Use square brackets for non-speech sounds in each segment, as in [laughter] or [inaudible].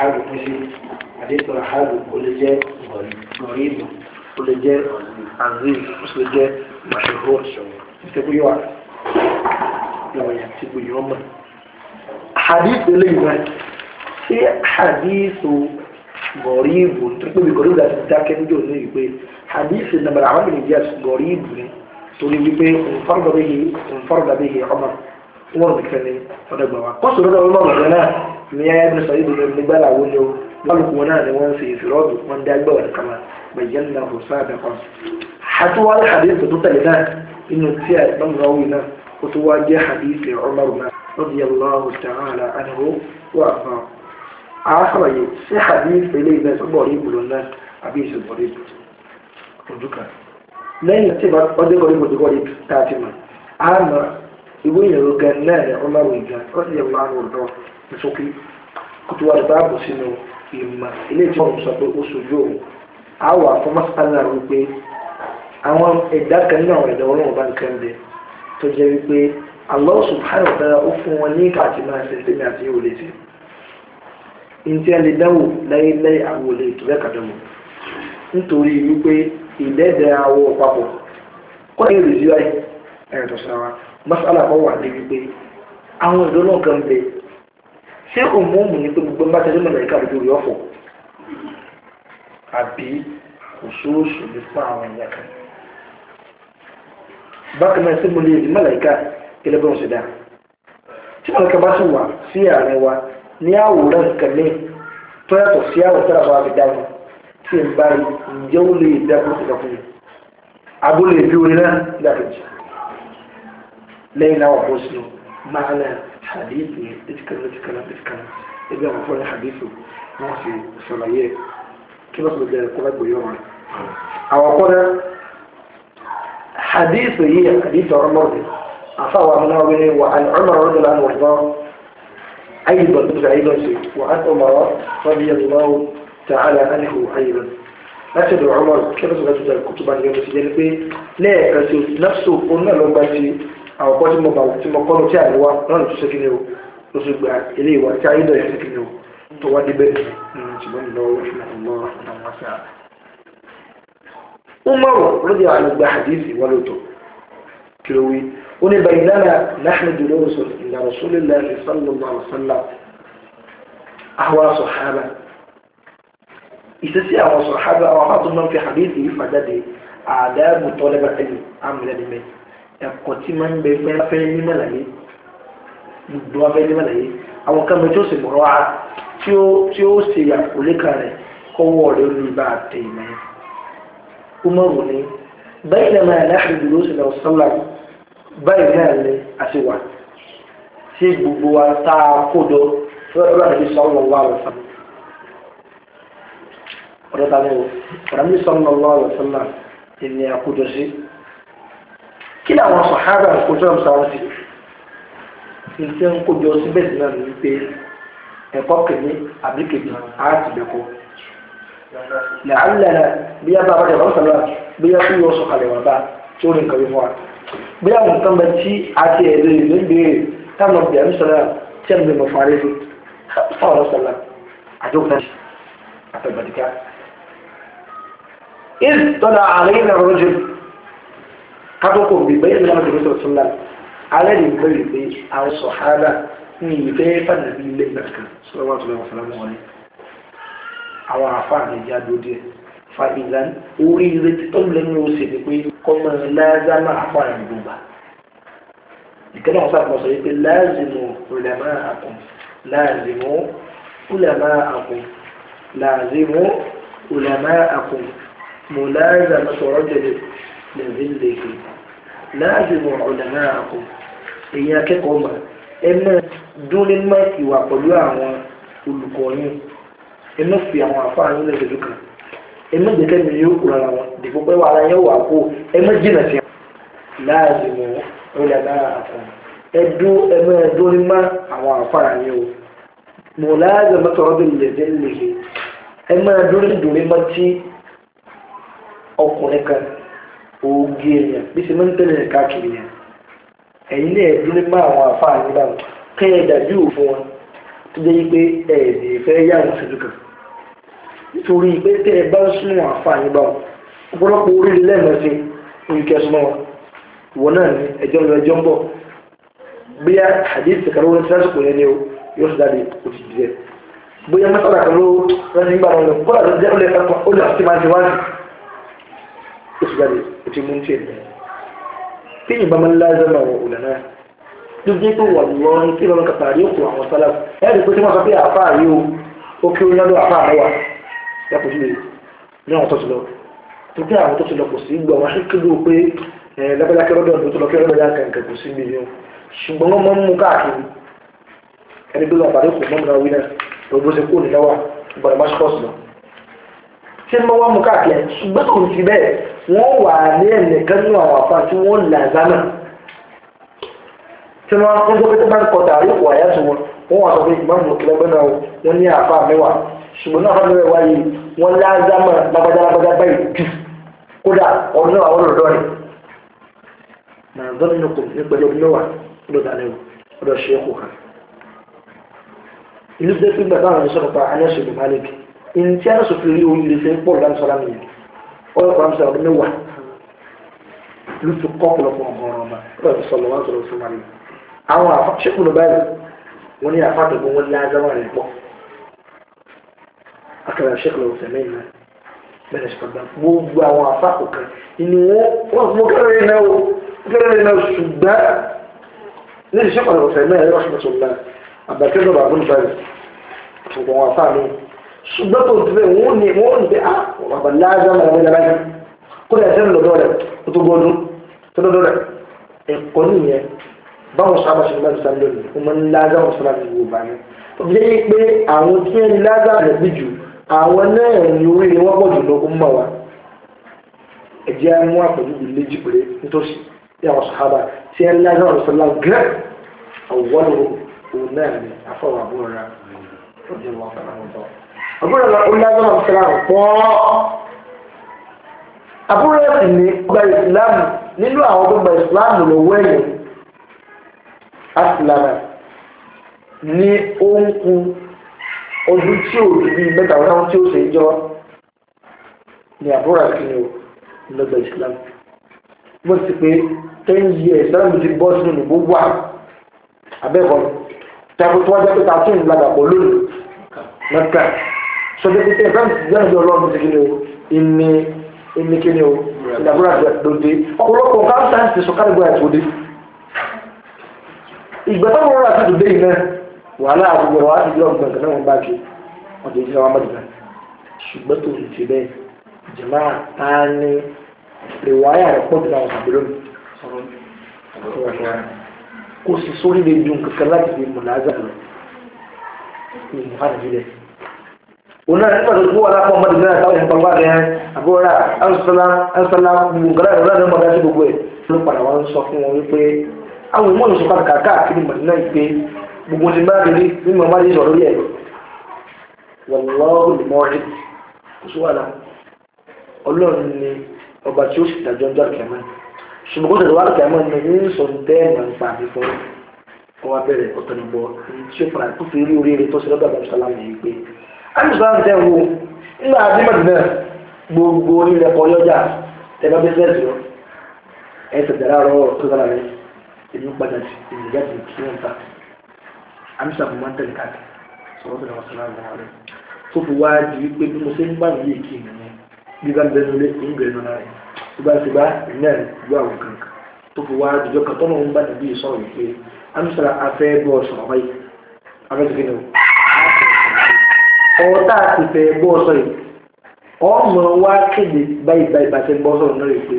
àhàdù kó ṣe àdéhùn àhàdù ó lè jẹ́ gọ̀rìbù ó lè jẹ́ àzíz ó sì lè jẹ́ màṣẹ́hó ìṣẹ́kú yóò wà lọ́wọ́ yẹn tí gbogbo yóò mọ̀. àhàdìsù eléyìí náà ṣé àhàdìsù gọ̀rìbù tó pé mi gọ̀rìbù láti dákẹ́ níjọ́ ní ìpè àhàdìsù nàbàrà àwọn ènìyàn jẹ́ gọ̀rìbù ni torí wípé òǹfàrọ̀dà bẹ́yẹ òǹfàrọ̀dà ọmọ wọn ò ní kẹ́ni ọ̀dọ́gbà wa kọ́sùn lọ́dọ̀ ọmọ ọ̀gá náà ìyẹn ẹbí sọ yìí ní gbàlà wo ni o lọ́lùkù wọn náà ni wọ́n ń fi ìfìrọ́ọ̀dù wọn dá gbà wọn kama bẹ̀yẹn náà kò sáà bẹ̀ kọ́. àtúwálé hadith tó tẹ̀lé náà inú tí a ìgbọ́n náà wù náà ó tó wá jẹ́ hadith Umar náà radiyallahu ta'ala anhu wa àbá. a sàlàyé sí hadith ilé ìgbà sọ́bọ̀ rí ìbùdó náà àbí ìṣòbọ̀ rí ojú kan. lẹ́yìn tí ọdẹ́gbọ̀rí mọ̀dẹ́gbọ̀rí tá a ti mọ̀ á mọ̀ ìwé ìrògàn náà ni Umar ìgbà radiyallahu anhu ìsókè kótó wà lọ́ba àbò sínú ìmọ̀ ilé sọ pé ó sojú òun á wà fún wípé àwọn ẹ̀dá kan nínú àwọn ẹ̀dá ọlọ́run bá ń bẹ tó jẹ́ wípé Allah subhanahu wa ta'ala ó fún wọn ní ṣe àti yóò lè ṣe ntí a lè àwọn olè tó bẹ́ẹ̀ nítorí wípé àwọ̀ papọ̀ kọ́ ẹ̀ ṣé òmùmù ni pé gbogbo mbàtà ló mẹ́rin káàdì lórí ọfọ àbí oṣooṣù ní fún àwọn kan bákan náà ṣé mo lè rí màláíkà gẹ́lẹ́ bí ṣe dá tí màláíkà bá sì wà sí àárín wa ní àwòrán nǹkan ní tó yàtọ̀ sí àwòrán tó yàtọ̀ àbí dáhùn tí n bá rí ǹjẹ́ ó lè dá kó yìí abúlé orin náà حديث اتكلم اتكلم اتكلم ابي اغفر لي حديثه نوصي صلاياه كيف اخذ ذلك القرآن بيومنا او اقول حديثه هي حديث عمر دي اصاب عمنا وبيه وعن عمر رجل عن وحضار ايضا بس ايضا سي وعن عمر رضي الله تعالى عنه ايضا اشهد عمر كيف اخذ ذلك الكتب عن لا يكرسي نفسه قلنا لهم بس àwọn kọ́ tí mo bàwọ̀ tí mo kọ́ lọ sí àríwá lọ́nà tó ṣe kí ni o ló sì gba ilé ìwà tí ayé dọ̀yà ṣe kí ni o tó wá dé bẹ́ẹ̀ ni ṣùgbọ́n hmm, mi lọ́wọ́ ṣùgbọ́n mi lọ́wọ́ ṣùgbọ́n mi lọ́wọ́ umaru rọ́dí àlùgbà hadithi wọ́n lòtò kí ló wí ó ní bẹ̀rẹ̀ lánàá láàrín jùlọ rọ̀sọ̀ ìlà rasulillah sallallahu alaihi wasallam àwọn sọ̀hábà ìṣesí àwọn sọ̀hábà àwọn afáàtúndàn fi hadithi yìí fàjáde àdáàbò tọ́lẹ́bà ẹ̀kọ́ tí máa ń bẹ fẹ́ fẹ́ nímọ̀láyé gbogbo abẹ́ nímọ̀láyé àwọn kan bẹ tí ó sì mọ̀rọ̀ ara tí ó tí ó ṣe àkólé kan rẹ̀ kọ́wọ́ rẹ̀ ó lè bá a tẹ̀ ìmọ̀ ẹ̀ umaru ni bẹ́ẹ̀ ni máa láti dúró sí lọ sọ́là báyìí náà ni a ti wà tí gbogbo wa tá a kó jọ fẹ́rẹ́ àti sọ́lọ̀ wà lọ́sàn ọ̀dọ́ta ni wọ́n ọ̀dọ́ mi sọ́lọ̀ wà lọ́sàn náà ìní àkójọ sí kí làwọn sàhábà kojú àmì sáwọn sí ìṣe ń kojú ọ síbẹ̀ sí náà ní pé ẹ̀kọ́ kìíní àbí kìíní àti bẹ̀kọ́ làálẹ̀ bí a bá bá dẹ̀wọ̀n sọ̀rọ̀ bí a kú yọ sọ̀kalẹ̀ wà bá tí ó lè kọ̀ fún wa bí àwọn nǹkan bẹ tí a ti ẹ̀rọ ìlú ń béèrè táwọn ọ̀bì àmì sọ̀rọ̀ tí a ń bẹ̀rẹ̀ fún arẹ́fẹ́ sáwọn sọ̀rọ̀ àjọkùnà àtàgbàdìkà. إذ طلع علينا الرجل kápọ́kọ̀ bí bẹ́ẹ̀ ní wọn ti sọ̀rọ̀ sọ́lá alẹ́ ní bẹ́ẹ̀ pé àwọn sọ̀hálà ní ìfẹ́ fànàbí ilé ìgbàkan sọ́lá wà sọ́lá wàsálà mọ́ wọn àwọn àfáà lè já dó díẹ̀ fa ìlà orí ilé títọ́ lẹ́nu oṣù ni pé kọ́mọ lázámà àfáà ní gbogbo ìkẹ́lá àwọn sábà sọ pé láàzìmù ulama àkùn láàzìmù ulama àkùn láàzìmù ulama àkùn mùláàzàmù sọ̀rọ̀ jẹ̀dẹ̀ لذله لازم علماءكم èyí akẹ́kọ̀ọ́ mà ẹ máa dún ní máàkì wà pẹ̀lú àwọn olùkọ́ yín ẹ má fi àwọn àfáà yín lẹ́sẹ̀ dúkà ẹ má jẹ́ kẹ́mi yóò kúrò ara wọn dìbò pé wàhálà yẹn wà kó ẹ má jìnà sí wọn láàzìm علماءكم ẹ dún ẹ máa dún ní má àwọn àfáà yín o mọ láàzìm tọ́rọ́bì lẹ́sẹ̀ lẹ́sẹ̀ ẹ máa dún ní dùn ní má tí ọkùnrin oge èèyàn bí ṣe máa ń tẹ̀lé káàkiri yẹn ẹ̀yin náà ẹ̀dún nípa àwọn àfáà nígbà wọn kẹ́ ẹ̀ dàbí òfin wọn tó jẹ́ pé ẹ̀ lè fẹ́ yà wọ́n sílùú kan nítorí pé tẹ́ ẹ bá ń súnmọ́ àfáà nígbà wọn ọ̀pọ̀lọpọ̀ wọn náà ní ẹjọ́ lọ ẹjọ́ ń bọ̀ bóyá lásìkò yẹn ni o yóò ó ti jáde ó ti mú ní tiẹ̀ nìyẹn tí yìnbọn máa ń láyé máa wọ òlà náà dúdú pé wà lọ́rùn kí lọ́rùn kàtà yóò kó àwọn sálà ẹ̀ rí pé tí wọ́n sọ pé àfa àrí o ó kí ó yádọ́ àfa àmẹ́wà yàtọ̀ sílẹ̀ ní àwọn tó ti lọ tó kí àwọn tó ti lọ kò sí gbọ́ wọn kí ló pé lẹ́gbẹ̀lẹ́kẹ́ lọ́dọ̀ tó lọ kí ọ̀rọ̀ yà ni o ṣùgbọ́n wọ́n máa ń mú káàkiri ẹni bí wọn pàdé kò mọ́ nínú wíná gbogbo ṣe kó níláwà gbọ́dọ̀ má ṣọ́ọ̀ṣì lọ. ṣé mo wá mú káàkiri ṣùgbọ́n kò sí wọ́n wà ní ẹnìkan ní àwọn àfa tí wọ́n là zánà tí wọ́n ń sọ pé tó bá ń kọta àríkù àyà tó wọn wọ́n wà sọ pé ìgbà mú kílẹ̀ gbẹ́nà wọn ní àfa mẹ́wàá ṣùgbọ́n náà fẹ́ẹ́ wá yìí wọ́n lá zánà lágbájá lágbájá báyìí jù kódà ọ̀nà àwọn ọ̀dọ́ rẹ̀ nà zọ́nìkù nípẹ̀lẹ́ mẹ́wàá ló dà lẹ́wọ̀ ọ̀dọ̀ ṣe é kò kàn. ìlú ọyọ kwan sọ ọdún mẹwàá lutu kọpọlọpọ ọhọrọ ọba ọba tó sọlọ wọn sọ̀rọ̀ sọmọlẹ àwọn afa ṣẹkùn ló báyìí wọn ní afa tẹgbọn wọn lé azáwọn rẹ pọ akẹrẹ ṣẹkùn lọ sẹmẹ yìí bẹ́ẹ̀ ṣe pàdán gbogbo àwọn afa kọkàn ìní wọn wọn mú kẹrẹ yìí náà o kẹrẹ yìí náà ṣùgbọ́n ní ìṣẹkùn lọ sẹmẹ yìí wọn ṣùgbọ́n tó ti fẹ́ wọ́n ní wọ́n ah, ní pé á bàbá láàzá màdàmú ìdára yẹn kó lè ṣe lọ́dọ̀ rẹ̀ kó tó gbọ́dún tó lọ́dọ̀ rẹ̀ ẹ̀kọ́ nìyẹn báwọn sábà ṣe máa ń sá lónìí wọ́n máa ń láàzá wọn sábà ti wò báyẹn ó fi jẹ́ pé àwọn tí wọ́n ní láàzá rẹ̀ bí jù àwọn náà ní orí ni wọ́n pọ̀ jù lọ ń mọ̀ wá ẹ̀jẹ̀ mú àpẹjù ìléjì pé nítòsí bí àwọn sàhábà tí wọ́n ní láàzá wọn sọ lágẹ́ àwọn òun náà ní afọwọ́ àbúrò rẹ̀ ọjọ́ wọn fẹ́ràn wọn àbúrò lọ ó lágbára ìsìlámù pọ̀ àbúrò sì ní gba ìsìlámù nínú àwọn tó gba ìsìlámù lọ́wọ́ ẹ̀yìn asìlámù ní ó ń ku ọdún tí ò rí bíi mẹ́ta ọ̀dáwọn tí ten years láti ti bọ́ sínú ní gbogbo àwọn abẹ́kọ̀ọ́ tẹ́kùtù wájú pé ta tún ìlànà sọjọ́ pé ẹ̀fẹ́ ìdíjáde ọlọ́run ti kíni o ìní ìní kíni o ìdàbúrà lòdì ọ̀pọ̀lọpọ̀ káńtà ti sọ káàdì bóyá tòde ìgbà tó wọ́n rà yìí náà wàhálà àbúgbò wà á ti di ọgbọ̀n kan náà wọ́n bá kí ọ̀dọ̀ ìjìnlẹ̀ wọn bá dùn ṣùgbọ́n tó lè ti bẹ́ẹ̀ jẹ̀má ta ni rèwáyà rẹ̀ pọ̀ jùlọ àwọn àbúrò kò sì sórí lè ju nǹkan òun náà nípa tó gbówó aláfọ ọmọdé náà táwọn èèyàn pàgbà rẹ àgbóra ansala ansala gbùngbàrà ìrọ̀lá ní ọmọdé àti gbogbo ẹ̀ ló padà wá ń sọ fún wọn wípé àwọn ìmọ̀ ìṣọ̀kan kàkàkiri mọ̀dé náà ìpè gbogbo ti bá rí ní mọ̀ máa ń sọ̀rọ̀ lórí ẹ̀ wọ̀lọ́ọ̀rù ni mọ́ọ̀rì kò sí wàhálà ọlọ́run ni ọba tí ó sì dájọ́ ń jáde kẹ́mọ́ ṣùgbọ́n kó tẹ̀lé wà kẹ́mọ́ ni ní sọ̀tẹ́ ẹ̀mọ̀ ń pa àmì fún ọwọ́ abẹ́rẹ́ ọ̀tọ̀nìbọ̀ tí ó fara tó fi rí oríire tó ṣe lọ́dọ̀ àbámsálàmù àdìsọ́lá ti tẹ́wọ́ nígbà àti mọ̀tìmọ̀ gbogbo onílẹ̀ kọ́ yọjà tẹ̀lé bísíǹsì lọ ẹsẹ̀ dára rọ tó dára rẹ èmi ń padà sí èmi jáde kí wọ́n ta àmì sàbùmọ́ ń tẹ̀lé káàkiri sọ̀rọ̀ tó dára sọ̀rọ̀ àwọn ọ̀rẹ́ tó fi wá di wípé bí mo ṣe ń bá mi yé kí mi yẹn bí bá ń bẹnu lé ń bẹnu náà rẹ tó bá ti bá ìnáà ìlú àwọn ọ̀rọ̀ tá a ti fẹ́ gbọ́ sọ yìí ọmọ wa kéde báyìí báyìí bá ti gbọ́ sọ̀rọ̀ náà rè pé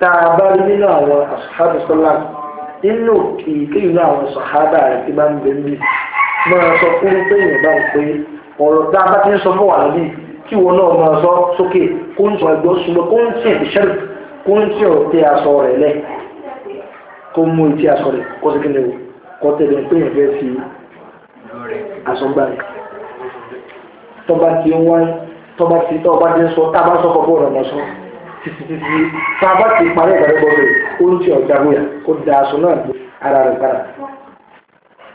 tá a bá rí nínú àwọn àṣàbù sọ́lá nínú ìkéyìí nínú àwọn sàhábà rẹ̀ ti bá ń bẹ̀ mí máa sọ fún pé èèyàn bá wù pé ọ̀rọ̀ tá a bá ti ń sọ fún wà lónìí kí wọn náà máa sọ sókè kó ń sọ ẹgbẹ́ súnmọ́ kó ń tẹ̀ ìṣẹ́rù kó ń tẹ̀ ọ̀tẹ̀ aṣọ rẹ̀ lẹ̀ kó mú etí aṣọ rẹ̀ kó tẹ̀lé pé fẹ́ fi aṣọ gbà rẹ̀ tọba ti ń wáyé tọba ti tọba ti ń sọ tába sọ kọ́kọ́ ọ̀rọ̀ náà sọ títí títí tába ti parí ìgbàlẹ́ bọ́ bẹ́ẹ̀ ó ń ti ọ̀dà wíyà kó da aṣọ náà gbé ara rẹ̀ padà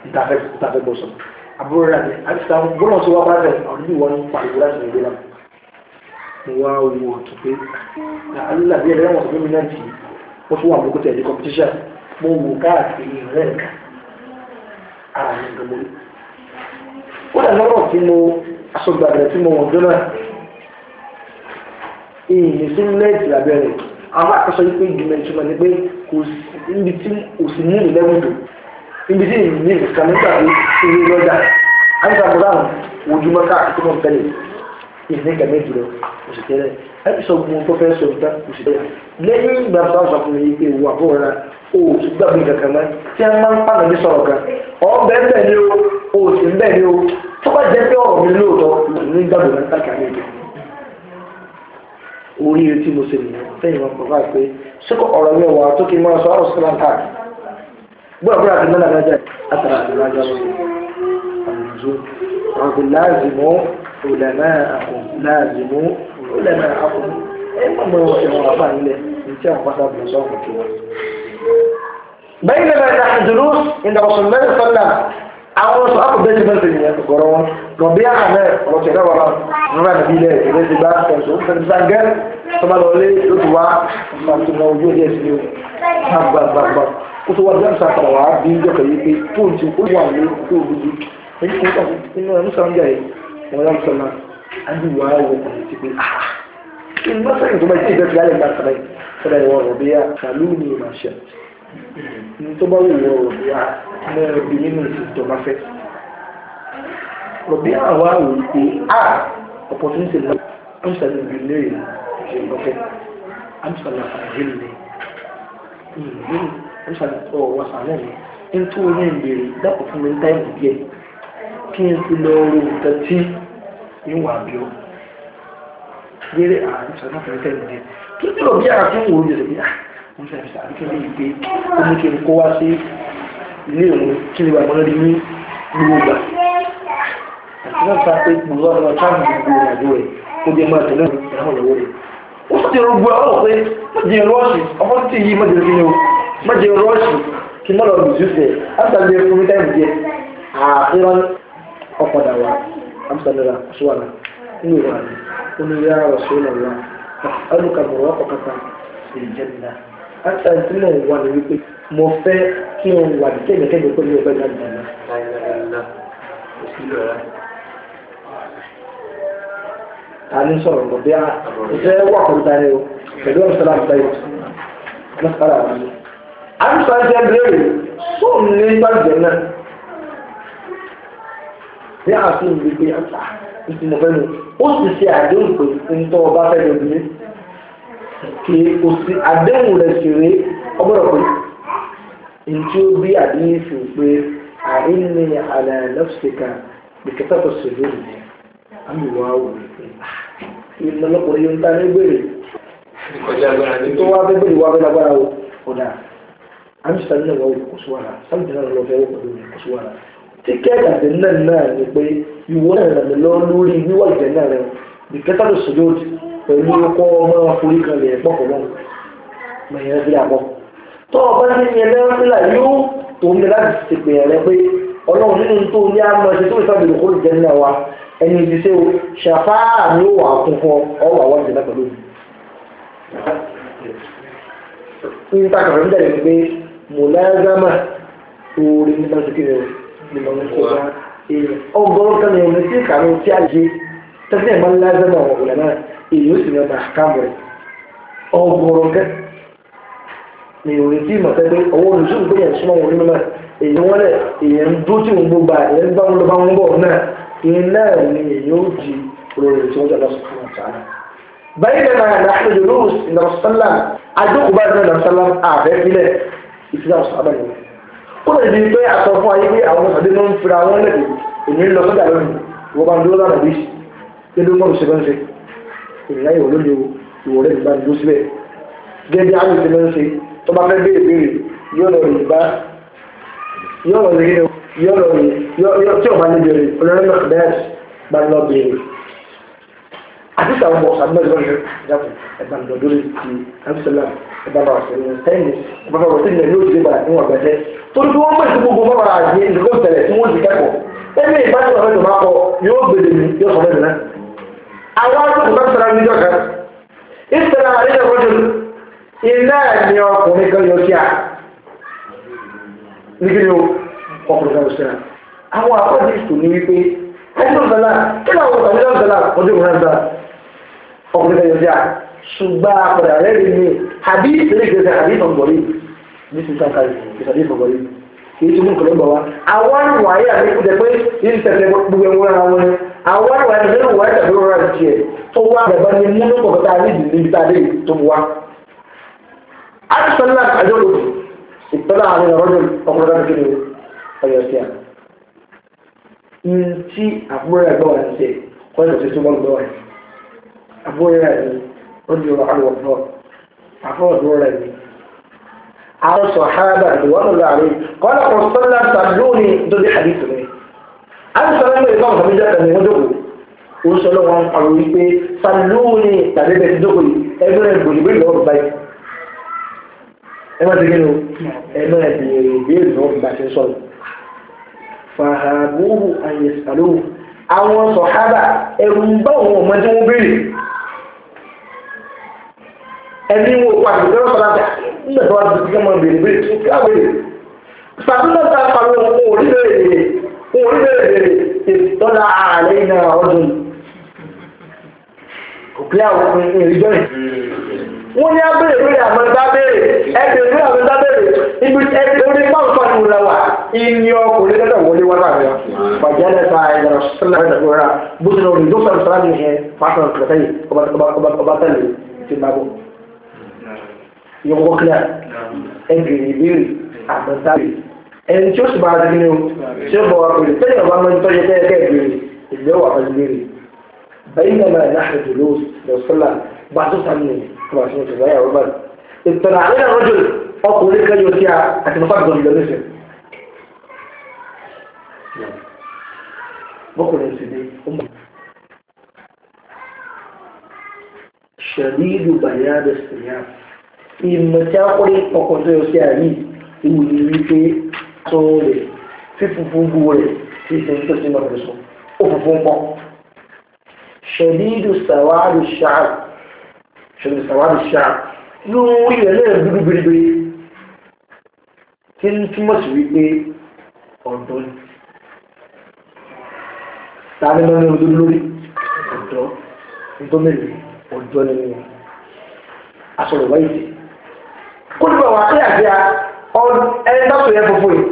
ìtàfẹ́ ìtàfẹ́ bọ́ sọ àbúrò rẹ̀ àti àti sàmù gbọ́dọ̀ sọ wá pàṣẹ ọ̀dún ìwọ ní pàṣẹ láti ìgbé náà mo wá wo ọ̀tún pé alábí ẹ̀rẹ́ wọn fún mi náà jì ó tún wà lókùtẹ̀ ní competition mo asọ̀gbàgbẹ̀ tí mo wọ̀n jóná ìyìn sí lábẹ́rẹ̀ àwọn àkọsọ yìí pé ìgbìmọ̀ ìtumọ̀ ni pé níbi tí kò sí ní tó níbi tí lọ́jà àyíká ojúmọ́ tẹ́lẹ̀ jùlọ oṣù tẹ́lẹ̀ ẹbí sọ gbogbo tó fẹ́ sọ oṣù tẹ́lẹ̀ lẹ́yìn ìgbà o gbàgbé kankan mọ́ tí wọ́n máa ń pàdánù sọ̀rọ̀ o sì ń ni o tó bá jẹ́ pé ọ̀rọ̀ mi lóòótọ́ ní gbàgbọ́ náà tàkì àlẹ́ ìjọ oríire tí mo ṣe nìyẹn sẹ́yìn wọn pọ̀ pé sókò ọ̀rọ̀ mi wà tó kí n máa sọ ọ̀rọ̀ sọ́lá káàkiri gbọ́dọ̀ àti mẹ́lá dájá àtàrà àti rájá lọ́wọ́ àwùjọ àkùn àkùn ẹ̀wọ̀n nílẹ̀ àwọn pátá àwọn ọ̀sán àpò bẹ́ẹ̀ ti bẹ́ẹ̀ ti yẹn gbọ́rọ̀ wọn rọ̀bí àmẹ́ ọ̀rọ̀tẹ̀ náà wà nígbà níbí ilẹ̀ ìwé ti bá ẹ̀sùn ó fẹ́ẹ́ sàn gẹ́ tọ́ba lọ lé lóṣù wá ìfàtúnà ojú ojú ẹ̀sìn yóò gbàgbàgbà ó tó wá bí àmì sàkàrà wà á bí ń jọkọ̀ yìí pé tóun ti ó wà ní tó o dúdú èyí kò tó inú ẹ̀ ń sàn jẹ́ wọn yà sọ náà á ní wàá tó bá wù wọ rọ̀bì á mọ ẹbí nínú ìjọba fẹ́ rọ̀bì á wà wò pé á opportunity lọ amsala ìbílẹ̀ ìjọba fẹ́ amsala àjẹlẹ̀ ìbílẹ̀ amsala ọ̀wọ́ sàlẹ̀ mi nítorí ẹ̀ ń da dápò fún mi táìmù díẹ̀ kí n fi lọ ro nǹkan tí ìwà àbíọ́ gbére àmsala fún mi táìmù díẹ̀ kí n lọ bí àtúnwò yẹ̀rẹ̀ bí i wọ́n ṣe àfihàn àbíkẹ́ lè gbé ó mú kí n kó wá sí ilé ìwọ̀n kí n gbàgbọ́n rí ní gbogbo àti náà sá pé gbogbo ọ̀rọ̀ táàmù gbogbo ìrìnàjò rẹ̀ ó jẹ́ máa tẹ̀lé ìrànwọ́ lọ́wọ́ rẹ̀ ó sì ti rọgbọ àwọn pé mọ̀jẹ̀ rọ́ọ̀ṣì ọmọ tí yìí mọ̀jẹ̀ kí ni o mọ̀jẹ̀ rọ́ọ̀ṣì kí mọ̀ lọ lùzú fẹ̀ ìjẹ́ àtà tí mò ń wà ní wípé mo fẹ́ kí n wà ní kéèyàn kéèyàn pé mi ò fẹ́ gbà mí mọ́. a ní sọ̀rọ̀ nǹkan bí a ṣe wà kọ́ níta ni o pẹ̀lú ọ̀sán láti bá ní sọ́ra àwọn ọmọ. a ah, ó sì ṣe àdéhùn pé ń tọ́ ọ bá fẹ́ lóbi kí o sì àdéhùn rẹ̀ ṣeré ọgbọ́dọ̀ pé ntí ó bí àdéhùn fún pé àìní àlẹ́ lọ́fṣẹ̀ká nìkẹ́tà tó ṣe lónìí ni àmìwá wò ní pé ah, ìlọlọpọ̀ yóò ń ta ní gbèrè tó wá fẹ́ gbèrè wá fẹ́ lágbára o ọ̀dà àmì sàlẹ̀ náà wà wò kó sùwà rà sàlẹ̀ náà lọ́ọ́ fẹ́ wò pẹ̀lú kó sùwà rà tíkẹ́ẹ̀tì àti náà náà ni pé ìwọ náà rẹ̀ lọ lórí wíwá ìjẹ́ náà rẹ̀ nìkẹ́tà tó ṣe lónìí pẹ̀lú ọkọ̀ ọmọ orí kan lè pọ̀ pọ̀ mọ̀ ẹ̀yẹn fi àpọ̀. tó ọba ní ní ẹlẹ́rìn nílà yóò tó ń lè láti ṣèpè rẹ pé ọlọ́run nínú tó ní àmọ́ ṣe tó ìsàbẹ̀lẹ̀ kó lè jẹ́ nílẹ̀ wa ẹni ti ṣe o ṣàfáà ni ó wà fún fún ọ wà wọ́n jẹ́ pẹ̀lú. ń ta ń dẹ̀rẹ̀ pé mùláyágámà orí nípa ṣe kiri ọgọ́rùn-ún kan ní ọmọ sí ìkàrọ̀ tí a ṣe tẹ́sí ẹ̀ máa ń náà èyí ó sì yàn máa kámọ̀ ni òye tí ìmọ̀ tẹ́gbẹ́ ọwọ́ oníṣù ń gbéyàn súnmọ́ wọn nínú náà èyí wọ́n lẹ̀ èyí ń dó tí òun gbogbo àyẹ̀ ń bá wọn lọ wọn bọ̀ náà iná ni èyí ó di olórí tí wọ́n jọba sọ̀rọ̀ sára. báyìí lẹ́nu àyànná àpèjọ lóòrùn ìnáwọ̀sálàm àjókòbá ìnáwọ̀sálàm ààbẹ̀ sílẹ̀ ìfúnná sábà yẹn. ó lè di pé àtọ̀ fún ayé pé àwọn ọ̀sán nínú ń fira wọn lẹ̀ èmi ń lọ sọ́jà lónìí ìrìnà ìwò ló léwu ìwò rẹ̀ nígbà dúró síbẹ̀ gẹ́gẹ́ bí àwọn ìṣẹ̀lẹ̀ ń ṣe tó bá fẹ́ béèrè béèrè yóò lọ rìn bá yóò lọ rìn yóò lọ rìn yóò tí ò bá ní béèrè olórí náà bẹ́ẹ̀ bá lọ béèrè àti sàwọn ọmọ sàmúlẹ̀ lọ́wọ́ rẹ̀ yàtọ̀ ẹ̀bà lọ́dọ́ lè ti àbísọ̀lá ẹ̀bà bàbà sẹ̀lẹ̀ tẹ́yìn ẹ̀bà bàbà sẹ̀lẹ̀ yóò dé bàrà níwọ̀n gbẹ̀tẹ́ torí bí wọ́n mọ̀ sí gbogbo bàbà àgbẹ̀ ìdókòtẹ̀lẹ̀ tí àwọn àtúntàkùnrin níjọ kan ìsìnkú àríjọ kọjú iná ẹ̀mí ọkùnrin kan yóò kí a nígbìrì ọkùnrin kan ṣe àwọn àkọ́jú ìsù ní wípé ẹjọ́ ìgbàlá kí ni àwọn ìgbàlá ìgbàlá ọjọ́ ìgbàlá ìgbàlá ọkùnrin kan yóò kí a ṣùgbọ́n àpẹẹrẹ rẹ̀ rí ni àbí ìṣẹ́lẹ̀ ìgbésẹ̀ àbí ìtàn èyí tó kọ̀ọ̀lọ́ bọ̀ wá. àwọn àwọn àyè àti ìkúta pé yìí tẹ̀lé gbogbo ẹ̀wọ̀n ara wọn àwọn àwọn àyè àti ìwà ìtàgé rọra ti tiẹ̀ tó wá bàbá ní mú ní kọ̀ọ̀kọ̀tà àlejò níbi tá a lè tó wá. àtúntàn náà àjọ lò ìtọ́lá àwọn ọ̀rọ̀ ọkùnrin náà kéde ọyọ sí à. ntí àbúrò rẹ̀ gbọ́ wà ní tiẹ̀ kọ́ ẹ̀ tó wọ́n gbọ́ wà ní. àbúrò rẹ̀ ni àwọn sọ̀hábà ìwọ́n lọ àrí kọ́lá kan sọ́lá sàlóòní dóbi hadith rẹ̀ a ti sọ́lá pé ìbáwọn sàmì jẹ́ta ni wọ́n dókò ó sọ́lá wọn pàrọ̀ wípé sàlóòní tàbí bẹ́ẹ̀ ti dókò yìí ẹgbẹ́ rẹ̀ gbòdì bí lọ́wọ́ báyìí ẹ má ti gbé nu ẹgbẹ́ rẹ̀ bèèrè bí lọ́wọ́ bá ti sọ̀rọ̀ fàhàbùhù àyè àwọn sọ̀hábà ẹ̀rù ń bá òun ọmọdé wọn béèrè ẹni wo pàṣẹ ìjọba sọláńtà nígbà tó wà lóṣù kí ọmọ bèrè bèrè tún kí á bèrè sàtúntà ta pariwo ohun orí bèrè bèrè ohun orí bèrè bèrè ìtọ́lá ààrẹ iná ọdún kò pé àwọn ìrìjọ́ yìí wọ́n ní abẹ́rẹ́ lórí àmọ́ta bèrè ẹgbẹ́ lórí àmọ́ta bèrè ibi ẹgbẹ́ lórí pàǹpà ní ìlà wa ìní ọkùnrin lẹ́tọ̀ wọlé wá bàbá yà bàjẹ́ lẹ́ta ìlànà sílẹ̀ lẹ́tọ̀ wọ́n yọwọ́ kílá ẹgbẹ̀rẹ̀ ìbéèrè àtẹ̀sáre ẹni tí ó sì bá a dìgbìn o tí ó bọ̀ wá pẹ̀lú tẹ́lẹ̀ ọba mọ́ nítorí ẹgbẹ́ ẹgbẹ́ ìbéèrè ìgbẹ́ wà pẹ̀lú ìbéèrè bẹ́yìn náà máa náà dùn lóòsì lọ́sọ́là bá tó sá nìyẹn tó bá tó tẹ̀lé àwọn bá ìtọ́nà àlẹ́ àwọn jòlè ọkùnrin kan yóò sí a àti mọ́fà gbọ́dọ̀ lọ lẹ́sẹ̀ bọ́kùnrin sì ni ó mọ̀ شديد بياض الثياب ìmọ̀tíákùrí ọkọ̀ tó yọ sí àárín ìwòye wípé tó rẹ̀ fífúfú bú rẹ̀ tí ṣe ń tọ́sí náà rẹ̀ sọ ó fúfú ń pọ̀. ṣẹ̀dídù sàwárì ṣáà ṣẹ̀dídù sàwárì ṣáà ló ń rí rẹ̀ lẹ́yìn dúdú biribiri tí ń túmọ̀ sí ni. ta ni ọdún lórí ọ̀dọ́ nítorí ọ̀dọ́ ni aṣọ kó nípa wà pé àti ẹni dáàtò yẹn fúnfún yìí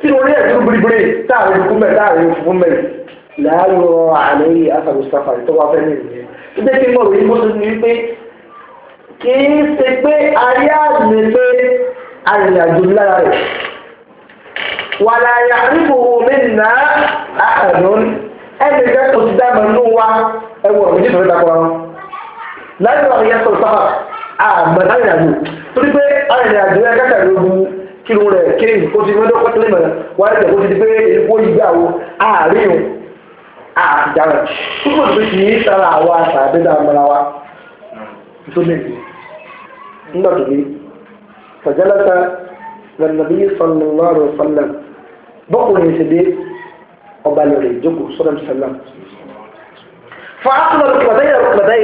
tí orí ẹ̀ tún biribiri táàrin fún mẹ́ táàrin fún mẹ́ láàárọ̀ àlẹ́ yìí asàlù sàfàrì tó wá fẹ́ ní ìlú yẹn ilé tí mo rí mọ́tò ní pé kì í ṣe pé ayé àmì pé arìnrìnàjò lára rẹ̀ wàlá yàrìbù mínà àhàdùn ẹni jẹ́ kò ti dá mọ̀ nínú wa ẹ̀wọ̀n méjì tó dàpọ̀ wọn láàárọ̀ yẹn sọ̀rọ̀ sáfàrì àmàlà ìrìnàjò torí pé arìnrìnàjò yẹn kẹta lógun kírò rẹ̀ kéré ó ti mọ́tò pọ́tò lè mọ̀nà wọ́n ti tẹ̀kọ́ ti di pé èkó ìgbà wo àárín o àtijọ́ rẹ̀ túbọ̀ tó ti yí sára àwọn àṣà àbẹ́dà àmàlà wa tó lè ní nígbà tó dé fàjálàta lẹ́nàbí sallallahu alaihi wasallam bọ́kùnrin ìṣẹ̀dé ọba lórí ìjókòó sọ́dọ̀ sọ́lá فأسند ركبتي ركبتي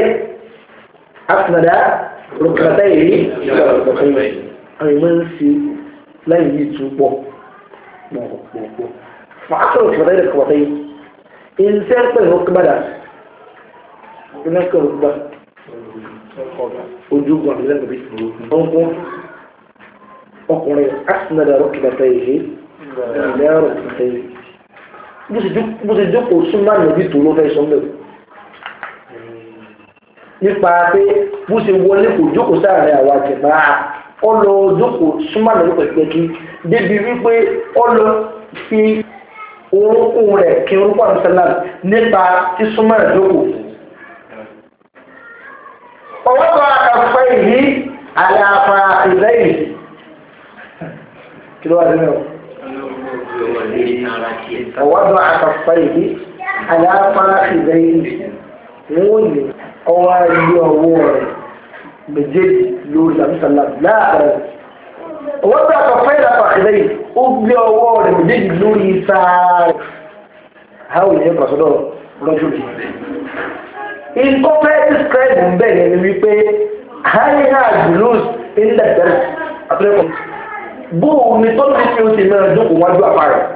أسند rọ̀kàtà yìí àwọn ìmọ̀ ń fi láì yìí tún pọ̀ pọ̀pọ̀pọ̀ fàákà rọ̀kàtà yìí rọ̀kàtà yìí ìṣe ń pè rọ̀kàtà ìṣe ń pè rọ̀kàtà ojú kan ní lẹ́gbẹ̀ẹ́ ọ̀gbọ́n ọkùnrin asìnàdà rọ̀kàtà yìí ìlẹ́ rọ̀kàtà yìí bó ti jókòó súnmọ́ àná bí tòun ló nípa pé bó ṣe wọlé kò jókòó sáàrin àwọn àjẹmá ọlọ jókòó súnmọ́ lórí pẹ̀pẹ́kí débi wípé ọlọ fi orúnkún rẹ̀ kí orúnkún àmísálà nípa tí súnmọ́ rẹ̀ jókòó. ọwọ́ kan àkàfẹ́ yìí àlàáfà ìlẹ́ yìí kí ló wà nínú ẹ̀ ọwọ́ kan àkàfẹ́ yìí àlàáfà ìlẹ́ yìí wọ́n yìí ọwọ́ ayé ọwọ́ rẹ̀ méjèèjì lórí àbísàlá láàárẹ̀ ọwọ́ tó àkọ́ fẹ́ẹ̀rẹ̀ àpàkìlẹ̀ yìí ó gbé ọwọ́ rẹ̀ méjèèjì lórí sáárẹ̀ àwọn ènìyàn kan sọ́dọ̀ lọ́jọ́ yìí. nǹkan fẹ́ẹ́ describe ń bẹ̀rẹ̀ ni wípé high hard blues in the dirt àtúrẹ́kọ̀ọ́ bóòwù ni tó ní kí o ti mẹ́rin dúkùú wájú àpá rẹ̀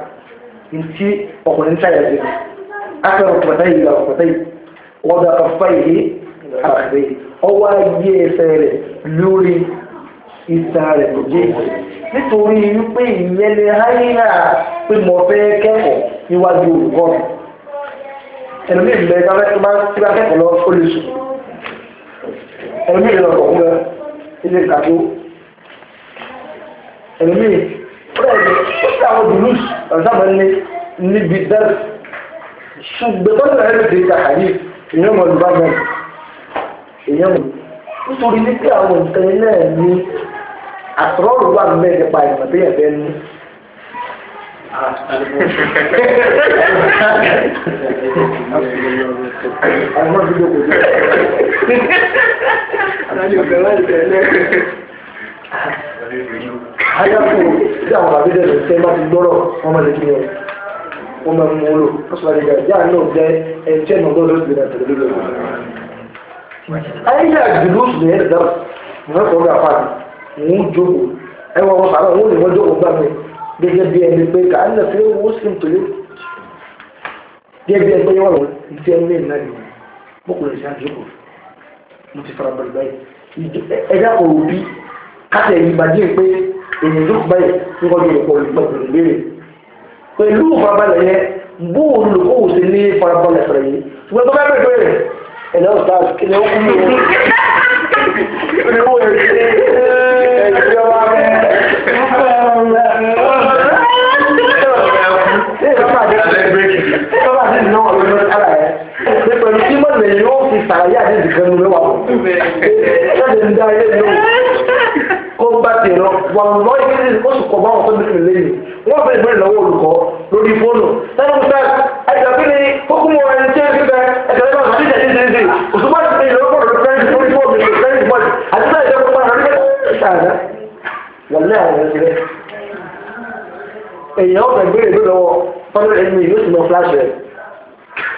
ní tí ọkùnrin ṣàyẹ̀ sí i. akẹ́rọ̀ pọ̀tẹ́yì lọ wọ́dà ọ̀fà yìí àkàrẹ́ ọwọ́ ayé ẹsẹ̀ rẹ̀ lórí ìta rẹ̀ méjèèjì nítorí wípé ìyẹn lè háyà pé mo fẹ́ kẹ́kọ̀ọ́ níwájú olùkọ́ mi ẹlòmí ìlẹ̀ ẹ̀ka mẹ́tọ́ bá èèyàn mọ̀ lùbá náà èèyàn mọ̀ nítorí wípé àwọn nǹkan náà ní àtúrọ́rù wà nílẹ̀ nípa ìmọ̀ tó yẹ fẹ́ ní. Àwọn ọmọ ìdókòwò ayé kò sí àwọn àbídẹ́sẹ̀ tẹ́ bá ti gbọ́rọ̀ ọmọ ìdílé rẹ̀ wọ́n máa mú lò wọ́n sọ̀rọ̀ ìgbà ìyá náà jẹ́ ẹ̀jẹ̀ náà lọ́dọ̀ ìgbà tẹ̀lé lórí ọ̀rọ̀. ayé àgbèlú sùn yẹn dàbọ̀ wọ́n kọ́ ọ́gá fáàlì wọ́n jókòó ẹ wọ́n wọ́n sàrọ̀ wọ́n lè wọ́n jókòó gbà mí gẹ́gẹ́ bí ẹni pé kà á nàfẹ́ owó sí nítorí gẹ́gẹ́ bí ẹni pé wọ́n ti ẹni náà nìyẹn fara balẹ̀ báyìí ẹ̀dá kò bí kátẹ̀ ìbàdí pé ènìyàn jókòó báyìí nígbà tó lè pọ̀ pẹ̀lú ìfarabalẹ̀ yẹn bó olùkóhù sí ní ìfarabalẹ̀ sọ̀rọ̀ yìí ṣùgbọ́n tó bá bẹ̀rẹ̀ tó rẹ̀ ẹ̀lẹ́ ọ̀sá ilẹ̀ òkú mi wọ́n ní wọ́n ṣe ẹ̀jọba pẹ̀lú tí mọ̀ lè yóò fi sàlàyé àti ìdìkan nínú wa ṣáàdì ń dá ilé ìlú kó bá ti rọ wà lọ́yìn ó sì kọ̀ bá wọn tó bí lè lẹ́yìn wọ́n fẹ́ bẹ̀rẹ̀ lọ́wọ́ olùkọ́ lórí fóònù sẹ́yìn sẹ́yìn ẹ̀jẹ̀ kí ni kókó mọ ẹni tí ẹ ti bẹ ẹ̀jẹ̀ lọ́wọ́ àti ìjẹ̀ ti ti ti òṣùpá ti ti lọ́wọ́ lórí fẹ́ǹsì lórí fóònù lórí fẹ́ǹsì bọ́ọ̀lù àti sẹ́yìn ìjẹ́ kópa àti ìjẹ́ wàlẹ́ àwọn ẹ̀jẹ̀ èèyàn ọ̀fẹ́ gbére lọ́wọ́ fọ́nrẹ́ ẹni yóò sì mọ flash rẹ̀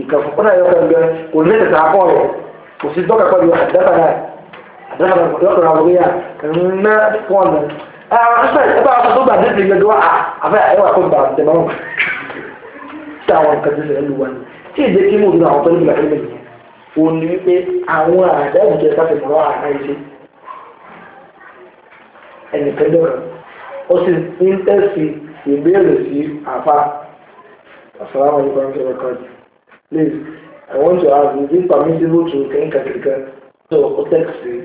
ìkàkùn náà yọ kan bẹ kò ní tẹ̀sán akọ rẹ̀ kò sí dọ́kà pẹ̀lú àdáta náà àdáta náà dọ́kà náà wọ́n yà ńnà fọ́ọ̀nù. ẹ bá a sọ tó bá dé ti gbẹdọ àfẹ ẹwà kó bá dẹmọ wọn tí àwọn nǹkan ti sẹ́yìn lu wa ni tí èdè kí mò ń lo àwọn tó ń gbà lé nìyẹn o ní wípé àwọn àdáhùn jẹ káfí mọ́ àná iṣẹ́ ẹnìkan dọ̀rọ̀ ó sì ń tẹ̀sí ìbéèrè sí àfa àsàlámù alaykum wa rahmatulahi please, I want to ask, is it permissible to drink African? So, o text the eh,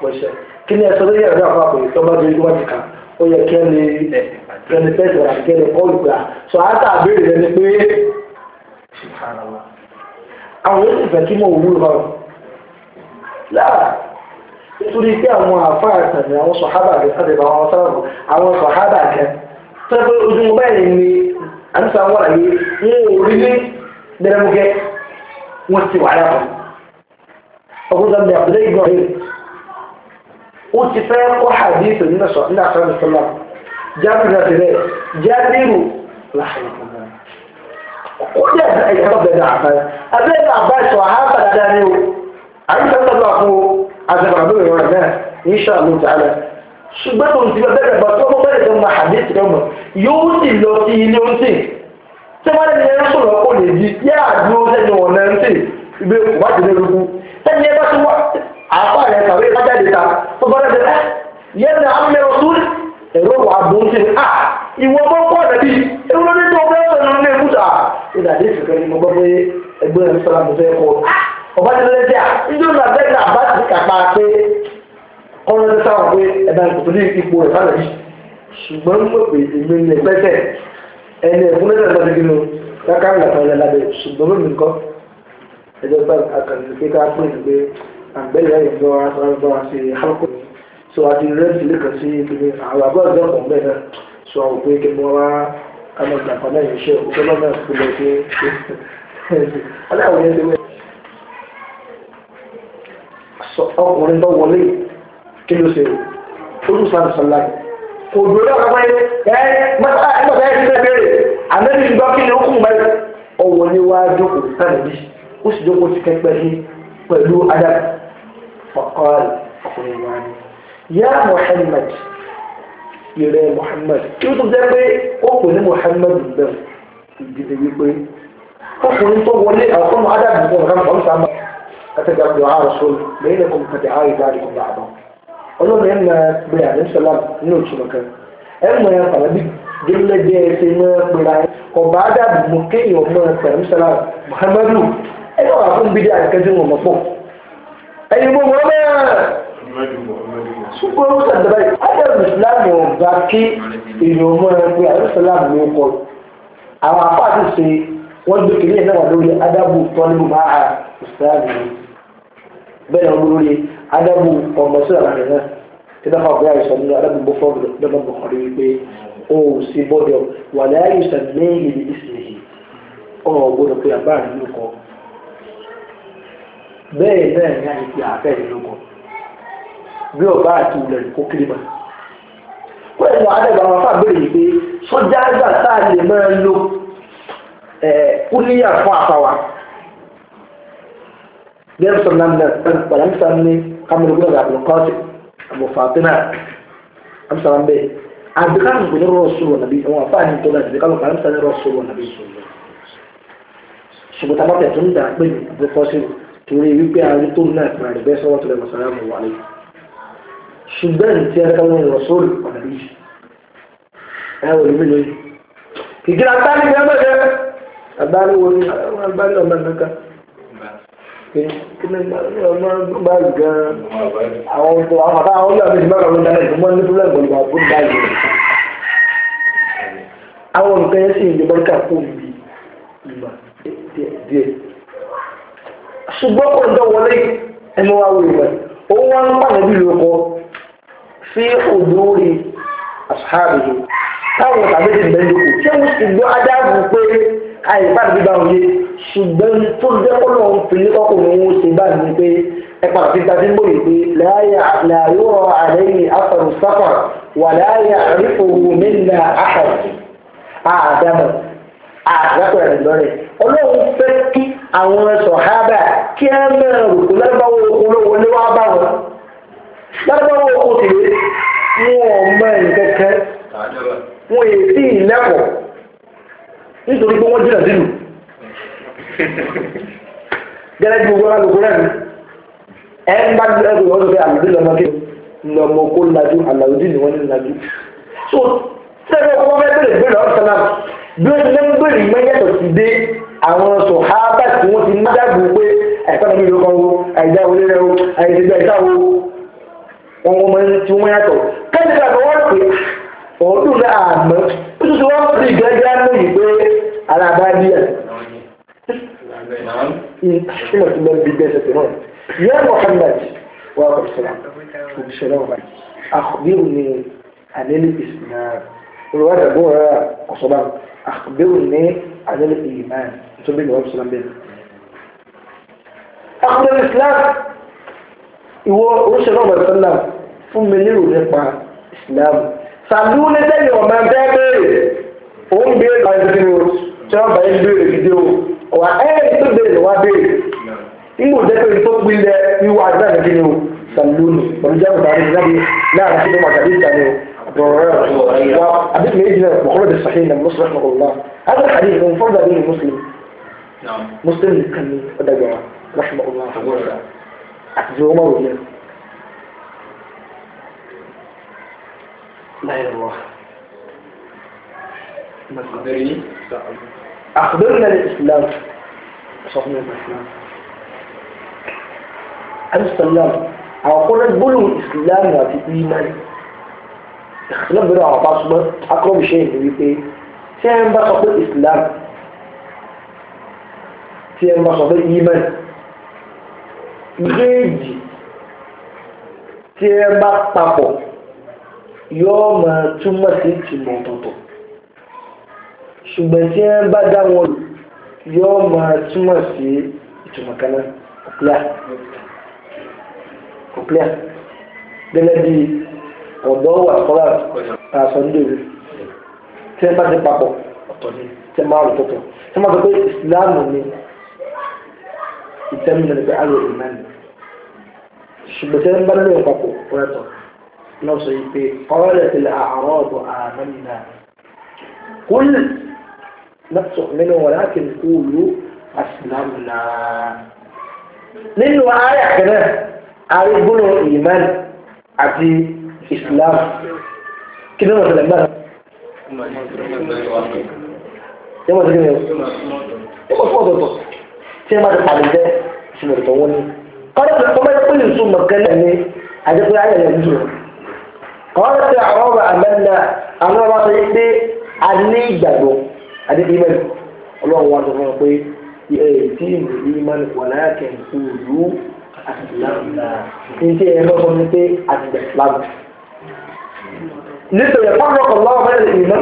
question. Kí ni ẹ̀sọ́ lórí ẹ̀rọ àpapọ̀ ìtọ́ba tó yẹ wọ́n ti kà? Ó yẹ kí ẹ lè tẹ̀lé tẹ̀sí rà kí so lè kọ́ọ̀lù gbà. Sọ àtà àbẹ̀rẹ̀ rẹ ni pé àwọn yóò sì fẹ́ kí mo nítorí pé àwọn àfáà tàbí àwọn sọ̀hábà àwọn àwọn sọ̀hábà tẹ́lẹ̀ ojúmọ́ báyìí ni dẹrẹmukẹ wọn ti wà láàbọ ọkùnrin sọ̀rọ̀ àbúlé ibrahim o ti fẹ́ kọ́ hadith nínú sọ nínú àṣà nìsọ́lá jábìrì náà ti rẹ̀ jábìrì láàrin ó jẹ́ na bẹ̀rẹ̀ àbáyé abẹ́rẹ́ àbáyé sọ àhábà dáadáa ni o àyíká sọ́dọ̀ àfún o àtàwọn àbúrò ìwọ̀n náà insha Allah ta'ala ṣùgbọ́n tó ń ti bẹ́ẹ̀ bá ma tí wọ́n ní ẹran sọ̀rọ̀ kò lè di yẹ́ àdúró sẹ́ni ọ̀nà ń tè ibi ìwádìí lẹ́rùkú sẹ́ni ẹ bá tún wá àpá rẹ̀ tàbí ìbá jáde ta tó bá dẹ̀ ẹ́ yẹ́ ní amúlẹ̀ ọ̀tún ẹ̀rọ wà bó ń tè à ìwọ bọ́ pọ̀ dàbí ewúrẹ́ ní tó bẹ́ẹ̀ sọ̀rọ̀ ní ẹ̀kúta ìdàdí ìfìkẹ́ ni mo gbọ́ pé ẹgbẹ́ rẹ̀ sọ̀rọ̀ mo fẹ́ kọ́ ọba ti lẹ́lẹ́ díà ìjọ náà bẹ́ẹ̀ náà bá ti kàpá pé ọ̀rọ̀ ẹ̀ sáwọn pé ẹ̀dá ìkòtò ní ipò ẹ̀ ẹni ẹ̀fún lẹ́sẹ̀ lọ́dún kí ló káká ń gbàtàn lẹ́la bẹ̀ ṣùgbọ́n mímu kọ́ ẹjọ́ bá àkàndé pé ká pè ní pé àgbẹ̀lẹ̀ yẹn bọ́ aṣọ bá wa ṣe hálùkù so àti rẹ́ǹtì lè kàn sí ìpínlẹ̀ àwọn àbọ̀ ọ̀dọ́ ọ̀pọ̀ bẹ́ẹ̀ náà so àwọn pé kí wọ́n wá kánú gbàtàn náà yẹn ṣe òkú lọ́nà ìpínlẹ̀ ṣe ọlọ́run yẹn ti ọkùnrin tó wọlé kí ló ṣe olùsàlùsàlù òjò náà kọ́ pé ẹ mọ́tà ẹgbẹ́ ẹ̀ ti bẹ̀rẹ̀ àmẹ́bí ti gbọ́ kí ni ó kù mọ́ ọwọ́ ni wá jókòó sábẹ̀bí ó sì jókòó sí kẹ́kẹ́ sí pẹ̀lú adam fọkọ́ọ̀lì ọkùnrin wa ni yá Muhammad ìrẹ Muhammad kí ó tó jẹ́ pé ó pè ní Muhammad bẹ́ẹ̀ ìdílé wípé ọkùnrin tó wọlé àwọn ọmọ adam nìkan ọ̀rọ̀ àtẹ̀gbàgbọ̀ àròsọ lẹ́yìn ẹ̀kọ́ ọlọ́run ẹ̀ máa pe àdéṣọlá ní òtún kan ẹ̀ mọ̀ ẹ̀ fàlàbí gbẹ́lẹ́gbẹ́ ẹsẹ̀ máa pera ẹ̀ ọba adàbò mọ̀ kéèyàn mọ̀ ẹ̀ pẹ̀lú sọlá muhammadu ẹ̀ yọ wà fún bídí àkẹ́kẹ́ wọn mọ̀ pọ̀ ẹ̀yin gbogbo ọmọ ṣùgbọ́n ó sàdàbà yìí adàbò ìsìlámù ọba kí èèyàn mọ̀ ẹ̀ pé àdéṣọlá ló kọ àwọn apá ṣe wọ́n gbé kìnìún náà lórí adàbò tọ́lẹ́mù adabu ọmọ sí àlàyé náà tí dáfà bọ́ àìsàn nínú adabu bó fọ́ dọ́gbọ́n bọ̀kọ̀rí wípé ó sì gbọ́dọ̀ wà láyé sàmẹ́yìn ní ìsìnlẹ̀ ọmọ gbọ́dọ̀ pé àbá rẹ̀ lóko bẹ́ẹ̀ náà ní àyè pé àfẹ́ rẹ̀ lóko bí ọba àti ìlẹ̀ kó kiri mà pẹ̀lú adabu àwọn afá béèrè yìí pé sọ́jà àgbà tá a lè máa lo kúlíyà fún àfáwà. Gẹ́gẹ́ sọ̀rọ̀ náà pẹ̀lú sọ̀rọ̀ kamar gudu abu kawai abu fatima amsa ran bai abu kan gudu rasul wa nabi wa fa ni to da bi kan kan sanin rasul wa nabi ṣùgbọ́n tábà tẹ̀ tún dà pé abu kọ́sí torí wípé àwọn tó náà fún àdìbẹ́ sọ́wọ́ tó lè mọ̀ sàrámù wà lẹ́yìn ṣùgbọ́n tí a kan wọn rasul wa nabi ẹ wọ ìlú lóyún kìkìlá tá a ní gbẹ́mọ̀ jẹ́ àgbáríwọ̀ ní àgbáríwọ̀ kan báyìí gan àwọn ọmọ àwọn bàbá àwọn olùwàbí ti bára wọn dáná ìfúnmọ́ ní fúlẹ̀ pẹ̀lú àbúrò báyìí àwọn nǹkan yẹn sì ń jẹba ká kó bí ìgbà díẹ̀ ṣùgbọ́n kò dán wọlé ẹnu wa wò ìgbà ó wá ń pàdé bí lóko sí òdò orí àṣàbí táwọn tàbí ti bẹ̀rẹ̀ lóko tí wọ́n ti gbọ́ adágún pé àìpàdé bá wọn ṣùgbọ́n tó jẹ́ kọ́lọ̀ ń fi ọkùnrin wọn ṣe báyìí ni pé ẹ padà fi tají gbòòrò pé láàyò rọ àlẹ́yìn afẹ́rù sáfà wà láàyè àrífòwò nílà àfẹ́rù àdámọ̀ àdápẹ̀ rẹ̀ lọ́rẹ̀ ọlọ́run fẹ́ kí àwọn sọ̀hábà kí ẹ mẹ́rin rò kó lárúbáwò okun ló wọlé bá wọn lárúbáwò okun sì rè wọn ò mọ nǹkan kan wọn èsì ìlẹ́kọ̀ọ́ nítorí pé wọ́n jìnnà sílùú gẹ́gẹ́ bí gbogbo alágbogbo rẹ̀ mi ẹ̀ ń bá ní ẹgbẹ̀rún ọdún pé àlùdí lọ́mọ kí lọ́mọ kó lajú àlàudí ni wọ́n ní lajú. so sẹ́gbẹ́ ọkọ̀ wọn fẹ́ bẹ̀rẹ̀ bẹ̀rẹ̀ ọ̀sán náà bí ó ti lé ń bẹ̀rẹ̀ mẹ́yẹ̀tọ̀ ti dé àwọn sọ̀hábà tí wọ́n ti ń dàgbò pé àìsàn mi ló kọ́ wo àìjà wọlé rẹ o àìsègbè àìsà wo wọn wọn mọ tí wọn yàtọ̀ kẹ́sìkà ni wọ́n pè ọdún náà àmọ́ ó tún نعم. حكمة من بالبيت يا محمد وعليكم السلام السلام عليكم أخبرني عن الإسلام الواد أبو أصلا أخبرني عن الإيمان تبي الواد سلام بين أخبر الإسلام ìwọ oríṣiríṣi ọmọ ìsọlá fún mi lérò nípa ìsìlámù sàdúró ní tẹ́lẹ̀ ọ̀bẹ ń fẹ́ bẹ́ẹ̀ òun bẹ́ẹ̀ lọ́wọ́ ìdílé oṣù tí wọ́n bá yẹn béèrè gidi o wà ẹ́ẹ̀rì tó béèrè wá béèrè nígbò jẹ́ pé tó pín lẹ wíwá àdúrà ní kíni o sàlùlù pẹ̀lú jẹ́ kòtà àdúrà ní láàrin tí ó máa tàbí ìtàn حديث من إجنة مخرج الصحيح لمسلم رحمه الله هذا الحديث منفرد به مسلم مسلم كان ودجع رحمه الله أتزوما وجنة لا يا الله ما قدرني أخبرنا الإسلام صحيح الإسلام الإسلام أقول بلو الإسلام في إيمان اختلاف بين أعطاء سبب أقرب شيء في سيهم بقى الإسلام سيهم بقى الإيمان méjèèjì tí ẹ bá papọ̀ yóò máa túmọ̀ sí ṣùgbọ́n tí wọ́n bá dá wọn yóò máa túmọ̀ sí ìtumọ̀ kan náà kò clear kò clear gẹ́gẹ́ bí ọ̀dọ́ wà kọ́lá àṣọ ń dèrè tí wọ́n bá ti papọ̀ ọ̀tọ̀ ni tí wọ́n bá rò tọ̀tọ̀ tí wọ́n bá sọ ìsìláàmù ni ìtẹ́mìnira pé àlọ́ ìmáàmù ṣùgbọ́n tí wọ́n bá lóyún papọ̀ pẹ́ẹ́tọ̀ náà sọ yìí pé ọ̀rọ̀ rẹ̀ نفسه منه ولكن قولوا أسلمنا nínú ayé àkẹ́rẹ́ arígbónà ìmán àti islam kí ló wọ́n tẹ̀lẹ̀ náà yíò wọ́n tẹ̀lẹ̀ yíò wọ́n fọ́ọ̀tọ̀tọ̀ tí wọ́n bá ti pàdé jẹ́ ìṣúná ìtọ̀ wọn ni kọ́lá tó tọ́ bá pé ìṣú mọ̀kẹ́lẹ̀ ni àjẹpẹ́ ayé rẹ̀ jù kọ́lá tó àwọn ọmọ àmẹ́lẹ̀ àwọn ọmọ sọ pé a ní ìgbàgbọ́ adébíyẹ ọlọ́run wa sọ fún wọn pé tí ìlú máa ń wọlé kẹ̀kẹ́ ìlú àtìlámùlá ní tí ẹ lọ́kọ́ ní pé àtìlámù. nítorí ẹ̀kọ́ lọ́kọ̀ lọ́wọ́ bẹ́ẹ̀ lè iná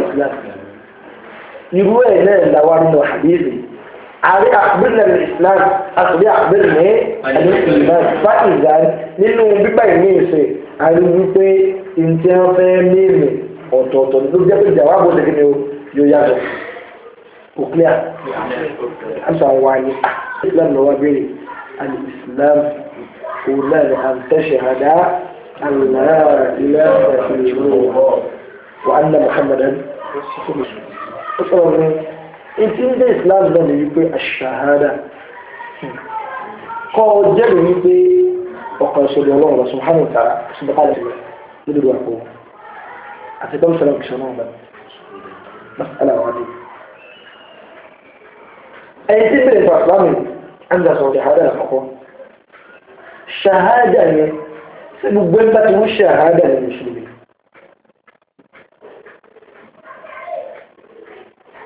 irú ẹ̀ náà làwọn nínú àdéhùn àrí àkùbílẹ̀ ní islam àkùbí àkùbílẹ̀ ní àdéhùn bá ìgbà nínú gbígbà ìní ìṣe àrí wípé ìntí wọn fẹ́ mímì ọ̀tọ̀ọ̀tọ̀ ló jẹ́ pé jàwá bó ṣe kí ni yóò yàtọ̀. مقنعة حتى الإسلام هو بين الإسلام والله أن تشهد أن لا إله إلا الله وأن محمدا رسول الله إن في الإسلام لا يقول الشهادة قال جبريل في وقال صلى الله عليه سبحانه وتعالى سبحانه وتعالى من الواقع أتبع سلام كشمال سبحانه وعديد ẹni tí bèrè bàbá mi ẹnìdà sọ̀rọ̀ ṣàhádà àkọ́kọ́ ṣàhádà yẹn sí gbogbo ẹgbẹ́ tí wọ́n ṣàhádà ní mùsùlùmí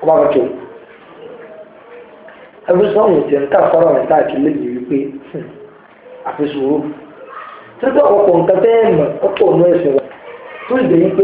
ọba kọ̀tọ̀ ẹbí sọ́ọ̀mù tí ń tà fọ́rọ̀ rẹ̀ táàkì lẹ́yìn wípé hmm, àfisùwò títọ́ ọ̀pọ̀ nǹkan tẹ́ẹ̀ mọ̀ ọ̀pọ̀ ọ̀nà ẹ̀sìn wa tó ìdè yí pé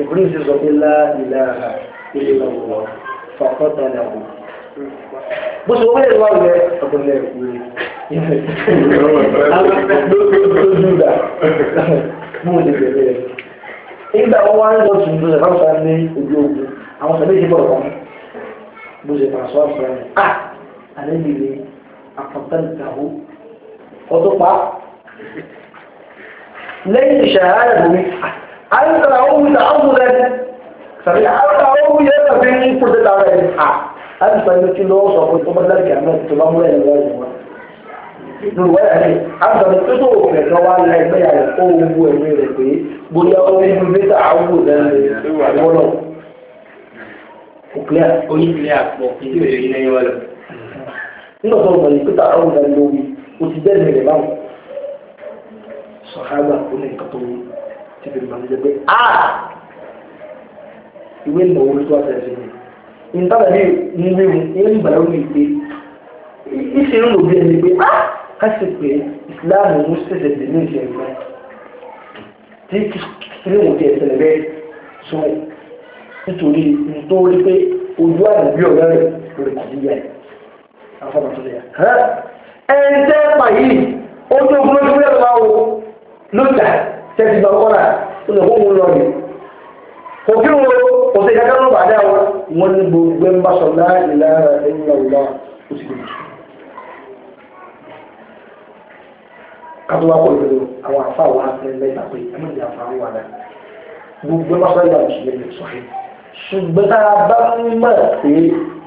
ìbúrú sí sọ pé lá ìlàhà ilé lọ́wọ́ fàkọ́tà làwọn. bó ṣe wọ́n lè wá rẹ̀ ọ̀pọ̀lọpọ̀ ẹ̀kú rẹ̀ nígbà wọn wá ń lọ tún lọ sẹfọn sọ ní ojú ogun àwọn sọ méjì bọ̀ wọn bó ṣe pàṣọ àṣọ rẹ̀ ah àlẹ́ mi ni àpọ̀tẹ́ntàwó ọdún pa lẹ́yìn ìṣàhárẹ̀ bùnmi an tsarawo da amuran sàbí àwọn àwọn yẹn kà fi ń kúrò tàwọn ẹni à láti sọ ibi tí lọ́wọ́ sọ pé ọmọdé láti kẹ̀mẹ́ tó bá múlẹ̀ ní wọ́n wọ́n. Lùwẹ́ ẹ̀rí àgbàdo tó tó òfin ẹ̀dọ́ wa lẹ ẹgbẹ́ yàrá ó wu ẹ̀mí rẹ̀ pé bóyá ó ní ibi tá a wù lẹ́nu rẹ̀ wọ́n lọ. Òkìlẹ̀ oníkìlẹ̀ ti fi màá jẹ pé a ah! ìwé ìmọ̀ owó tó àtẹ̀ sí ni, ìtàlẹ̀ ní ìwé mu ìwé ìbàlẹ̀ omi ìgbé ìṣe ń lò bí ẹni pé a ah! kásì pé ìsìláàmù mú ṣẹ̀ṣẹ̀ dé ní ìṣẹ̀lẹ̀ rẹ̀ tí kìí wò di ẹ̀sẹ̀lẹ̀ rẹ̀ sọ nítorí nítorí pé ojú àdàbí ọ̀rẹ́ rẹ̀ lórí kọ̀díyà ẹ̀ afọ́nà tó lè yà. ẹ̀ẹ́dẹ́gbà yìí ojú ogun ló ti fẹ́ lọ́wọ́ lójà tẹ́sí lọ kọ́là ó lè kóhun lọ ni kò kí wọn kò sí ìdájọ́ ló bàdá wọn wọn ní gbogbo ń bá sọ láàyè lára ẹni ọ̀la ó sì gbèsè. kátó wá kó ìlú àwọn afá wa fẹ́ mẹ́ta pé ẹ má jẹ́ afá wa dá gbogbo ń bá sọ ìdájọ́ mùsùlùmí sọ̀rọ̀ ṣùgbọ́n tá a bá ń mọ̀ pé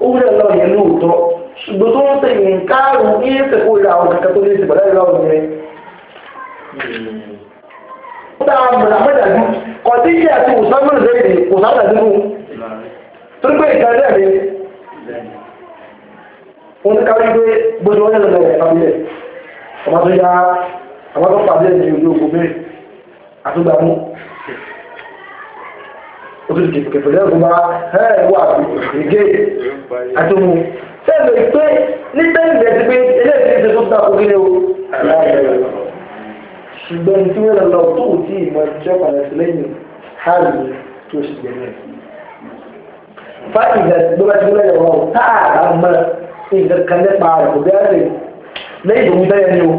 ó wúlẹ̀ lọ yẹn lóòótọ́ ṣùgbọ́n tó ń tẹ̀yìn káàrún ní ètò ìkórìíra àwọn kankan tó lè ṣe bàdá ìlú àwọn ọ̀gbìn tá a mọ̀ lámẹ́dàdú kọ̀díjì àti òsánmọ̀ lẹ́yìn òsánmọ̀dàdú nù tó ń pè ìtàdé mi wọ́n ti kárí pé gbogbo ọjọ́ lọ́dọ̀ ẹ̀ fàmílẹ̀ ọmọ tó yá àwọn tó pàdé ẹ̀ ní ojú òkú bẹ́ẹ̀ àtúgbàmú òtún ti kẹfẹ́ lẹ́kùn bá ẹ̀ wà ìgé àtúmù sẹ́ẹ̀lì pé ní bẹ́ẹ̀ ní ẹ̀ ti pé eléyìí ti tó dáa kó kílẹ̀ o ṣùgbọ́n tí wọ́n lọ tó tí ìmọ̀ ìjọ padà lẹ́yìn hàlù tó ṣì gbẹ̀rẹ̀. fáìlì tó bá ti wọ́n lẹ́yìn wọn tá a bá mọ̀ nǹkan kan nípa rẹ̀ kò bí á lè lẹ́yìn tó ń bẹ́yẹn ni o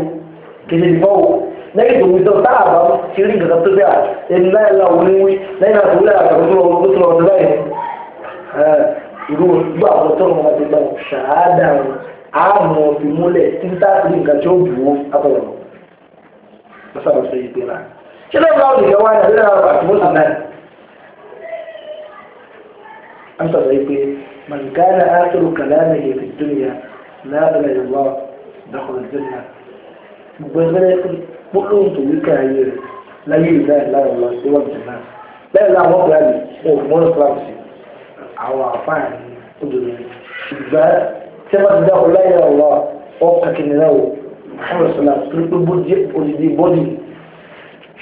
kìí ti bọ́wọ́ lẹ́yìn tó ń sọ tá a bá ti rí nǹkan tó bí a ẹni náà ń lọ òun wí lẹ́yìn náà tó wúlẹ̀ àtàkùn tó lọ ọdún báyìí irú ojú àwọn tó ń masarar sai yi na shi zai ba wani gawa na zai ba su musu nan an sa zai pe man kana asiru kalama ya fi duniya na ala yi wa da kuma jinna gbogbo zai mutum to yi kayayyar láyé ìlà ìlà ìlà ìwà ìjìnlá lẹ́yìn láwọn ọ̀gá mi ò mọ́rọ̀ kíláàsì àwọn àfáàní obìnrin ìgbà tí wọ́n ti dákọ̀ láyé ọ̀rọ̀ ọ̀kàkìnrin náà Muhammad sallam torí pé bó jẹ́ òdìdí bọ́dì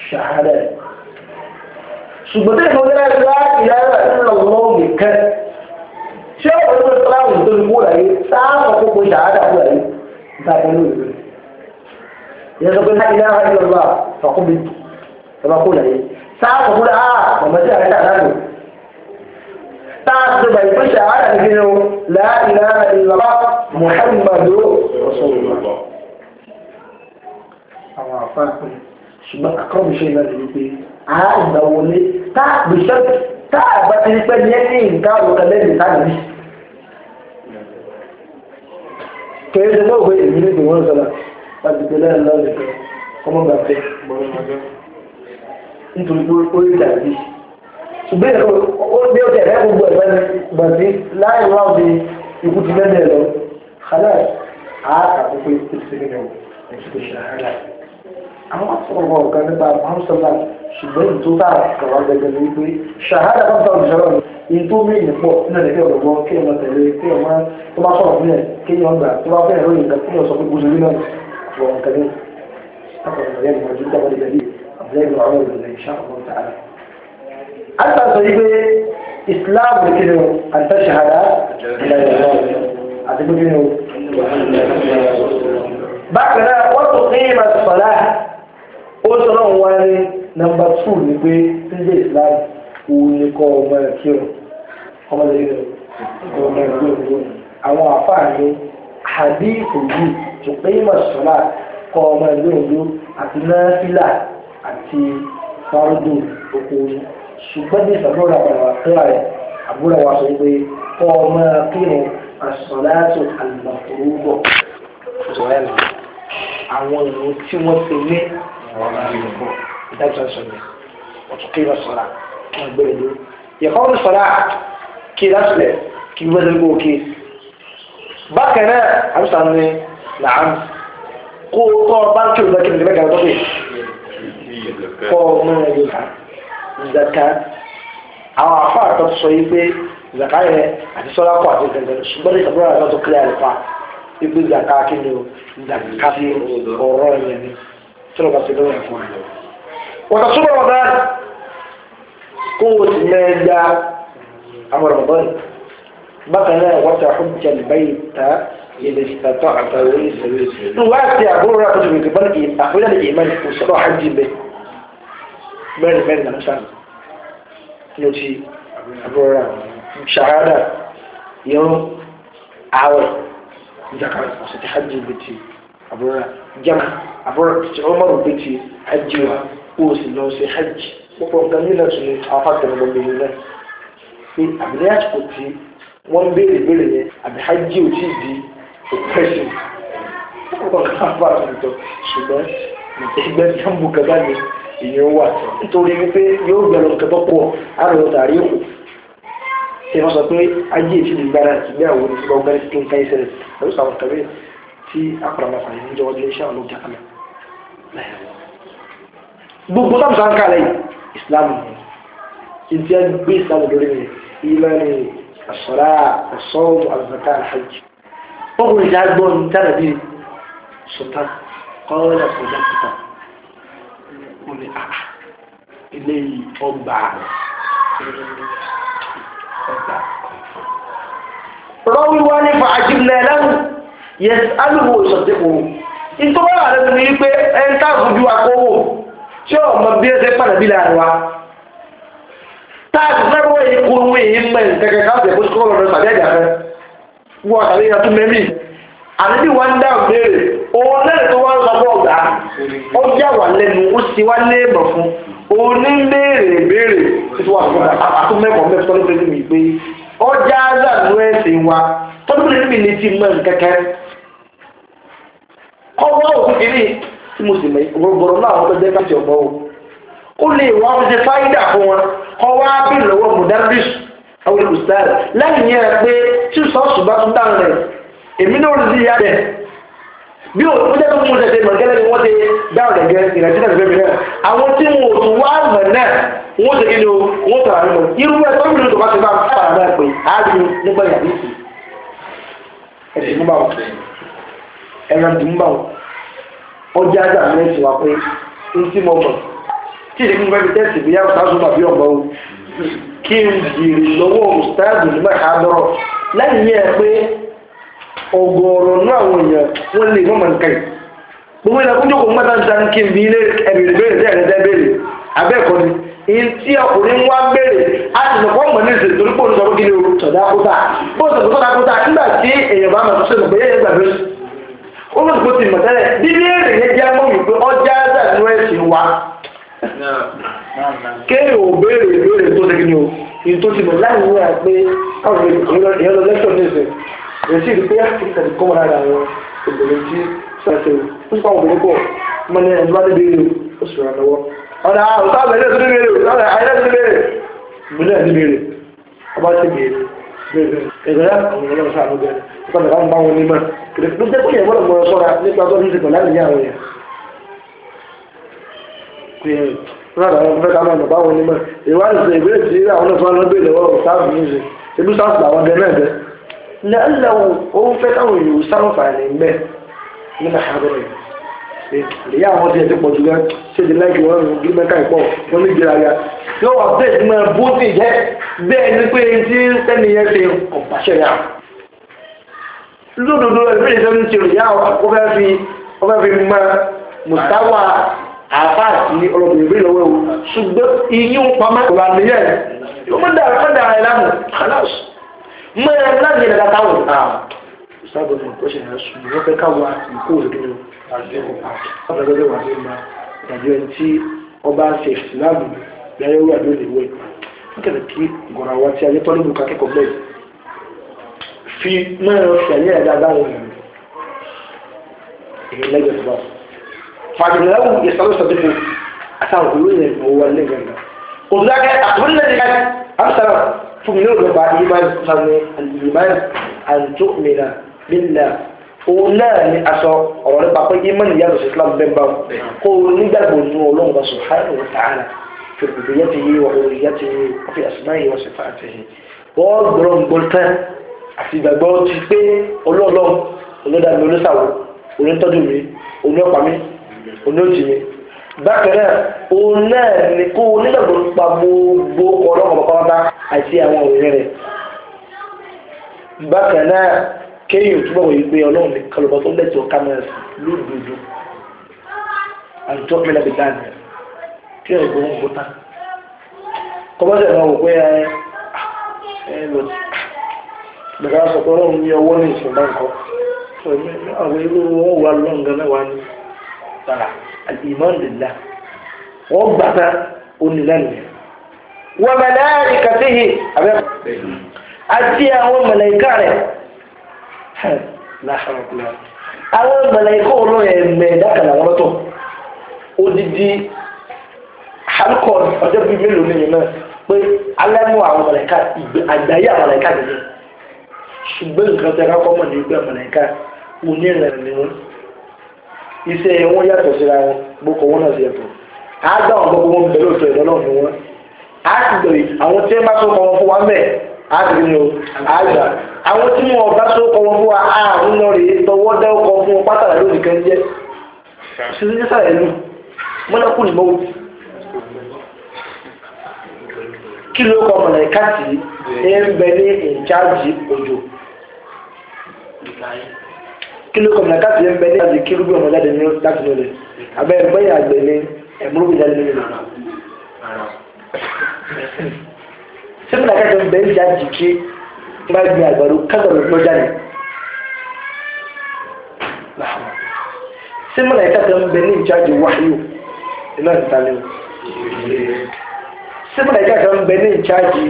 ṣàhádà ẹ̀. ṣùgbọ́n tí ìfọwọ́ náà ti láti ìyá rẹ̀ nínú ọlọ́wọ́ nìkan ṣé ọ̀rọ̀ tó sọ́láàmù tó ní kúrò láyé sáàmù kókó ṣàhádà kúrò láyé ìtàkùn ní òwe. ìyẹn sọ pé láti ìyá rẹ̀ nínú ọlọ́wọ́ fàkúbi ọba kúrò láyé sáàmù kúrò á mọ̀mọ́sí àrẹ́ta àdáàbò. تعصب الفشل على الجنو لا إله إلا الله محمد رسول الله àwọn àfáàpẹ ṣùgbọ́n àkọ́bùṣe náà lè pe àgbà wọlé tá àgbẹ̀ṣẹ́ tá àgbà ti ní pẹ́ ní ẹ́ ní nǹkan àwòkọ́ lẹ́yìn táàbí. kèrè ṣe náà wọ èyí ní ìwọ̀n sọ̀rọ̀ láti pè lẹ́yìn náà lè fẹ́ ọmọ gbà fẹ́ nítorí pé ó rí dàbí. ṣùgbọ́n ìlú ó gbé ọjà ẹ̀rẹ́ gbogbo ẹ̀fẹ́ ni gbàgbé láì wá òde ikú ti lẹ́nu lọ. kálá àá pé ó ti ṣe kí àwọn sọ̀rọ̀ ọ̀gá nípa àmọ́sọ̀lá ṣùgbọ́n ìlú tó tààrà kọ̀wá gẹ́gẹ́ ní pé ṣàhádà bá tọ́ ìṣẹ́rọ̀ ní tó méyìn pọ̀ nínú ẹ̀dẹ́gbẹ̀ ọ̀gbọ́n kí ọmọ tẹ̀lé kí ọmọ tó bá sọ̀rọ̀ nílẹ̀ kí ọmọ gbà tó bá fẹ́ ẹ̀rọ ìgbà kí ọ̀sọ̀ gbogbo ìlú náà wọ̀ nkẹ́lẹ́ bákan náà wọ́n tún ní ìmọ̀ sọ̀lá ó sọ̀rọ̀ wá ní nọ́mbà tù ní pé sílé ìsìláì òun ní kọ́ ọmọ ẹ̀ kí o ọmọ ẹ̀ kí o ọmọ ẹ̀ kí o àwọn àfààní hadith yìí tó pé ìmọ̀ sọ̀rọ̀ kọ́ ọmọ ẹ̀ gbòǹgbò àti náfìlà àti fárúdù oko oyin ṣùgbọ́n ní ìsàbúrò àbàlà àkúrà rẹ̀ àbúrò wa sọ pé kọ́ ọmọ kí o àsọ̀láàtò àlùmọ̀tò rúbọ̀ àwọn ìlú tí wọ́n ti ní ìdájọ́ ìsọ̀rọ̀ ọ̀tún kí lọ́sọ̀rọ̀ wọn gbẹ̀rẹ̀ lórí ìyẹ̀kọ́ ọ̀rọ̀ sọ̀rọ̀ kí lásìlẹ̀ kí gbẹ̀rẹ̀ lórí òkè bákan náà àbúsà ní làám kó kọ́ báńkì òdòdó kí nìkan gbọ́ pé kọ́ ọmọ ẹ̀yẹ zaka àwọn afá àtọ́ sọ yìí pé zaka yẹn àti sọ́lá kọ́ àti gẹ̀gẹ̀rẹ̀ ṣùgbọ́n ní ìsàbúrò àti ọ̀tọ̀ kílẹ̀ àlùfáà ibi zaka kí ni o zaka ọ̀rọ̀ yẹn ni. sọ́nà bá ti lọ́wọ́ ẹ̀fọ́ rẹ̀ wọ́n tún bọ̀ bá kó o sì mẹ́ẹ̀dá إذا استطعت وليس بيسر نواتي أقول رأيك من قبل أقول لك إيمان وصلاة حجي مال أقول شهادة يوم àbúrò jama àbúrò ọmọrò bẹ́tì hajj wa kó o sì lọ sí hajj gbogbo nǹkan nílẹ̀ tún ní àwọn fàtẹ̀mọ̀ gbogbo yìí náà pé àbílẹ̀ àsìkò tí wọ́n ń béèrè béèrè yẹn àbí hajj ò tí ì di òpẹ́sìn gbogbo nǹkan àbúrò àtúntò ṣùgbọ́n ìgbẹ́ jambu kaba ni ìyẹn wà nítorí wípé yóò gbẹ̀rọ nǹkan tó pọ̀ àrùn tàrí òkú tí wọ́n sọ pé ajé ìfìdí gbára ìgbéyàwó ní gbọ́ngbẹ́rẹ́ tó ń ká ìṣẹ̀lẹ̀ lọ́sàn-án kàwé tí àpàràmàsà yìí ń jọ ọdún iṣẹ́ àwọn òjàkálẹ gbogbo sábùsà ń kalẹ̀ Islam. ni ìdí ẹ gbé ìsìlámù lórí mi ilẹ̀ ni àṣọra àṣọ́ọ̀mù àzàkà àhàjì ọkùnrin ìjà gbọ́ ní dára bíi sọ̀tà kọ́ọ̀lá sọ̀tà kùtà ó ní àhà ah, ah, ilé ọgbà ọgbà rọ́wí wá ní yes alùpùpù ìṣọ̀tẹ̀kù ìtọ́wọ́ ààrẹ tó ní wípé ẹni táàbùjú akówó tí ọmọ bí ẹsẹ̀ pàdàbí láàrin wa táàbù fẹ́ wọ́n yìí kúrú wí Wo mẹ́ kẹ̀kẹ́ ya bó sọ́kọ́ lọ́dọ̀ tàbí ẹ̀dà rẹ wọ́n tàbí ẹ̀yà tún mẹ́mí àdébí wa ń dá òbéèrè òun lẹ́nu tó wá ń lọ bọ́ ọ̀gá ó yà wà lẹ́nu ó sì wá léèmọ̀ fún òun ní léèrè béèrè tó wà fún àtúmẹ́kọ̀ọ́ mẹ́fọ́ ló fẹ́ mi pé ọjà àgbà nú ẹ̀sìn wa tọ́lú mi ní ti mọ̀ nǹkan ọwọ́ òkìkiri tí mo sì mọ̀ gbogbo náà àwọn tó jẹ́ káṣí o ó lè wá ó ṣe fáyidà fún wọn ọwọ́ ábí lọ́wọ́ mudarris àwọn olùsàr lẹ́yìn yẹn pé tí sọ́ọ̀sù bá tún dáhùn rẹ̀ èmi náà lè yá o tó jẹ́ pé mo ṣẹ̀ṣẹ̀ o wọ́n tàrà ẹran dùn bá wọn ọjà àjà mi ti wà pé n tí mo mọ̀ kí ni mo fẹ́ fi tẹ́sí bí yàtọ̀ sáà bí ọgbà o kí n jèrè lọ́wọ́ òstáàdù nígbà ká dọ́rọ̀ lẹ́yìn yẹn pé ọgọ́rọ̀ náà àwọn èèyàn wọ́n lè mọ̀mọ́ nǹkan yìí gbogbo ìlànà kúndùkú mọ́tà ń tan kí n bí ilé ẹ̀bìrì béèrè sí ẹ̀rẹ́dẹ́ béèrè abẹ́ẹ̀kọ́ ni ntí ọkùnrin wá béèrè á ti sọ̀kọ́ mọ̀ ní ìsìn torí pòun sọ̀rọ̀ kí ni o sọ̀dá kúta bó sọ̀dá kúta nígbà tí èèyàn bá mọ̀ tó sọ̀rọ̀ pé yẹ́n gbàgbé ó lọ sípò tí mọ̀ tẹ́lẹ̀ bíbí èrè yẹn jẹ́ mọ́ wípé ọjà àdánù ẹ̀sìn wa kéèrè ò béèrè ìbéèrè tó ṣe kíni o ní tó ti mọ̀ láì ní à pé káwọn èèyàn lọ lẹ́sọ̀ ní ìsìn èsì ìdí pé àkíkà ti kọ́ wọn lára àwọn obìnrin tí sàṣẹ o nípa obìnrin pọ̀ ọmọ ní ẹni bá dé béèrè o sì rà lọ́wọ́ ọ̀nà àwọn ọ̀tá àbẹ̀lẹ̀ tó dé béèrè ọ̀nà àyẹ̀lẹ̀ tó dé béèrè ìbílẹ̀ tó dé béèrè ọba ẹ̀rọ ọ̀rọ̀ sáà ló jẹ́ ọ̀pọ̀ nìkan bá wọn ní mọ́ ló jẹ́ pé ẹ̀wọ́n lọ́mọ sọ́ra nípa tó ń ṣe pẹ̀lú àníyàn àwọn èèyàn pé rárá àwọn ọmọ fẹ́ta náà bá wọn ní mọ́ ìwà ìṣe ìwé ìṣe àwọn ọmọ fẹ́ta náà bèèrè wọ́n sáàbù ní ṣe ebí sáàbù làwọn gẹ náà ìyá àwọn ọdún ẹ̀sìn pọ̀jù gan ṣé ti láìpẹ́ wọn rùn bí mẹ́ta ìpọ̀ wọn ní ìgbéra ya yóò wá bẹ́ẹ̀ tí máa bó sì jẹ́ bẹ́ẹ̀ ni pé tí sẹ́niyẹn ṣe ọ̀pàṣẹ yà lódodo ẹ̀mí ìṣẹ́ni ṣe ìyá ọ̀fẹ́ fi ọ̀fẹ́ fi mọ mùtáwà àfáàtì ọlọ́bìnrin bí lọ́wọ́ ewu ṣùgbọ́n iyún pamọ́ ìwà nìyẹn ọmọ dàrú ọmọ dàrú ẹ̀ lánàá ọ̀dọ́gbẹ́gbẹ́ wà ní ma ìdájọ́ ẹni tí ọba ṣe ìsìláàmù láyé wà ní òde ìwé wọ́n tẹ̀lé kí gọ̀rọ̀ àwọn tí ayé tọ́lé bùkà kẹ́kọ̀ọ́ bẹ́ẹ̀ fi náà ṣẹ̀yẹ́ ẹ̀dá dáhùn èyí lẹ́gbẹ̀ẹ́ tó bá fàdùnláwù ìsàlọ́sọ̀dẹ́kù àtàwọn òwúrò yẹn ò wà lẹ́gbẹ̀ẹ́ òbúdákẹ́ àtúndẹ̀ẹ́dẹ́gbẹ́ àmì fún mi ní òdòdó bá ìmáyé sáré àti ìmáyé àti tó mìíràn nílẹ̀ O náà ni aṣọ ọ̀rọ̀ nípa pé yé mọ́nìyà lọ sí islam bẹ́ẹ̀ kó o nígbàgbọ́ nù ọlọ́run bá subhanahu wa ta'ala fi rububiyyatihi wa uluhiyyatihi fi wa wọ́n gbọ́dọ̀ gbọ́tẹ́ àti ìgbàgbọ́ ti pé ọlọ́ọ̀lọ́ọ̀ olódà olóṣàwọ̀ olóńtọ́jú mi mi kó o kéèyàn túbọ̀ wòye pé ọlọ́run ní kọlọ́bọ tó lẹ́tọ̀ kámẹ́rà sí lódodo àjọ mẹ́lẹ̀ bí dáàbì kéèyàn gbọ́ ń gbọ́ta kọ́mọ́sẹ̀ náà wò pé ẹ ẹ lọ sí bẹ̀rẹ̀ sọ pé ọlọ́run ní ọwọ́ ní ìṣẹ̀dá nǹkan àwọn irú wọn wà lọ́ngàn náà wà ní tààrà àdìmọ́n lèlá wọ́n gbàtà onílànìyàn wọ́n mẹ́lẹ́ àríkàtìhì àbẹ́ àti àwọn màláíkà rẹ̀ àwọn mẹlẹ́kọ́ ọ̀rọ̀ ẹ̀ mẹ́ẹ̀dá kan àwọn ọ̀tọ̀ odidi hankọ́ ọjọ́ bíi mélòó nìyẹn náà pé alẹ́ mú àwọn mẹlẹ́ka àgbáyé àwọn mẹlẹ́ka nìyẹn ṣùgbọ́n nǹkan tẹ́ kọ́ mọ̀ ní pé mẹlẹ́ka onírìnrìn ni wọ́n iṣẹ́ wọn yàtọ̀ síra wọn gbogbo wọn náà sì yàtọ̀ gbogbo wọn bẹ̀rẹ̀ òtò ẹ̀dọ́ náà ti àwọn tí bá tó kọ́ wọn fún ti rí àwọn tí wọn bá tó kọ wọn fún wa ààrùn lọ rèé tọwọ́ dẹ́ ọkọ̀ fún wọn pátá lórí kan jẹ́ sísí sísàlẹ̀ nù mọ́lẹ́kùn ní mọ́wó kí ló kọ mọ̀lẹ́ káàtì ẹ̀ ń bẹ ní ìjáàjì òjò kí ló kọ mọ̀lẹ́ káàtì ẹ̀ ń bẹ ní ìjáàjì kí rúgbìn ọmọdé ní láti lọ rẹ̀ abẹ́ ẹgbẹ́ àgbẹ̀ ní ẹ̀múrú ìjáde nínú ìlànà sẹ́mi làkàtà ń bẹ ní ìjáàjì kí bá gbin àgbàdo kágbàdo tó jáde sí mọ́nà ìka tó ń bẹ ní ìjáde wáyò iná ìta ni o sí mọ́nà ìka tó ń bẹ ní ìjáde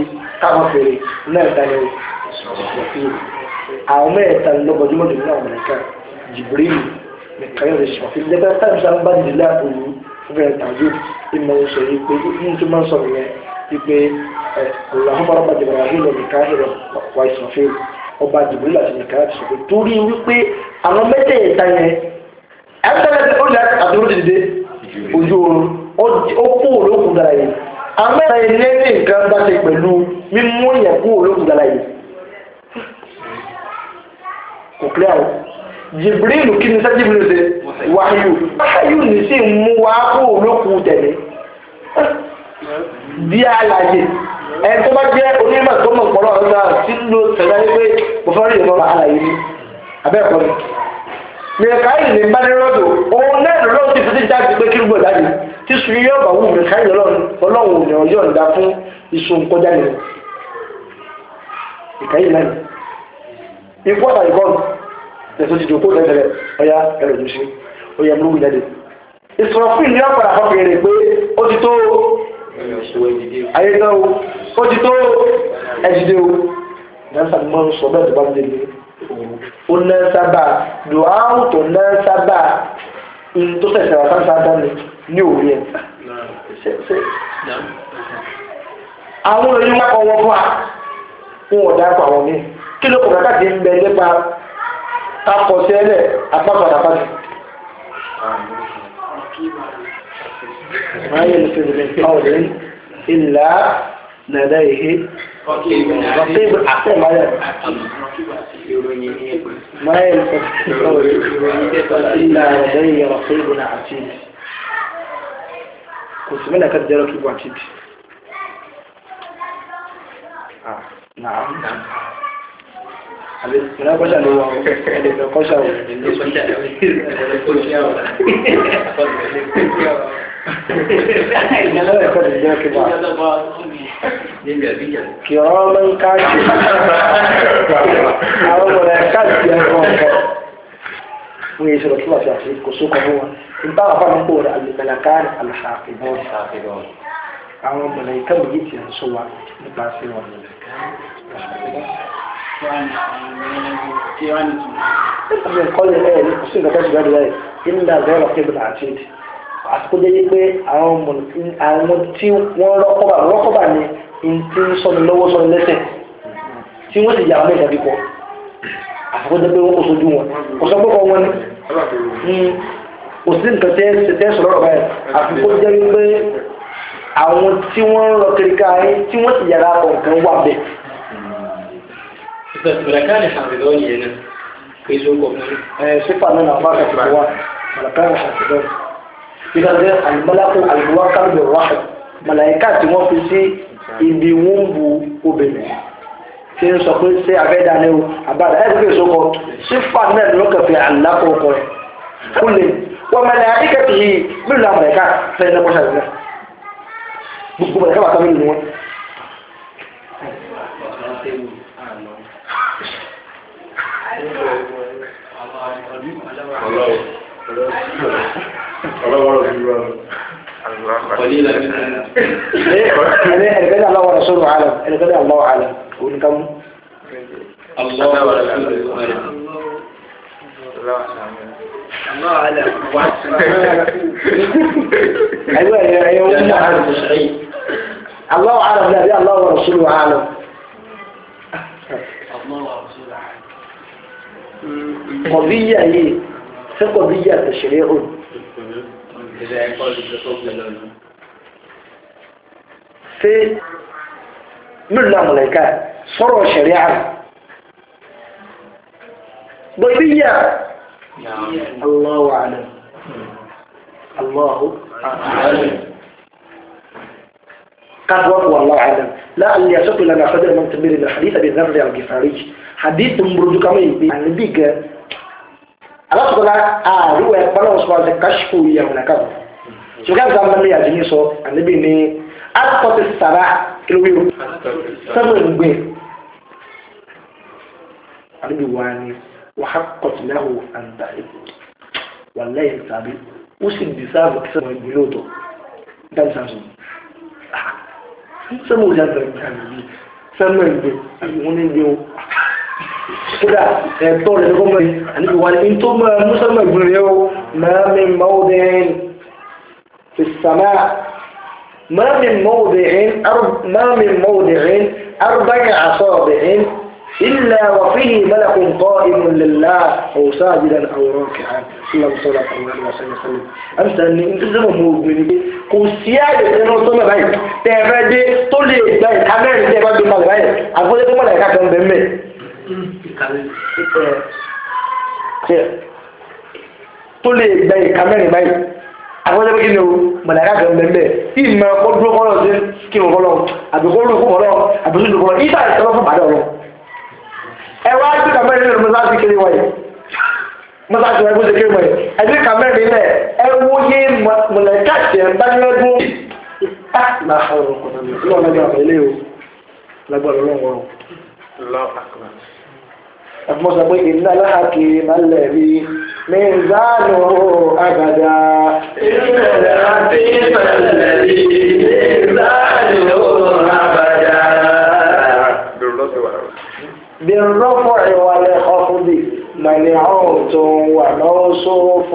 káwọn fèrè iná ìta ni o àwọn mẹ́ta lọ́gbọ̀dúnmọ́ ní àwọn ìka Jibril nìkan rẹ̀ ṣọ̀fin lẹ́gbẹ́ táìmù sáà ń bá nílẹ̀ àpòlù fún ẹ̀ta yóò ìmọ̀ ìṣòro pé ní tó máa ń sọ̀rọ̀ yẹn wípé ọ̀làhùnmọ́ra bá jẹ̀bẹ̀rẹ̀ àdúgbò nìka ẹ̀rọ wà ìsọ̀fẹ́ ọba jìbìrì láti nìka láti sọ̀fẹ́ torí wípé àwọn mẹ́tẹ̀ẹ̀ta yẹn ẹ̀ẹ́dẹ́gbẹ̀rẹ̀ ó lẹ́ àdúró dìde ojú oorun ó kú olókùn dára yìí àmọ́ ẹ̀yìn lẹ́yìn nǹkan bá ṣe pẹ̀lú mímú yẹn kú olókùn dára yìí kò kílẹ̀ àwọn jìbìrìlù kí ni sẹ́ jìbìrìlù ṣe wáyù wáyù ní sí mú wá kú olókùn tẹ̀lé di àlàyé ẹ tó bá jẹ́ onímọ̀ tó mọ̀ pọ̀lọ́ ọ̀gá tí ń lo tẹ̀lé pé mo fẹ́ rí ìmọ̀ àlàyé ni abẹ́ẹ̀kọ́ ni mìrìkàyì ní bánirọ́dọ̀ òun náà lọ́wọ́ ti fi dídá ti pé kí ló gbọ́dá ni tí sùn yóò bá wù mìrìkàyì ọlọ́run ò ní ọjọ́ ìdá fún iṣu nkọjá ni ìkàyì náà ni ikú ọ̀tà ìbọn ẹ̀sùn ti dòkó tẹ̀tẹ̀rẹ̀ ọ̀yá ẹ̀rọ ìjọsìn ọ̀yá ìmúlùmí jáde ìsọ̀rọ̀ fún ìlú ọ̀pọ̀lọpọ̀ pé ó ti tó ayé náà o ó ti tó ẹ̀dìdẹ́ o nẹ́sà máa ń sọ bẹ́ẹ̀ tó bá ń délé ó nẹ́sà bá dùn áhùn tó nẹ́sà bá tó sẹ̀sẹ̀ wà sáńsá dání ní òwe ẹ̀ àwọn èyí wọn kọ wọn fún wa wọn ò dáko àwọn míì kí ló kọ̀ kàkàtì ń bẹ nípa kakọ̀ sẹ́lẹ̀ apá padà padà. ما يلفظ من قول إلا لديه رقيب أحسن ما يلفظ من قول إلا لديه رقيب عتيد كنت منها كدر رقيب عتيد آه. نعم نعم Ìrẹ́ kọ́ṣà ló wà ọ́, ẹ̀dẹ̀gbẹ̀ kọ́ṣà ò. Ẹ̀dẹ̀gbẹ̀ kọ́ṣà ò. Ẹ̀dẹ̀gbẹ̀ kọ́ṣà ò. Ẹ̀dẹ̀gbẹ̀ kọ́ṣà ò. Kìrọ́mọ́ ń káàkì. Àwọn ọmọ rẹ̀ káàkì ẹ̀kọ́ ọ̀kọ́. Wọ́n yẹ sọ̀rọ̀ kíwà sí àti kò sókò mú wọn. Ìbá àpá mi kò rẹ̀ àlùmọ̀làká àlùfàfẹ́bọ̀. Àwọn ọmọ rẹ̀ ìkẹ́wò yìí ti ń sọ wa nípasẹ̀ wọn ìpínlẹ̀ kọ́lé ẹ̀ ní kùsùn ìgbàgbọ́ ìgbàgbọ́ rẹ̀ nígbà zọ́ọ̀rọ̀ kébù àti èdè àsìkò jẹ́ pé àwọn tí wọ́n rọ́kọ́bà rọ́kọ́bà ni tí ń sọnù lọ́wọ́ sọnù lẹ́sẹ̀ tí wọ́n sì yà wọ́n mẹ́ta bípọ̀ àsìkò jẹ́ pé wọ́n kò sojú wọn kò sọ pé kọ́ wọn ni kò sí nǹkan tẹ́ sọ̀rọ̀ rọ̀ báyìí àsìkò jẹ́ pé àwọn tí wọ́n rọ kiri káyé tí wọ́n sì yàrá ọ̀kan wà bẹ́ẹ̀ malakan hafidọ́ yìí náà kò sí ọkọ̀ fún ẹ̀ sípà náà náà bá kàtí wá malakan hafidọ́ ìdá jẹ́ alimọ́lákò alùwá kálùbẹ̀ wáhù màláìka tí wọ́n fi sí ibi wúńbù obìnrin tí ń sọ pé ṣé abẹ́dá ni o àbáda ẹ̀ fífi ìṣòkọ sípà náà lọ́kẹ̀fẹ̀ alákò ọkọ rẹ̀ kúlẹ̀ wọ́n màláìka kẹ́tì yìí mílùú àwọn màláìka fẹ́ẹ́ ní kọ́ṣà ìlú gbogbo màláìka bàtà mílùú wọn. قليلا الغنى الله ورسوله اعلم الغنى الله اعلم قول كم الله ورسوله اعلم الله اعلم ايوه ايوه الله اعلم لا الله ورسوله اعلم الله ورسوله قضية هي في قضية تشريع في من لا ملكة صروا شريعة ضيبية الله أعلم الله أعلم قد وقوى الله أعلم لا أن يسوق لنا قدر من تنبير الحديث بالنظر الجفاري hadith muruju kama yi pe anabi gan alakola ariwa ẹgbẹrún ọsọ àti kashifu yahuna kan ṣùgbọ́n ẹgbẹrún ọsọ àti yàtí ní sọ anabi ní alikọti sara kìlówé o sábà ń gbé anabi wa ni wà á kọtì náà àǹtà èkó wà lẹ́yìn tàbí ó sì di sáàbù kí sábà ń gbé lóòótọ́ dáhùn sáà sọ sábà ń gbé sábà kódà ẹ̀tọ́ rẹ̀ lọ́kọ́ mẹ́rin àníbi wà ní tó máa mùsùlùmí ìgbìmọ̀ rẹ̀ ó máa mi mọ́ọ̀dẹ́n fi sàmà máa mi mọ́ọ̀dẹ́n arbáyà àsọ̀ọ̀dẹ́n إلا وفيه ملك قائم لله أو ساجدا أو راكعا صلى الله عليه tó lè gba ìka mẹ́rin báyìí àkọsẹ́ pé kí ni o mọ̀láyà kan bẹ́ẹ̀ tí ìmọ̀ ọkọ̀ dúró kọ́ lọ sí kí n kọ́ lọ àbíkó lù kọ́ lọ àbíkó lù kọ́ lọ ìgbà ìtọ́lọ́ fún bàdà ọ̀rọ̀ ẹ wá gbé kàmẹ́ nínú mọ́sáàsì kiri wáyé mọ́sáàsì wáyé gbọ́dọ̀ kiri wáyé ẹ gbé kàmẹ́ nínú ẹ wó yé mọ̀láyà tiẹ̀ ń bá nílẹ̀ dún ìta láàárọ̀ kọ̀ọ̀tà mi ìlú ọ̀nà المزمو إن الحكيم الذي من زانه أبدا إن الحكيم الذي من زانه أبدا بالرفع والخفض منعوت وموصوف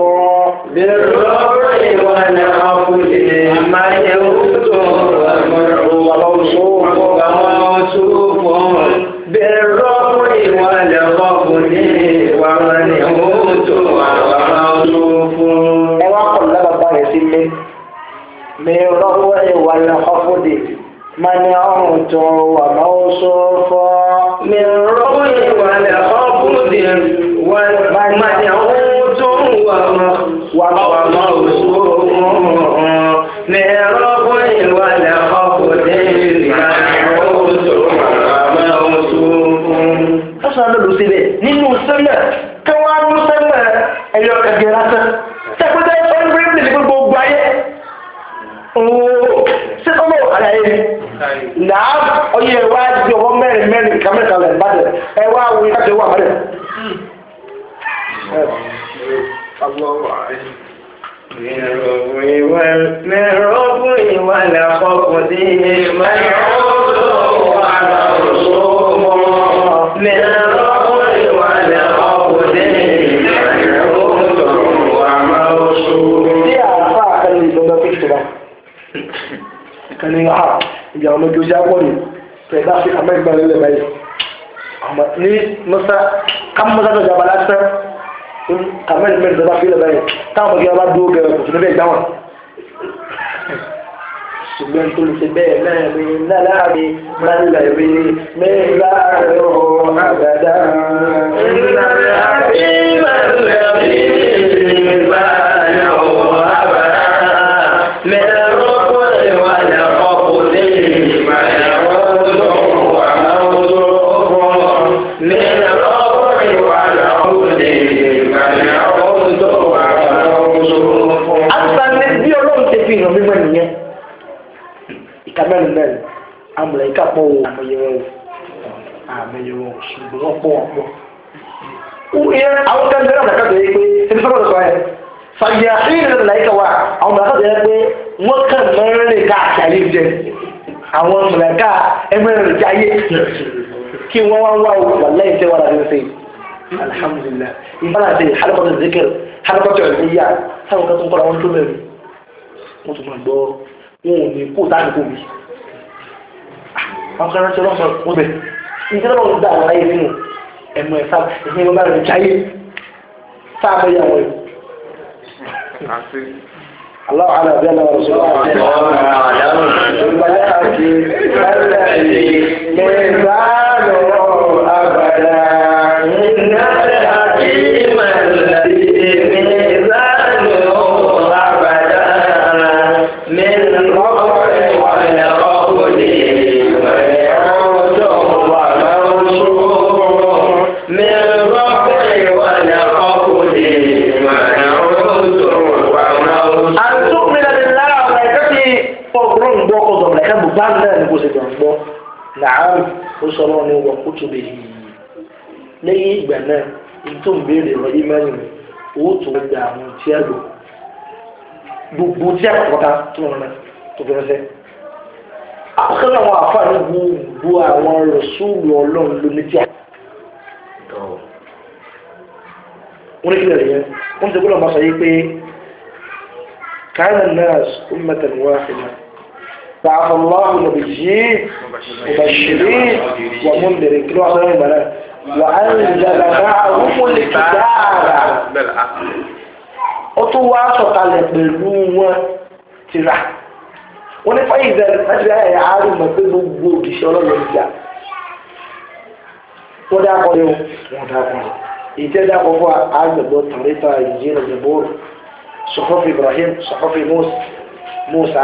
بالرفع والخفض منعوت وموصوف من روع والخفض منع وموصوف من روع والخفض ومنع ọyẹ ẹ wá di ọwọ́ mẹ́rin mẹ́rin kà mẹ́ta lẹ bá dẹ ẹ wá wo yẹ káṣẹ wà mẹ́rin. Mẹ̀rọ̀bù ìwà làkọ̀kọ̀ sí mẹ̀rọ̀bù ìwà làkọ̀kọ̀ mẹ̀rọ̀bù. kan ni ha ah, ìjà ọmọ ojú ojú agbọ́nù to da shi kamar ba lalle bai amma ni musa kan musa da jabala san kun kamar men da zafi da bai ta ba ga ba doga ku ne bai dawo ṣùgbọ́n tó ṣe bẹ́ẹ̀ náà ni láàrin mọ́lẹ̀rí mẹ́lá ẹ̀rọ ìlànà àbí mọ́lẹ̀rí. pọ̀ wò àmọ̀yẹ̀wò àmọ̀yẹ̀wò ṣùgbọ́n wọ́n pọ̀ ọ̀pọ̀. àwọn kan bẹ̀rẹ̀ mọ̀lẹ́kà bẹ̀rẹ̀ pé ẹni sọ́kọ̀ lọ́sọ̀ ẹ̀ fàyà ìrìn rẹ̀ láìka wa àwọn mọ̀lẹ́kà bẹ̀rẹ̀ pé wọ́n kàn mọ́rin rẹ̀ káàkiri jẹ àwọn mọ̀lẹ́kà ẹgbẹ́rin rẹ̀ jáyé kí wọ́n wá wá wà lẹ́yìn tẹ́wọ́ alhamdulillah ibala de halakọtọ zikir halakọtọ ẹdiya sáwọn kan tó ń kọra wọn tó mẹ́rin wọn tó máa gbọ́ wọn ò ní kó sáà mi àwọn kan rántí ọlọ́sọ̀ wọ́n bẹ̀ ìdílé wọn dá àwọn ayé nínú ẹ̀mọ̀ ẹ̀fà ìhìn ọba rẹ̀ jáyé sáàmù yà wọ̀ الله على بنا bá ń lẹ́yìn kó ṣe gbà ń gbọ́ làárù ó sọ lọ́wọ́ ní wọ́n kó tóbi yìí lẹ́yìn ìgbà náà ètò ìbéèrè rọ ímẹ́lì mi owó tó ń gba àwọn tí ẹ lò gbogbo tí àkọ́kọ́ta tó ń rẹ tó fi rẹsẹ́. àkọ́kọ́ àwọn àfààní gbogbo àwọn rọ̀ṣúlù ọlọ́run ló tí a. wọ́n ní kílẹ̀ yẹn wọ́n ti gbọ́dọ̀ máa sọ yìí pé káyọ̀ náà ó mẹ́tẹ̀lẹ́wọ́ àfihàn. بعث الله النبيين مبشرين ومنذرين كل واحد منهم بنات وأنزل معهم الكتاب ó tún wá sọ̀kalẹ̀ pẹ̀lú wọn tìrà wọ́n ní fáyì ìzẹ̀lẹ̀ láti ráyà ẹ̀yà àárò mọ̀ pé gbogbo òdìṣẹ́ ọlọ́run ìjà wọ́n dákọ̀ yóò wọ́n dákọ̀ yóò ìtẹ́ dákọ̀ fún àgbẹ̀gbọ́ tàríta ìjìnlẹ̀ bọ́ọ̀lù sọ̀fọ́fì Ibrahim sọ̀fọ́fì Musa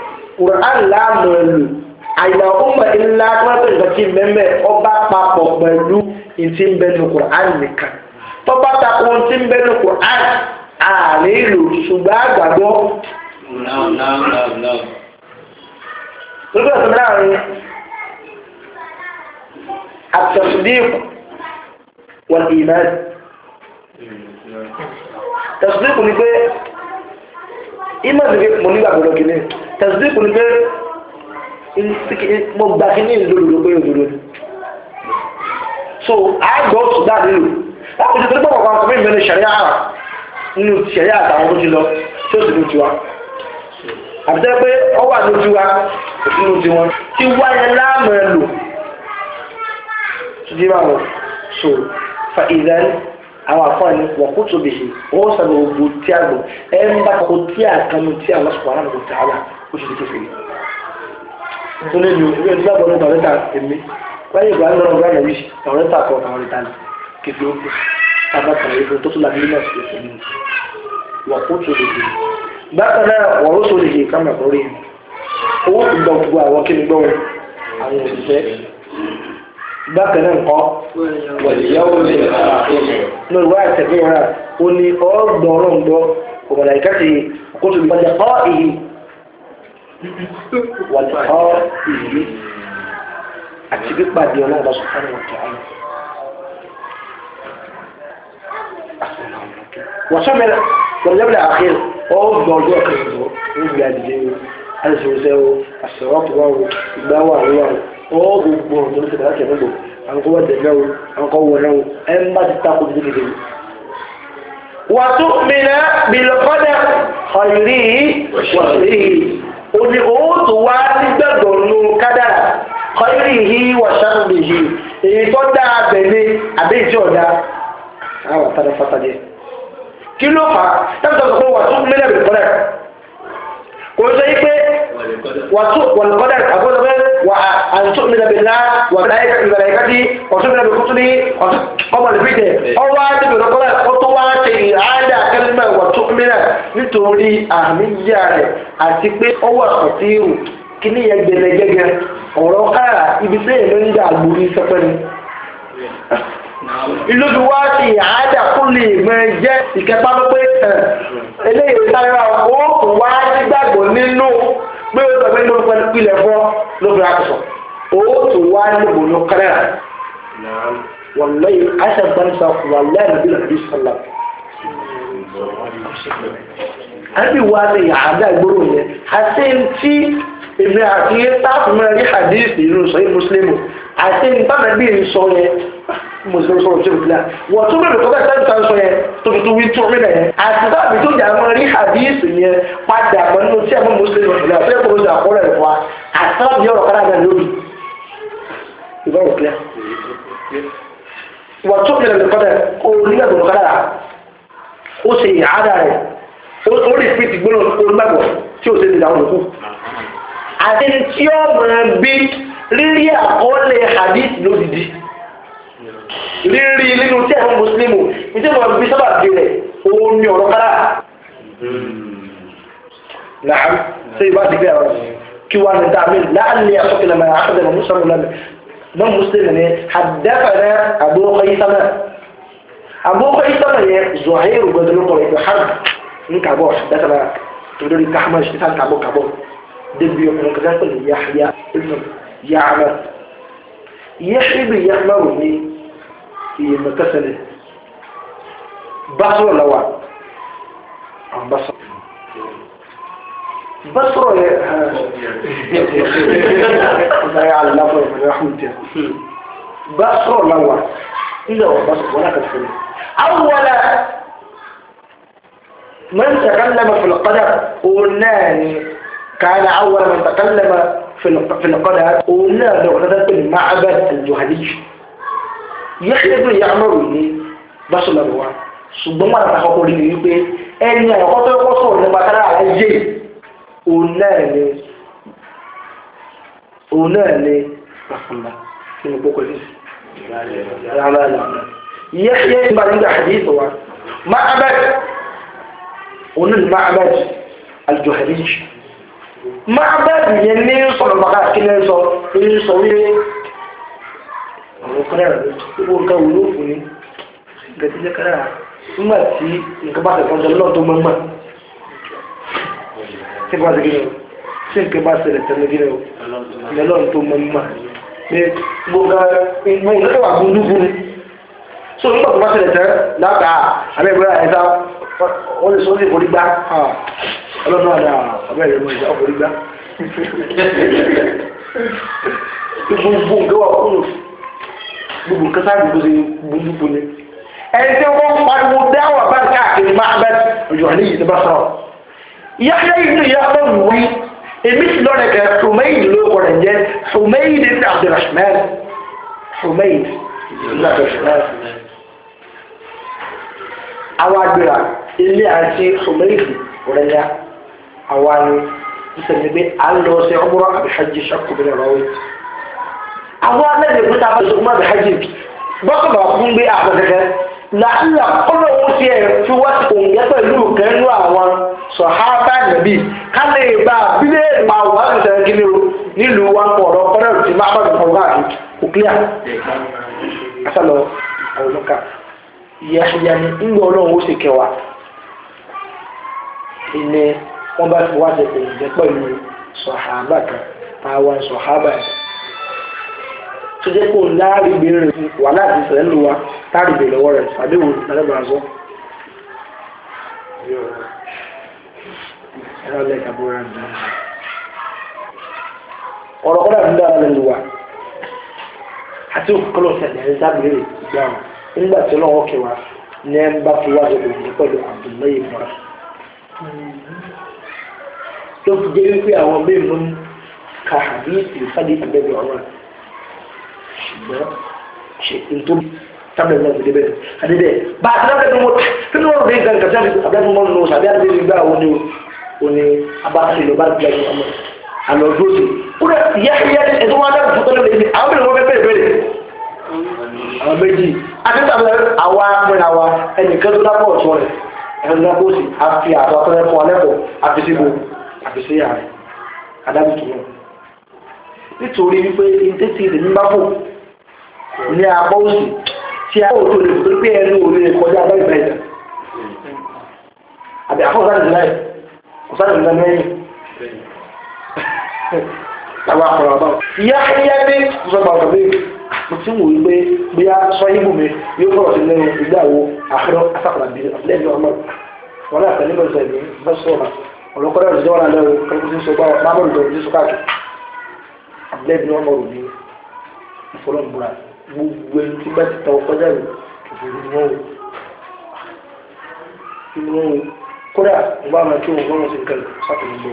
Quran láàmú ẹlò àyìnbá ọmọ ńlá pẹ́pẹ́ nǹkan tí mẹ́mẹ́ ọba papọ̀ pẹ̀lú ìtì ń bẹnu Quran nìkan tọ́ba takò ti ń bẹnu Quran àárín ìlú ṣùgbọ́n àgbàgbọ́. Lókè ọ̀sán láàrin àtọ̀sídìí wọ̀n ìmọ̀ ẹ̀sìn. Tọ̀sídìí kò ní pé. Ima ní mo nígbàgbọ́ kini, kíní tẹ̀sí kò ní pé mo gbà kíní ìlòlòlò pé òdòdó ni so àgbọ̀ tó dá nínú láti ṣe tó pọ̀ kan fún ìmọ̀lẹ̀ ṣẹ̀rí àrà nínú ṣẹ̀rí àtàwọn tó ti lọ tí ó sì ní tiwa àbíjẹ́ pé ọ wà ní tiwa nínú tiwọn tí wáyé láàmú ẹ lò tó dé máa lọ so fa ìdẹ́ni àwọn afọ́ni wọ́n kó tóbi yìí wọ́n sábà ògbó tí a lò ẹ̀ ń bá kó tí a kan tí a lọ́sùn wọn àwọn ọ̀tá wa ó ti di kékeré. tó lé mi ìwé ìdílé àbọ̀ nípa ọ̀rẹ́ta èmi wáyé ìgbà ńlọrọ ìgbà nàbí ọ̀rẹ́ta kọ àwọn ìta lọ kékeré ó kù tábà tàn yìí tó tún lábílẹ̀ náà sì fún mi wọ́n kó tóbi yìí. bákan náà wọ́n ó sóde yìí kámẹ́rà kọ́rí yìí owó ti gbọ́ gbogbo àwọn kí bákan náà kọ́ wọ̀lẹ́yàwó lè lórí wáyà tẹ̀lé wọn náà ó ní ọgbọ̀n ọ̀rọ̀ ń gbọ́ ọ̀gbọ̀nà ìkàtì kótó ìbálẹ̀ kọ́ èyí wàlẹ̀ kọ́ èyí àti pípàdé ọlọ́run bá sọ̀tàn wọn tẹ̀ ọ́n. wàsọ́mẹ́lẹ̀ wọ̀lẹ́yàwó àkíl ọgbọ̀n ọjọ́ kẹrìndínlọ́ ń gbé àdìyẹ àdìsọ̀rọ̀sẹ̀ àṣẹwọ́pọ̀ ìgbà wà lọ́wọ́ wọ́n gbogbo ọ̀rọ̀ tó ń ṣẹlẹ̀ láti ẹ̀fẹ́ lò àwọn kọ́wọ́ tẹ̀lé o àwọn o ẹ̀ ń bá ti tako ní kékeré. wà tó mìíràn bìlọ̀kọ́dà ọ̀rí wọ̀rí o ní òótù wá nígbàgbọ́ nù kádàrà ọ̀rí yìí wọ̀ṣàǹdì yìí èyí tó dá abẹ̀lé àbí ìjọ ọ̀dá àwọn àtàlẹ́ kí ló fà á wà tó mìíràn bìlọ̀kọ́dà kò sọ yí pé wà tó wọ̀lọ̀kọ́dà àbọ̀lọ̀kọ́dà وأن تؤمن بالله وملائكته وتؤمن بكتبه ọmọ ìfìdẹ̀ ọwọ́ àdébìrì ọkọ̀ láìpọ̀ tó wá ṣe ìhádà kẹ́lẹ́mẹ̀ wọ̀túnmìnà nítorí àmìyà rẹ̀ àti pé ọwọ́ àkọ̀tìrù kí ní yẹn gbẹlẹgẹgẹ ọ̀rọ̀ kára ibi tí èèyàn ń dà lórí sẹpẹ́ ni. ìlú ti wá ṣe ìhádà kó lè mọ jẹ́ ìkẹta ló pé eléyìí sáré wa ó wá nígbàgbọ́ nínú pé ó tọ̀gbẹ́ ló fẹ́ pilẹ̀ fọ́ ló fi akọ̀sọ̀ ó tó wá níbo ló kárẹ̀ rà wàlẹ́ yìí aṣọ gbanisa wàlẹ́ yìí bílẹ̀ bí sọlá. àbí wàá ní àdá ìgboro yẹn àti tí èmi àti táàpù mẹ́rin rí hadith nínú sọ́yìn mùsùlùmí àti nítorí bí n sọ yẹn mùsùlùmí sọ̀rọ̀ tó bìlá wọ́n tún bẹ̀rẹ̀ kọ́kọ́ ìtàn ìtàn sọ yẹn tuntun wí tún mílẹ̀ yẹn àti sábà tó jà mọ́ rí hadith yẹn padà mọ́ nínú tí àwọn mùsùlùmí sọ̀rọ̀ bìlá fẹ́ kọ́ oṣù àkọ́rẹ́ rẹ̀ wá àti sábà yẹn ọ̀rọ̀ kára gan lóbi. ìbáwò kílẹ̀ wọ́n tún bẹ̀rẹ̀ kọ́kọ́ onígbàgbọ́ kára ó ṣe ìhádà rẹ̀ ó rí fíìtì gbọ́n rírí àkọọ́lẹ̀ hadith lódìdí rírí nínú tí àwọn mùsùlùmù nítorí wọn bí sábà bí rẹ̀ òun ni ọ̀rọ̀ kára náà ṣe ìbá ti gbé àwọn kí wàá ní dáa mi láàlẹ́ àtọ́kìlẹ̀ mẹ́rin àkọ́dẹ̀ mọ̀ mùsùlùmù lẹ́nu mọ̀ mùsùlùmù ni àdẹ́fẹ̀rẹ́ àbúrúkọ ìsámà àbúrúkọ ìsámà yẹn zuhairu gbẹdọ̀lọ́kọ̀ ìgbà hàn ń kàbọ̀ àdẹ́fẹ̀rẹ́ tòdórí káhámà ìṣẹ́ يعمل يحب يعمل في مكسل بصر لو عم بصر بصر الله يعلم من رحمته بصر لو إلا هو بصر ولا كتفل أولا من تكلم في القدر قلناني كان أول من تكلم في في القناة قلنا نغرد المعبد الجهني يخلد يعمر لي بس لروا سبما تحقق لي يبي أني أنا قط قصور نبتلا على جي قلنا لي قلنا لي بس الله كم بقول لي إيه؟ لا لا لا يحيى ما عنده حديث هو معبد قلنا المعبد الجهني máa bẹ́ẹ̀dì yẹn ní sọ̀rọ̀ bàbá kílẹ̀ sọ ní sọ wípé àwọn kọ́lá rẹ̀ gbogbo nǹkan wò ló fún ní gẹ̀ẹ́sì jẹ́ kọ́lá nígbà tí nǹkan bá tẹ̀kọ́ jẹ́ lọ́dún mọ́mọ́ tí nǹkan bá tẹ̀kọ́ jẹ́ tí nǹkan bá tẹ̀lẹ̀ tẹ̀lẹ̀ gílẹ̀ o ilẹ̀ lọ́dún tó mọ́mọ́ pé gbogbo ìgbọ̀n ìgbọ̀n wà gbúndúgbù ni so nígbà tó bá tẹ̀lẹ̀ tẹ̀ ọlọ́nà àdá abẹ́rẹ́ mọ́ ìjà ọkùnrin gbá gbogbo nǹkan wà kúrò gbogbo nǹkan sáà gbogbo ṣe gbogbo ní. ẹni tí wọ́n pariwo dáwà bá káàkiri máa bẹ́ ọjọ́ ní yìí bá sọ̀rọ̀. yáyá inú yá fẹ́ wí èmi ti lọ́rẹ̀ kẹ́ ṣùmẹ́yìn ló kọ̀ rẹ̀ jẹ́ ṣùmẹ́yìn ní abdulrahman ṣùmẹ́yìn ní abdulrahman. àwọn agbèrà ilé àti ṣùmẹ́yìn rẹ̀ yá. àwa ni sísèmi pé à ń lọ sí ọmọ àbíhájì ṣàkóbìnrin ọ̀rọ̀ wẹ̀. àwọn alẹ́lẹ̀ kúta bá sọ fún àbíhájì bọ́kọ̀bà fún gbé àpọ̀tẹ̀kẹ́ làálà kọ́nà owó sí ẹ̀ fi wá sí òǹgẹ́ pẹ̀lú kẹ́nu àwọn sọ̀hábà nàbí ká lè bá bílẹ̀ máa wà lùsẹ̀ kíni o nílùú wa ń pọ̀ ọ̀rọ̀ kọ́nà tí máa bá gbọ̀ngàn àti kò clear. asálọ̀ àwọn ọlọ́kà yahya ni ń gbọ́ ọlọ́run ó sì kẹwàá. wọ́n bá fi wáṣẹ pèjìjẹ́ pẹ̀lú sọ̀hábà kan àwọn sọ̀hábà yìí tó kó láàrin fún wà láti sẹ̀ ń lu wa táàrí lọ́wọ́ rẹ̀ sàbẹ̀wò lẹ́gbàázọ́ ọ̀rọ̀ kọ́dà ń dára lẹ́nu wa àti òkúkọ́lọ̀ sẹ̀dẹ̀ ẹ̀ ìgbà wọn nígbà tí ọlọ́wọ́ kẹwàá ní ń bá fi tó fi jẹ́ wípé àwọn mímu ka àdíyèsí sádìsì bẹ́ẹ̀ ọ̀rọ̀ ṣùgbọ́n ṣe nítorí tábìlì náà ti débẹ̀ àdédé bá a ti dábẹ́ tó wọ́n tó ní wọ́n fi gan kàtí àti àbẹ́ mọ́ nù sàbí àti bíbí gbà wọ́n ni o ní abáṣe ló bá ti gbàgbé ọmọ àlọ́ dóòtì kúrẹ́ yáyá ẹ̀sùn wọn adájú tó tọ́lẹ̀ lẹ́yìn àwọn mẹ́rin wọn fẹ́ bẹ̀rẹ̀ bẹ̀rẹ̀ àwọn méjì akẹ́kọ̀ọ́ àwa mẹ́ra wa ẹnìkan tó dápọ̀ ọ̀tún rẹ̀ ẹnìkan tó sì á fi àtọ́ àbísíyà rẹ̀ adágùtù náà nítorí wípé ìdẹ́tì rẹ̀ nígbà bò ní abọ́ òsì tí a ò tó lè fún pé ẹni òun lè kọjá abọ́ ìgbà ìjà àbí àfọ́ ọ̀sán ìdílé kò sáré ìdílé mẹ́rin làwọn àkọ̀rọ̀ àbá ìyá ìyá bí kò sọ gbàgbọ́ bí mo ti ń wò wípé bóyá sọ ibù mi yóò kọ̀ sí lẹ́nu ìgbéyàwó àfẹ́rọ́ asákọ̀lá bíi lẹ́yìn ọmọ wọn láti tẹ̀lé mọ́tò ẹ̀mí bẹ́ẹ̀ sọ̀rọ̀ ọ̀rọ̀ kọ́dọ̀ ìjọba náà lẹ́wọ̀ kẹ́kọ̀ọ́ sí sọ báwọn máa mọ̀rọ̀ ìjọba jésù káàkiri àbúlẹ́bí ni wọ́n mọ̀rọ̀ ní ìfọlọ́mùbúra gbogbo ẹni tí bá ti ta ọkọ jáde kìfìrí ni wọ́n wò ni wọ́n wò kódà ìgbà máa tí òun gbọ́dọ̀ sí nǹkan sátìmí lọ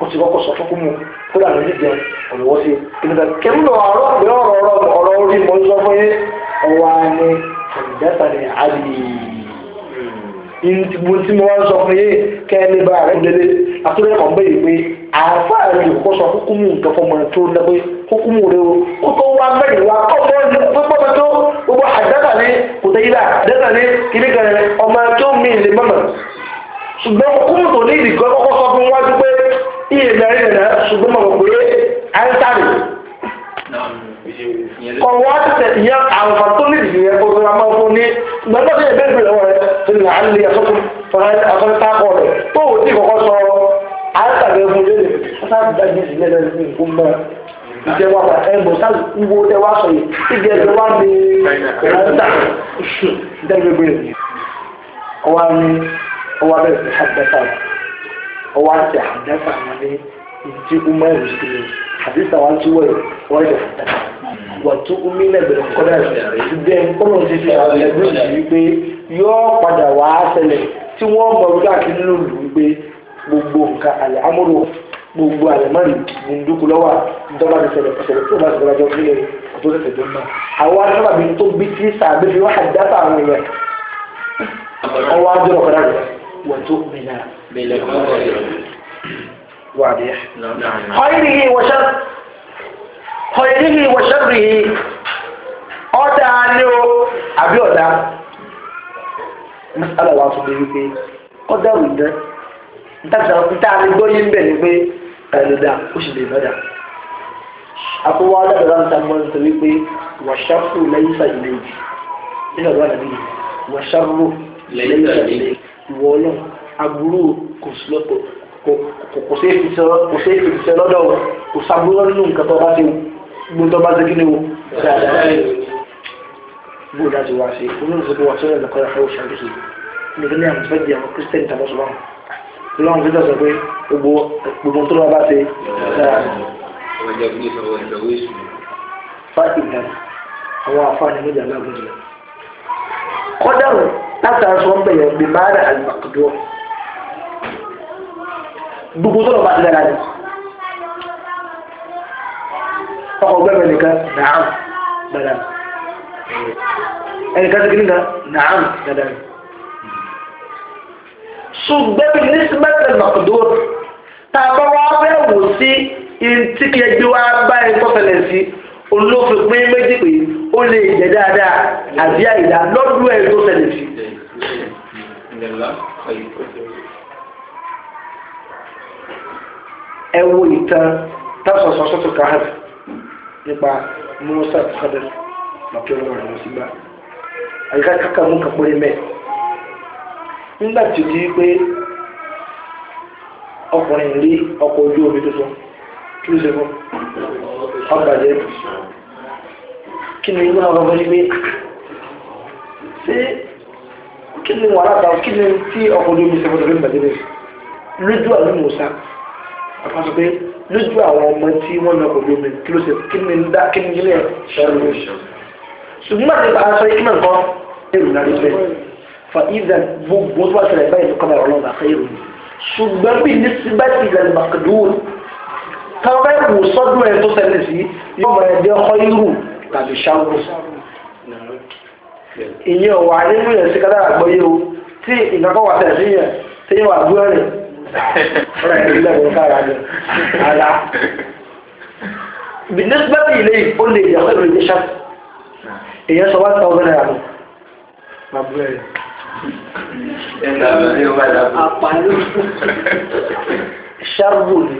ó ti kọ́kọ́ sọ fún mu kódà ló ní jẹun ọ̀rọ̀ wọ́n sí kìnìkan kẹ́mi lọ ọ̀rọ̀ ọ̀rọ̀ ọ̀rọ̀ orí mọ́ sọ fún ìwọ tí mo a ń sọ fún yé kẹ́ni bá rẹ̀ lélẹ̀ àtúndẹ̀ kan bẹ́ẹ̀ pé àáfàá rẹ̀ kó sọ hukumu nǹkan fọmọ tó lẹ́gbẹ́ hukumu rẹ̀ o kó tó tó gbogbo àdáta ní kòtẹ́ yìí náà àdáta ma tó mi tó fún kọ̀ wá tẹ̀ ìyá àwọn tó ní ìdílé ẹ̀kọ́ tó máa fún ní gbọ́dọ̀ sí ẹ̀bẹ́ ìgbìlẹ̀ wọn rẹ̀ tó ní àlẹ́ àsọ́kùn fọlá àsọ́kùn táàkọ̀ rẹ̀ tó ò tí kọ̀kọ́ sọ àtàgbẹ̀ ẹ̀kọ́ lónìí sáà dájú ìdílé lẹ́nu ìkú mọ́ ìjẹ wa pa ẹ bọ̀sá ìwo tẹ wá sọ yìí ìjẹ tẹ wá ní ìrántà dẹ́gbẹ̀gbẹ̀ ọwọ́ tí umar ṣe àdìsá wa ti wẹ̀ wọ́ọ̀dà wàtú omi lẹ́gbẹ̀ẹ́ kọ́dà ìdẹ́ kọ́nà ti fi àwọn ẹgbẹ́ òsì wípé yóò padà wá ṣẹlẹ̀ tí wọ́n mọ̀ wípé àti lòlù wípé gbogbo nǹkan àlẹ́ amúlò gbogbo àlẹ́ mọ́rin gbùndúkú lọ́wọ́ dọ́là ti ṣẹlẹ̀ ṣẹlẹ̀ tó bá ṣẹlẹ̀ jọ sílẹ̀ tó ṣẹ̀ṣẹ̀ tó mọ̀ àwọn alábàbí tó bí tí sàbẹ̀ fi wọ́n àdáta àwọn èèyàn ọwọ́ adúlọ̀ واضح خيره وشر خيره وشره ọ̀dà ni o àbí ọ̀dà mọ́sálà wa sọ pé wípé ọ̀dà ò dán nítàkìtà níta ni gbóyè ń bẹ̀ ni pé ẹ̀lò dà ó sì lè lọ́dà àkówó ọ̀dà tó dáńtà mọ́ nítorí wípé wàṣàfù lẹ́yìn sàyẹ̀lẹ̀ yìí nínú ọ̀dọ́ àdàbí yìí wàṣàfù lẹ́yìn sàyẹ̀lẹ̀ ìwọ ọlọ́run aburú kò sí lọ́tọ̀ọ́ kò sí èfi sẹ lọ́dọ̀ o kò sàbúrò nínú nǹkan tó bá ti gbó tó bá ti kí ni o ṣe àdáyé bó dájú wá sí oní ìṣòro wà sọ́dọ̀ ìdàkọ́ ìyàwó ṣàlùsí nígbà ní àwọn fẹ́ẹ́ di àwọn kírísítẹ́nì tàbí ọ̀ṣọ́ báwọn lọ́wọ́n fi tẹ̀sán pé gbogbo tó lọ́wọ́ bá ti dára fáìlì àwọn afáàní méjì aláàbò nìyẹn kọ́dà látara sọ́ńbẹ̀yẹ̀ bí gbogbo tó lọ bá tilẹ̀ láti. ọkọ̀ gbẹ́mẹ̀ nìkan nàám dandan ẹnìkan ti kiri kan nàám dandan. ṣùgbọ́n bí nísìmẹ́tẹ̀ mọ̀kúndó tá a bá wá fẹ́ wò sí tí kìí ẹgbẹ́ wá bá ẹni tó fẹlẹ̀ sí olófin pín méjì pé ó lè jẹ dáadáa àbí àìdá lọ́dún ẹ̀ tó fẹlẹ̀ sí. Ewu wo ìtàn tásọ̀sọ̀ ka káàdì nípa musa fada lọ́kì ọlọ́run àwọn sí gbà àyíká kákà mú kápẹ́rẹ́ mẹ́ nígbà tí ó di pé ọkùnrin rí ọkọ̀ ojú omi tuntun kí ló ṣe fún ọgbàjẹ́ kí ni ìwé àwọn ọmọ ní ṣé kí ni wàhálà kí omi ṣe fún wọ́n sọ pé lójú àwọn ọmọ tí wọ́n lọ pẹ̀lú omi kí ló ṣe kí ni dá kí ni ilé ṣẹ́rù ló ṣe. ṣùgbọ́n àti ìpàdé sọ ìkíni nǹkan èrò náà ló fẹ́ fa ìdá gbogbo tó bá ṣẹlẹ̀ báyìí tó kọ́mọ̀ ọlọ́run àfẹ́ èrò ni. ṣùgbọ́n bí ní síbẹ̀tì ilẹ̀ màkàdúwò táwọn bá wù sọ́dún ẹ̀ tó ṣẹlẹ̀ sí yóò máa ẹ̀dẹ́ ọkọ̀ irú tàbí ṣáwó. ìyẹn ò wà nínú yẹn sí kádàrà gbọ́yé o tí ìgbàgbọ́ wà tẹ̀sí yẹn tí wà gbọ́ rẹ̀ ọ̀rọ̀ ẹ̀mí lẹ́wọ̀n kára ni ara bìnnẹ́sìgbà bí ilé ó lè yàwó ẹ̀rọ ìdí ṣáà èèyàn sọ one thousand naira lọ bàbá ẹ̀. ṣàrùbù ni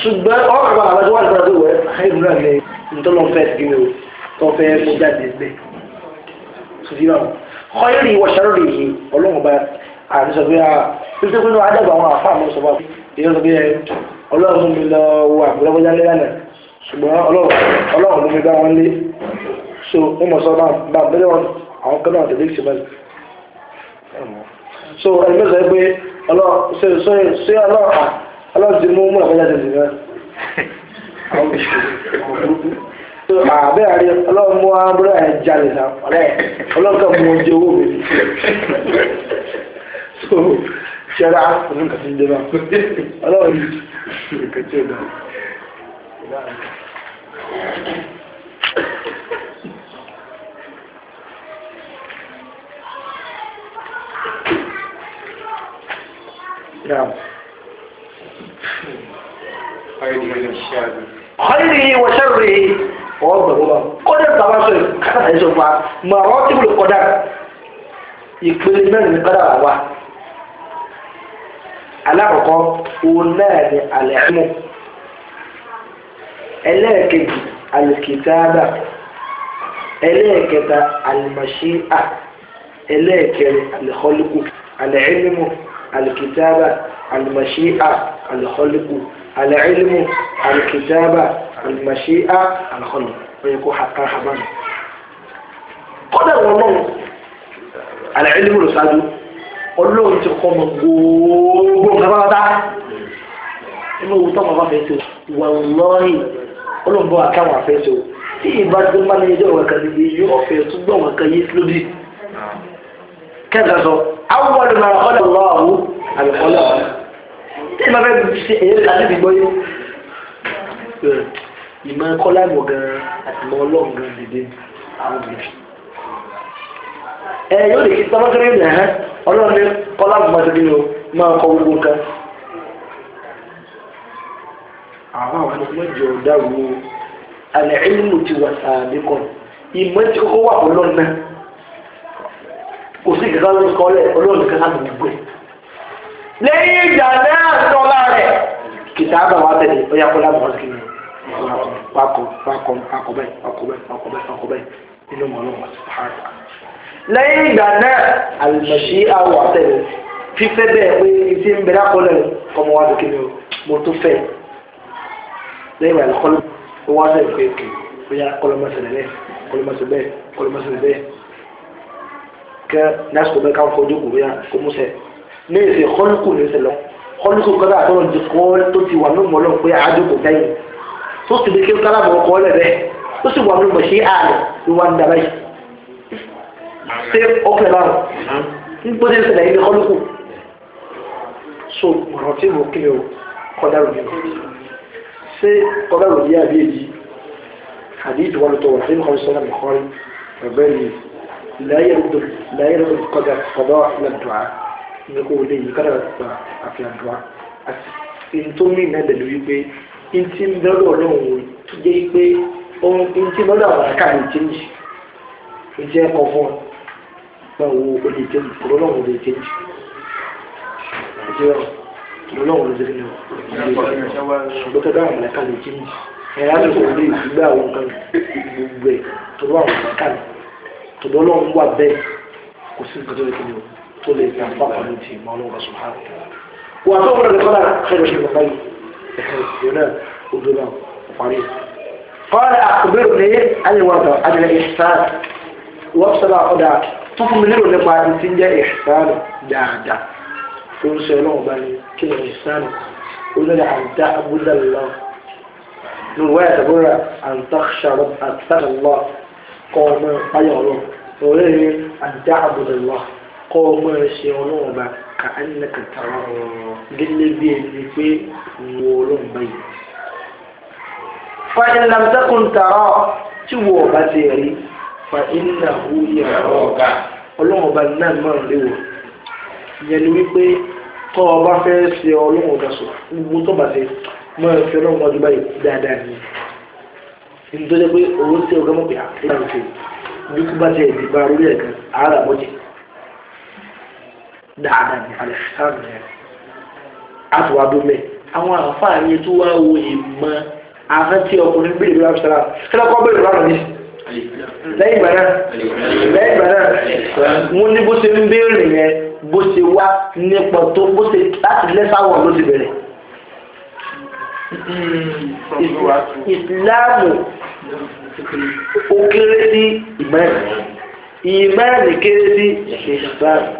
ṣùgbọ́n ọ̀rọ̀ kan àbájọ wà nípa tó wẹ̀ ẹ̀rù náà lẹ nítorí fẹ́ sí mi o tó fẹ́ mo jáde gbẹ. ọ̀yẹ́rì ìwọ̀ṣàrò rèé ọlọ́run bá àti sọ pé a ah, títí pé wọn adẹ́gbà àwọn àfa àmọ́ sọ pé èyí sọ pé ẹ ọlọ́run mi lọ wọ àbúlọ́gbọ́já lé ṣùgbọ́n ọlọ́run mi bá wọn lé so wọ́n mọ̀ sọ bá bẹ́ẹ̀ wọn àwọn kan náà tẹ̀lé ìṣẹ̀mọ́ so ẹni mẹ́sàn án pé ọlọ́run ti mú mú àbẹ́jà tẹ̀lé ìṣẹ̀mọ́ so àbẹ́ àrí ọlọ́run mú abúlé àyẹ̀jálè náà ọlọ́run kan شارع كلهم كاتين دماء انا اريد نعم خيره وشره قدر تواصل كان ما راتب القدر يكمل من القدر واحد alákọ̀ọ́kọ́ òun náà ni àlẹ́mù ẹlẹ́ẹ̀kejì alìkìtàbà ẹlẹ́ẹ̀kẹta alìmọ̀ṣíà ẹlẹ́ẹ̀kẹrin alìkọ́lùkù alẹ́ẹ̀lìmù alìkìtàbà alìmọ̀ṣíà alìkọ́lùkù alẹ́ẹ̀lìmù alìkìtàbà alìmọ̀ṣíà alìkọ́lùkù oye kó hàkà hàbánu kọ́dà wọn náà alẹ́ẹ̀lìmù lọ ọlọ́run ti kọ́ mọ gbogbo gbogbo inú wà lọ́rìn tí ìbá bá ní ẹjọ́ yóò lọ́wọ́ tí ìbá fẹ́ ṣe èyí láti fi gbọ́ ìmọ̀ ọlọ́run ní kọ́lá àgùnmáṣe kí ni o máa kọ gbogbo nǹkan. àwọn àwọn ọmọ mẹ́jọ dàrú alẹ́ ẹ̀yìnmù ti wà sàbí kan ìmọ̀ tí kókó wà ọlọ́run náà kò sí ìgbà ló kọ́ lẹ̀ ọlọ́run kan láti gbogbo ẹ̀. lẹ́yìn ìjà náà sọ́lá rẹ̀ kìtàbà wà tẹ̀lé ọ̀yà kọ́lá àgùnmáṣe kí ni o wakọ wakọ wakọ bẹẹ wakọ bẹẹ wakọ bẹẹ wakọ bẹẹ nínú mọlọmọ sàárà lẹ́yìn ìgbà náà àlùmọ̀ṣí àwọ̀ àtẹ̀lẹ̀ fífẹ́ bẹ́ẹ̀ pé ìdí ń bẹ̀rẹ̀ àkọlẹ̀ ọmọ wa dùkẹ́ mi o mo tó fẹ́ lẹ́yìn ìgbà àkọlẹ̀ ó wá sẹ́yìn pé kì ó yá kọlọmọsẹ̀lẹ̀ bẹ́ẹ̀ kọlọmọsẹ̀lẹ̀ bẹ́ẹ̀ kọlọmọsẹ̀lẹ̀ bẹ́ẹ̀ kẹ́ lásìkò bẹ́ẹ̀ káwọn fọjú kò yá kó mú sẹ́ ní èsì kọlùkù ní èsì lọ kọlùkù kọ́dà tó ti wà ní ṣé ọkùnrin bá wọn nígbó ní ìṣẹ̀lẹ̀ ilé kọ́ lókù so ọ̀rọ̀ tí mo kílẹ̀ o kọ́dá ròyìn ṣé kọ́dá ròyìn àbí èyí àbí ìdíwọ́ ló tọ̀wọ̀ àbí nǹkan sọ́nà mi kọ́rin ẹ̀gbẹ́ mi láyé ló kọ́dá kọ́dá àdúrà ní kò lè yí kọ́dá àfi àdúrà àti tó mí náà fún ọ báwo ó lè jẹ́ ọlọ́run lè jẹ́ nàìjíríà ọlọ́run lè jẹ́ ṣùgbọ́n tó dáhùn mẹ́ka lè jẹ́ ẹ̀yà lè kò lè gbé àwọn nǹkan gbogbo ẹ̀ tó bá wọn mẹ́ka lè tó bọ́ ọlọ́run wà bẹ́ẹ̀ kò sí nǹkan tó lè kéde tó lè gbà fún àwọn ti mọ ọlọ́run lọ́sùn ha wà tó wọlé kọ́lá kẹ́lẹ́ ṣe bàbá yìí ẹ̀hẹ́ náà ó dó náà parí. قال أخبرني عن الوضع عن الإحسان wọ́n sọ̀rọ̀ àkọ́dà tó fún mi nílò nípa ẹni tí ń jẹ́ ìṣàánù dáadáa tó ń sọ ẹlọ́wọ̀n bá ní kí ni ìṣàánù ó lọ́dà àǹtá abúlé lọ ní ìwé ìtàbúrà àǹtá ṣàrọ̀ àǹtá lọ kọ́ ọmọ ayọ̀ ọlọ́ òwe ni àǹtá abúlé kọ́ ọmọ ẹ̀ṣẹ̀ ọlọ́wọ̀n bá ka ẹni kàtàrà gẹ́gẹ́ bí ẹni pé wo báyìí. fa ìlànà tẹ́kùn tí wo ọ̀bá ti rí fa iná hu yàrá ọlọ́run ọba náà máa ń léwọ̀ ìyẹn ni wípé tọ́ ọba fẹ́ ṣe ọlọ́run ọba sọ gbogbo tó bá ṣe máa ń fi ọlọ́run ọdún báyìí dáadáa ni nítorí pé owó tí ọgá mọ̀ pé ah, ṣe bá bá orí dáadáa ni àwọn àǹfààní tó wá lẹ́yìn ìgbà náà lẹ́yìn ìgbà náà mo ní bó ṣe ń béèrè yẹn bó ṣe wá nípa tó bó ṣe láti lẹ́sàwọ̀ ló ti bẹ̀rẹ̀ ìsìláàmù ó kéré sí ìmẹ́rin ìmẹ́rin kéré sí ìsìláàmù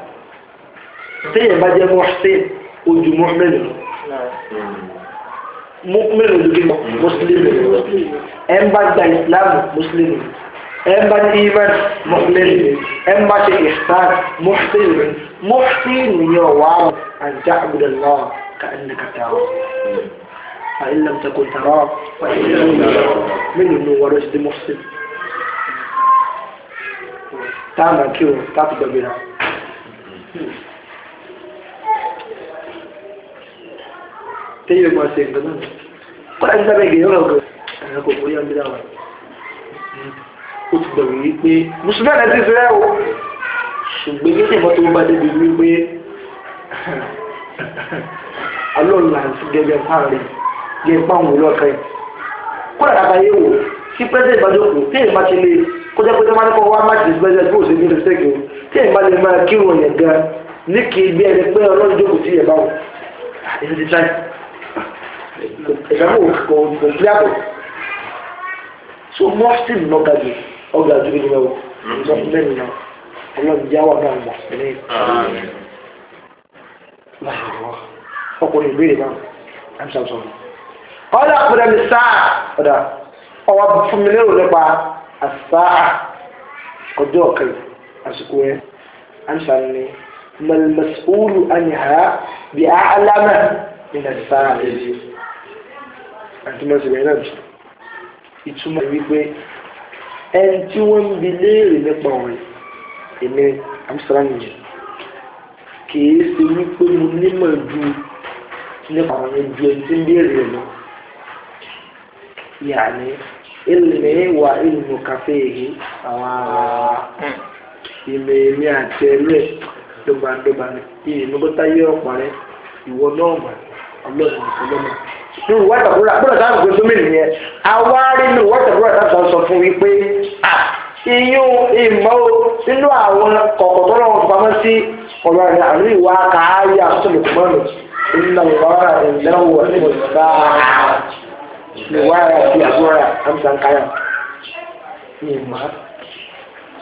téèyàn bá jẹ́ mọ́ṣẹ́ ojú mọ́ṣẹ́ lọ. مؤمن مسلم ام بعد الاسلام مسلم ام بعد ايمان مؤمن ام بعد الاحسان محسن محسن يو ان تعبد الله كانك تراه فان لم تكن تراه فانه من نور رشد محسن تعمل كيو تعبد بنا Hmm. téèyàn máa ṣe nǹkan náà kọ́lá ní sábẹ́ ìgbéyàwó ọ̀gọ̀ àwọn kò bóyá ọdún dáwà ó ti gbẹ̀rù wípé mùsùlùmí àti ìfẹ́ o ṣùgbọ́n kí ṣèbọn tó bá débi wípé alóòlà ti gẹ́gẹ́ fáàrí gẹ́gẹ́ fáwọn olóòkẹ́ kọ́lá àbáyé wò kí pẹ́sẹ̀ ìbájókòó téèyàn bá ti lè kọjá pé tọ́mọ́ nípa wá má ti gbẹ́sẹ̀ bí òṣèlú ní ṣẹ́kì o téèyàn bá lè máa kírun ọ̀yẹ̀ gan ní kì í bí ẹni pé ọlọ́run jókòó sí ẹ̀ báwọn àti ti táyì ìsàmù kò kò sí àpò so mọ́ọ̀sì ní ọ̀gá ju ọ̀gá ju bí wọ́n sọ fún bẹ́ẹ̀ nìyàwó ọlọ́run yá wà náà mọ̀ ní ọkùnrin ìbéèrè náà ẹ̀mí sàmùsọ̀ ọ̀dà àpẹẹrẹ mi sáà ọ̀dà ọwọ́ fún mi lérò nípa àsáà ọjọ́ ọ̀kan àsìkò yẹn ẹ̀mí sàmùsọ̀ ni mọ̀lẹ́mẹ̀sùlù àníhà bí i àlámẹ̀ nínú àsáà lẹ́yìn àtúmọ̀sílẹ̀ náà jù ìtumọ̀ wípé ẹni tí wọ́n ń bi léèrè nípa ọ̀rẹ́ èmi amsterdam yẹn kìí ṣe wípé mo nímọ̀ ju nípa ọ̀rẹ́ ju ẹni tí ń béèrè rẹ̀ lọ yàní ilmi wa ilmu kàféèhì àwọn ìmọ̀ èmi àti ẹlẹ́ dọ́gbandọ́gba ni ìyẹn nígbà táyé ọ̀pọ̀ rẹ ìwọ náà mà ọlọ́run ọlọ́run nínú wọ́tàbúrà bọ́dọ̀ sáà gbé tó mìíràn yẹn àwárí nínú wọ́tàbúrà sáà sọ fún wípé à iyún ìmọ̀ nínú àwọn kọ̀kọ̀ tó lọ́wọ́ pamọ́ sí ọ̀rọ̀ ìrìn àmì ìwà káàáyé àtúntò mọ́nù nínú ìwọ́ra ìdánwò nínú ìgbà ìwára àti àbúrà àmìsànkáyà ìmọ̀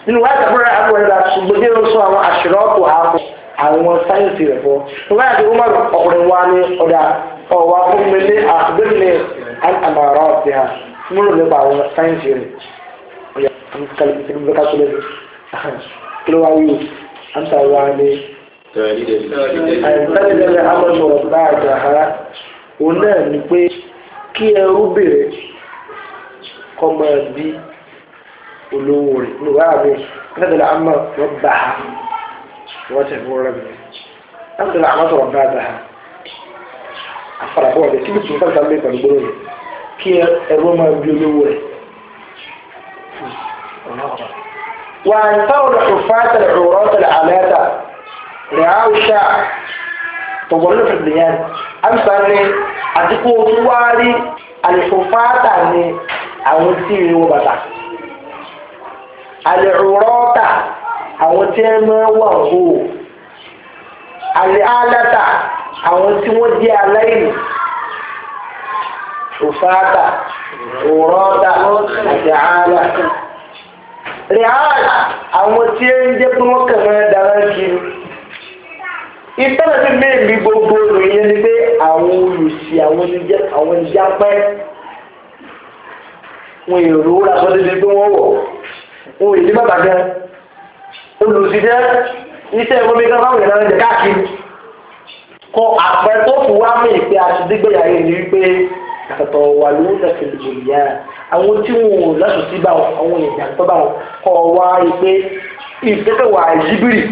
nínú wọ́tàbúrà àbúrà ṣùgbọ́n bí ó sọ àwọn àṣírọ́pù àwọn sáyẹ́ǹsì rẹ̀ fọ́ ọ̀wà fún mi ní àgbélé àmàrà ọ̀sẹ̀ ha mo rò nípa àwọn sáyẹ́ǹsì rẹ̀ ọ̀yà àǹkálẹ̀ ìṣẹ̀lẹ̀ mẹ́ta tó lẹ́nu kí ló wá wí àǹtà wa ni àìsàlẹ̀lẹ̀ amọ̀sọ̀rọ̀ bá àjàhárá òun náà ni pé kí ẹrú bèrè kọ́ máa olówó rẹ̀ nígbà àbí àìsàlẹ̀lẹ̀ amọ̀sọ̀rọ̀ bá a wọ́n tẹ̀ fún rẹ̀ bẹ̀rẹ̀ àìsàlẹ̀lẹ̀ amọ̀sọ̀rọ̀ bá a bá àfàràfọ́ ọ̀dẹ̀ tí bìtì nǹkan tàbí ìtàn gbọ́dọ̀ rẹ̀ kí ẹ̀rọ máa bí olówó rẹ̀. wà á táwọn ọ̀fáàtà ọ̀rọ̀ ọ̀tà àlẹ́ta rẹ̀ á wíṣà tọ̀gbọ̀n lọ́fẹ̀ dìnyẹn àmìsà ni àdínkù tó wá rí àlẹ́fọ̀fáàtà ni àwọn tí ì wọ bàtà àlẹ́ ọ̀rọ̀ ọ̀tà àwọn tí ẹ máa wà wò àlẹ́ àlẹ́ta àwọn tí wọ́n jẹ́ aláìní òfáàtà òrọ́dà àti àálà rìhàn àwọn tí ó ń jẹ́ pé wọ́n kàn máa dára kiri ìtọ́nà tí mẹ́rin gbogbo ìròyìn ni pé àwọn olùsí àwọn oníjẹ́ àwọn oníjẹ́ apẹ́ wọn èrò lásán dédé pé wọ́n wọ̀ wọn èdè bàbá gan olùsí jẹ́ iṣẹ́ ìwọ́n mi kan fáwọn ìlànà jẹ káàkiri kọ àpẹẹrẹ tó fi wá mí pé aṣèdígbéyàwó ni wípé àtọ̀tọ̀ wà ló ń tẹ̀sẹ̀ jìyà àwọn tí wọn ò lọ́sùn sí báwọn àwọn èèyàn tó báwọn kọ wá rí pé ìfẹ́fẹ́ wà ìjíbìrì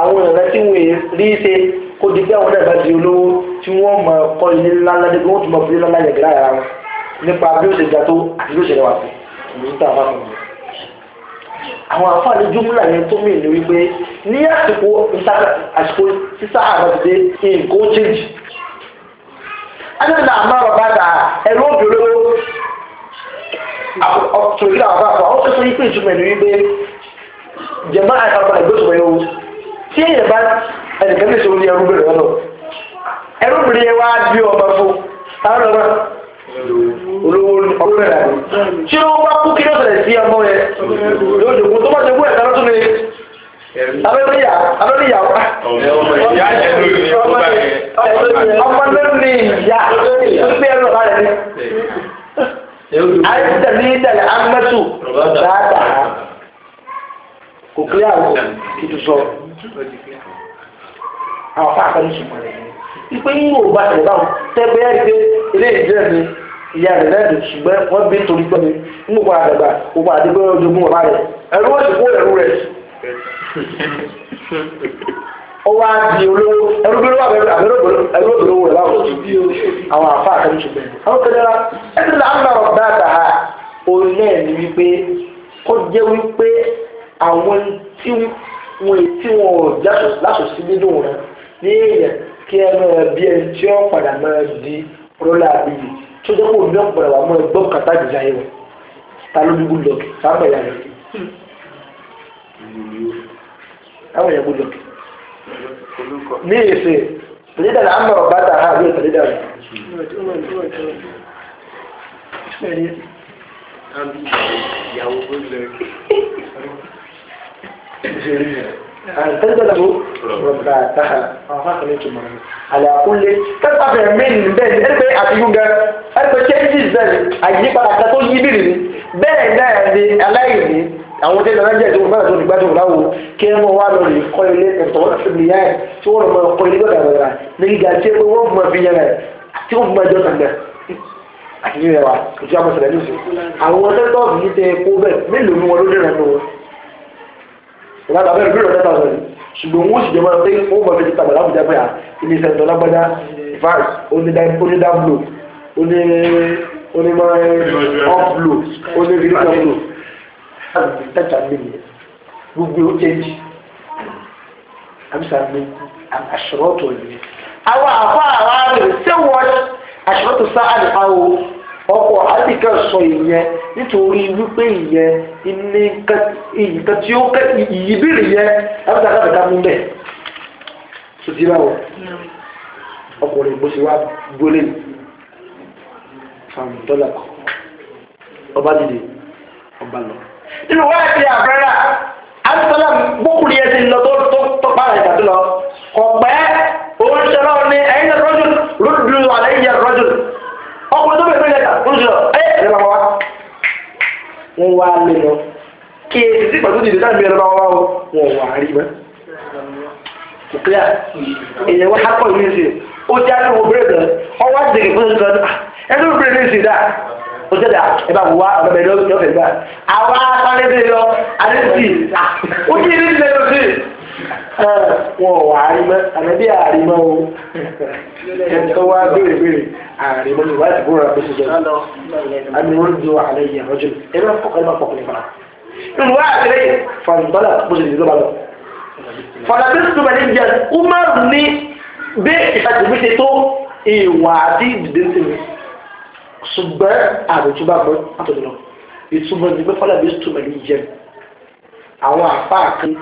àwọn ìrẹ́ tí wọn rí ṣe kó di pé àwọn náà bá di olówó tí wọ́n mọ̀ kọ́ ilé ńlá ńlá dé pé wọ́n tún mọ̀ fún ilé ńlá yẹ̀gẹ́ lára wọn nípa bí ó ṣe ga tó àti bí ó ṣe rẹwà sí ìlú tá a bá fún àwọn àǹfààní júmùlà yẹn tó mì ní wípé ní àsìkò àsìkò sísá àbàdìdé nǹkan ó change. adájọ́ àmọ́ bàbá ta ẹ̀rọ àpá ó tún ìtumọ̀ ní wípé jẹ̀mọ́ o tí èèyàn bá ẹnìkan ní ìṣòro ní ẹrú bẹ̀rẹ̀ lọ́dọ̀ ẹrú bẹ̀rẹ̀ wá bí fún olówó ọpẹ́ rẹ̀ tí ó bá kú kí ló ṣẹlẹ̀ sí ọmọ yẹn yóò jòkó tó bá jẹ́ gbọ́dọ̀ tán tún ní abẹ́rẹ́yà abẹ́rẹ́yà wá. ọmọ náà ní ìyá ó gbé ẹrù ọ̀la rẹ̀ ní. àyè tẹ̀lé ìdàlẹ̀ amẹ́tù dáadáa kò kílẹ̀ àwọn kìtù sọ àwọn afáàkàn ní ṣùgbọ́n rẹ̀ ní. ipe yín yóò bá tẹ̀lé báwọn tẹ́gbẹ́ yá ìgbé ilé ìdílé mi ìyá rẹ̀ lẹ́dùn ṣùgbọ́n wọ́n bí torí pé ń wà àgbà òun àdégbé ojoogun bàbá rẹ̀ ẹ̀rú wọ́n ti kó ẹ̀rú rẹ̀ ó wá di olówó ẹ̀rú bí wà bẹ̀rẹ̀ àbẹ̀rẹ̀ ẹ̀rú òbẹ̀rẹ̀ wọ̀ láwọn àwọn àfa àtẹ̀lẹ́ ṣùgbọ́n àwọn kẹlẹ́ra ẹ̀sì làǹdà ọ̀gbà àtàhà òun náà ní wípé kó jẹ́ wípé àwọn tí wọn tí wọn ò jáṣọ láṣọsí nínú rẹ̀ ní èèyàn kí ẹ máa bí ẹni tí ó padà máa di rólà bíi tó jẹ́ kó ní ọ̀pọ̀ ẹ̀wà mọ́ ẹgbọ́n kàtà ìjà ẹ̀wà ta ló dúgbò lọ́kì sábà ìyá rẹ̀ àwọn ìyàgbó lọ́kì. ní èsè tẹ̀lẹ́dà náà mọ̀ ọ̀bá tà á àbí tẹ̀lẹ́dà rẹ̀. ìyàwó lọ́kì. [laughs] أن تنزله رباتها على كل كتب من بين أربع أبيونا أربع كيجز بين أجيب على كتو يبيرني بين نادي ألايني àwọn tẹ́lẹ̀ náà jẹ́ ìdókòwò náà tó nígbàdùn láwo kí wọ́n wá lọ lè kọ́ ilé ẹ̀tọ́ ìbílẹ̀ yẹn tí wọ́n lọ kọ́ ilé gbọ́dọ̀ rẹ̀ ní gíga tí wọ́n fún ọ fi yẹn rẹ̀ tí wọ́n fún ọ jọ sàgbẹ́ àti yẹn wa ìjọba sọ̀rọ̀ ní oṣù àwọn tẹ́lẹ̀ tó fi yí tẹ́ kó bẹ́ẹ̀ mélòó ni wọ́n ló dé rẹ̀ nù wọn ìwà tàbí ẹgbẹ́ rẹ̀ tẹ́ta sọ̀rọ̀ ṣùgbọ́n wọ́n sì jẹ́mọ́ pé ó mọ̀ fẹ́ẹ́ tàbí láwùjọ pé à ilé iṣẹ́ tọ́lá gbọ́dá vice onídàblo onímọ̀ ọ́pùlò oníríkàpùlò tẹ́tà mímu gbogbo ó tẹ́jì àbísà mi àṣọrọ́tò ìlú. àwọn àfọ àwọn àrùn ṣé wọ́n aṣọ́tò sáà nípa wo ọkọ̀ àdìkà sọ ìyẹn nítorí wípé ìyẹn ilé nǹkan tí ó kẹ́ ìyíbìrì yẹn lábẹ́ta lábẹ́ta mú bẹ́ẹ̀ tó ti báwọ̀ ọkùnrin bó ṣe wá gbólé fàmù dọ́là kan ọba dìde ọba lọ. nínú wá ti àbẹ́rẹ́ àtúntàlá gbókùnrin yẹn ti lọ tó tó pààrọ̀ ìgbàdo lọ ọ̀pẹ́ òun ṣẹlẹ̀ ní ẹ̀yìn rọ́jò rọ́jò àlẹ́ yẹn ọkùnrin tó bẹ̀rẹ̀ bẹ̀rẹ̀ lẹ́tà ó ń sọ ẹ ẹ̀rẹ́ bá wá wọ́n wá lé lọ kí èsì sí pàtó dìde sáà bẹ̀rẹ̀ bá wá o wọ́n wà á rí mọ́ kò kílíà èèyàn wá kọ́ ìlú ìsìn ó já ní òbúrẹ́ bẹ̀rẹ̀ ọwọ́ àti dèkè fún ìsìn ẹni òbúrẹ́ ní ìsìn dáa ó jẹ́dà ẹ bá wà ọ̀bẹ̀ lọ́fẹ̀ẹ́ gbà àwa sáré dé lọ àdé sí i ó kí ilé ìsìn wọn ò àrímọ́ ànábí àrímọ́ o ẹ̀tọ́ wá béèrè béèrè àrímọ́ ni wáyé àbúrò rẹ̀ bóṣe jẹ́ àmìwọ́n ju àlẹ́ yìí àrọ́jù ẹ máa fọkàn máa fọkàn nípa nínú wá àtẹlẹ fàǹdọ́là bóṣe lè lọ́ba lọ. fàlàbí sùnmọ̀ ní jẹ́ umar ní bí ìfàjìbí ṣe tó ìwà àti ìdìdé sí mi ṣùgbọ́n àròjúbà mọ́ àtọ̀dọ̀ ìtumọ̀ ní pé fàlàbí sùnmọ̀ ní jẹ́ àwọn àpá àkàn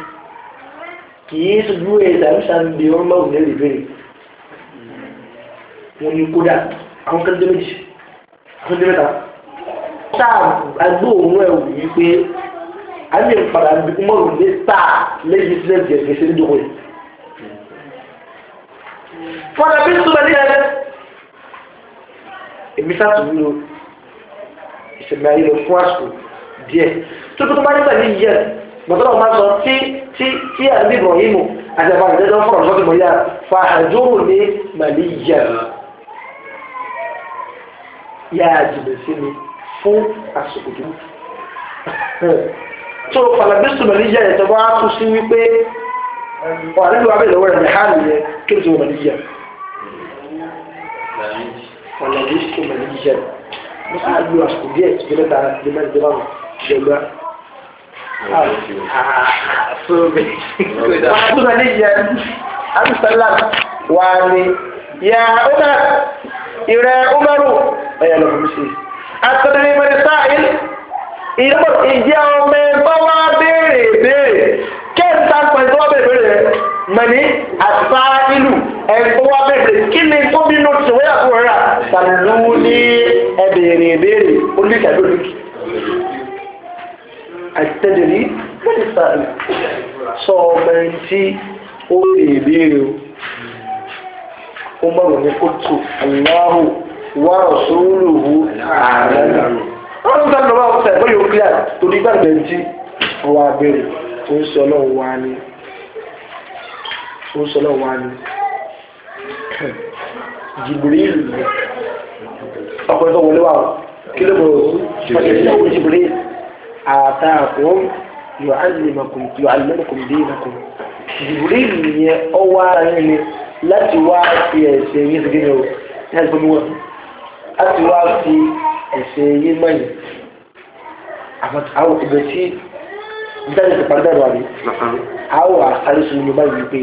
kìí ṣubú ẹ̀dà ń ṣàǹdì ọmọ òun lẹ́rìí bẹ́ẹ̀ wọn ni kódà àwọn kẹ́ńtẹ́ méjì àwọn kẹ́ńtẹ́ mẹ́ta táà agbó òun ẹ̀ wù yí pé a lè padà bí mọ́rùn ní táà lẹ́yìn sílẹ̀ gẹ̀ẹ́sẹ̀ ní dọ́kọ̀ yìí. fọdà bí sùn lẹ́yìn ẹ̀rẹ́ èmi sáà tún lò ìṣẹ̀lẹ̀ ayé lọ fún àsùn díẹ̀ tó tó bá nígbà yìí yẹ bọ̀dọ̀ ọ̀ma sọ tí tí tí àbí ibrahim àjàmbá ìdẹ́jọ́ fọ̀rọ̀ lọ́dún mọ́yá fa àjòrò ní màlíyà yá àjìbè sí mi fún àsìkò tó tó falabisu màlíyà yẹn tó bá tún sí wípé ọ̀rẹ́ mi wà bẹ́ẹ̀ lọ́wọ́ rẹ̀ ní hàn yẹn kí n tó màlíyà. falabisu màlíyà mo sì ń lo àsìkò díẹ̀ tó lẹ́ta lẹ́mẹ́rin tó bá wọ̀ so bẹ́ẹ̀ wàá ní yẹ abisalam wàá ní yà umar ìrẹ umaru ẹ̀yà lọ́kùn mi sí atọ́nẹ́ni mẹ́rin sáàyìn ìdọ́bọ̀ ìjẹ́ ọmọ ẹgbẹ́ wa béèrè béèrè kẹ́ńtà pẹ̀lú ọmọ béèrè rẹ mẹ́ni àtà ìlú ẹgbẹ́ wa béèrè kí ni tó bínú tìwé àbúrò rà sàlùú ní ẹ̀bẹ̀rẹ̀ béèrè olùkàdúrà àtẹ́jẹ̀lì mẹ́tẹ̀sàlẹ̀ sọ ọmọrin tí ó lè béèrè o mọ̀rọ̀ ní kótó aláhù wà rọ̀sọ́lùwù ààrẹ wọ́n tún tẹ́lẹ̀ lọ́wọ́ ọ̀sẹ̀ bóyá ó kílẹ̀ torí gbàgbẹ́ tí ọwọ́ abẹ́rẹ́ tó ń sọ lọ́wọ́ wá wà kí ló bọ̀ ọ́ jìbìrìlù àtàkùn yóò alìmọ̀kùn yóò alìmọ̀kùn dínàkùn jibril yẹn ọ wá yín ni láti wá fi ẹ̀sẹ̀ yín sí gíní o ní ẹ̀sẹ̀ mi wọ̀n láti wá fi ẹ̀sẹ̀ yín mọ̀yìn àwọn ìbẹ̀ tí dáhùn ti pàdé àbí àwọn àṣàlẹ̀ sùn ní báyìí wípé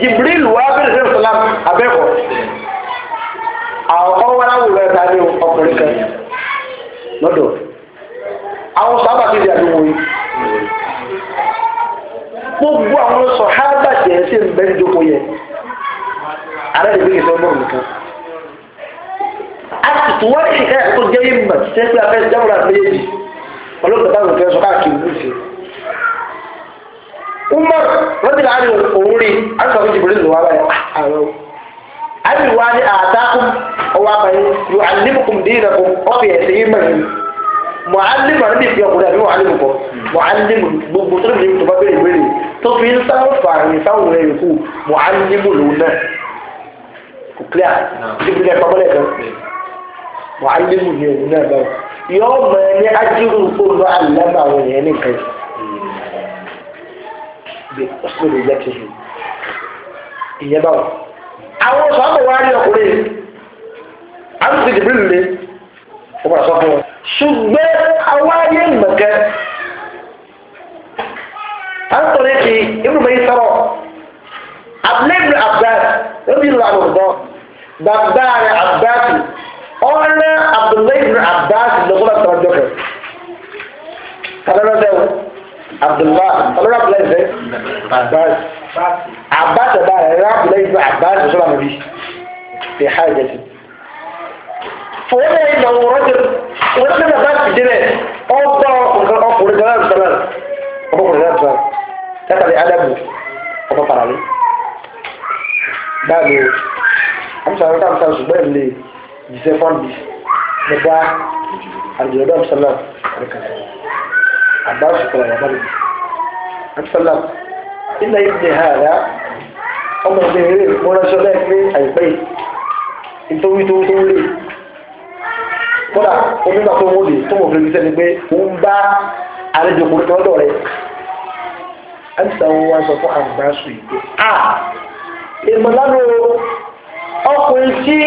jibril wá bẹ̀rẹ̀ sẹ́yìn sọ́lá abẹ́kọ̀ọ́ àwọn ọmọ wọn ẹ̀ta ní ọkùnrin kan lọ́dọ̀ àwọn sábà kejì àdúgbò yìí gbogbo àwọn sọ̀hábà jẹ́ sí ìbẹ́ni jókòó yẹ ara ìgbé ìfẹ́ mọ́ nìkan a sì tún wọ́n ní ìkáyà tó jẹ́ ìmọ̀ tí sẹ́gbẹ́ abẹ́ jáwọ́ra méjì ọlọ́gbẹ̀dá nìkan sọ káàkiri ní ìṣe umar rọ́bìnà àrí òun rí asọ̀rọ̀ jìbìrì lọ́wọ́ báyìí àárọ̀ àbí wa ni àtàkùn ọwọ́ abàyè yóò àlékún dínà kún ọ́fì ẹ̀sẹ̀ yìí mọ̀ yìí mọ̀álìmù àti ìfẹ́ ọkùnrin àbí mọ̀álìmù kọ mọ̀álìmù gbogbo tó lè tó bá bẹ̀rẹ̀ ìwéèrè tó fi ń sáwọn fàárín sáwọn rẹ̀ yòókù mọ̀álìmù lòun náà kò clear jíbi lẹ́ẹ̀ pamọ́lẹ̀ kan mọ̀álìmù hmm. ni òun náà báyìí yọ ọmọ ẹ ní ajírù fóònù àlùmọ́ àwọn èèyàn nìkan bí ọ̀sùn lè àwọn sọ̀rọ̀ ọkùnrin àti ìdìbò ṣùgbọ́n awáyé mọ̀gẹ́ antoni ti ibùdó yìí sọ̀rọ̀ abúlébìrì abdul lóbi ìlú àlùbọ̀ bàbá rẹ̀ abdul ọ̀nà abúlébìrì abdul lọ́gbọ́n àti ọjọ́ kẹ kàlọ́rọ́ dẹ́wọ̀ abdulba kàlọ́rọ́ abdulẹ́sẹ̀ abdul abdul bá rẹ̀ rẹ̀ abdulẹ́sẹ̀ abdul sọ̀rọ̀ àmì bí fi hajj ẹ̀sìn fòwọ́dà yìí làwọn ọ̀rọ̀ tẹ̀ wọ́n tẹ̀ náà bá ti dé rẹ̀ ọgbà ọkùnrin kan láti sọ̀rọ̀ ọkùnrin láti sọ̀rọ̀ látàrí adágù ọkọ̀ faralé báàlú amúsàlù tá amúsàlù ṣùgbọ́n ẹ̀ lè jíṣẹ́ fọ́ǹdì nígbà àjọyọ̀dọ̀ amúsàlù àbá ṣùkọ̀rọ̀ yàrá rẹ̀ amúsàlù ilẹ̀ ìdè ha rà ọmọ ìdè rẹ̀ mọ́ra ṣọlẹ́ pé kódà onígbà tó wọlé tó wọ fèrè sẹni pé ó ń bá àlejò kúrò tó lọ́dọ̀ rẹ̀ àìsàn wọn wá sọ fún àgbàsù ìgbé a ìmọ̀lánu ọkùnrin tí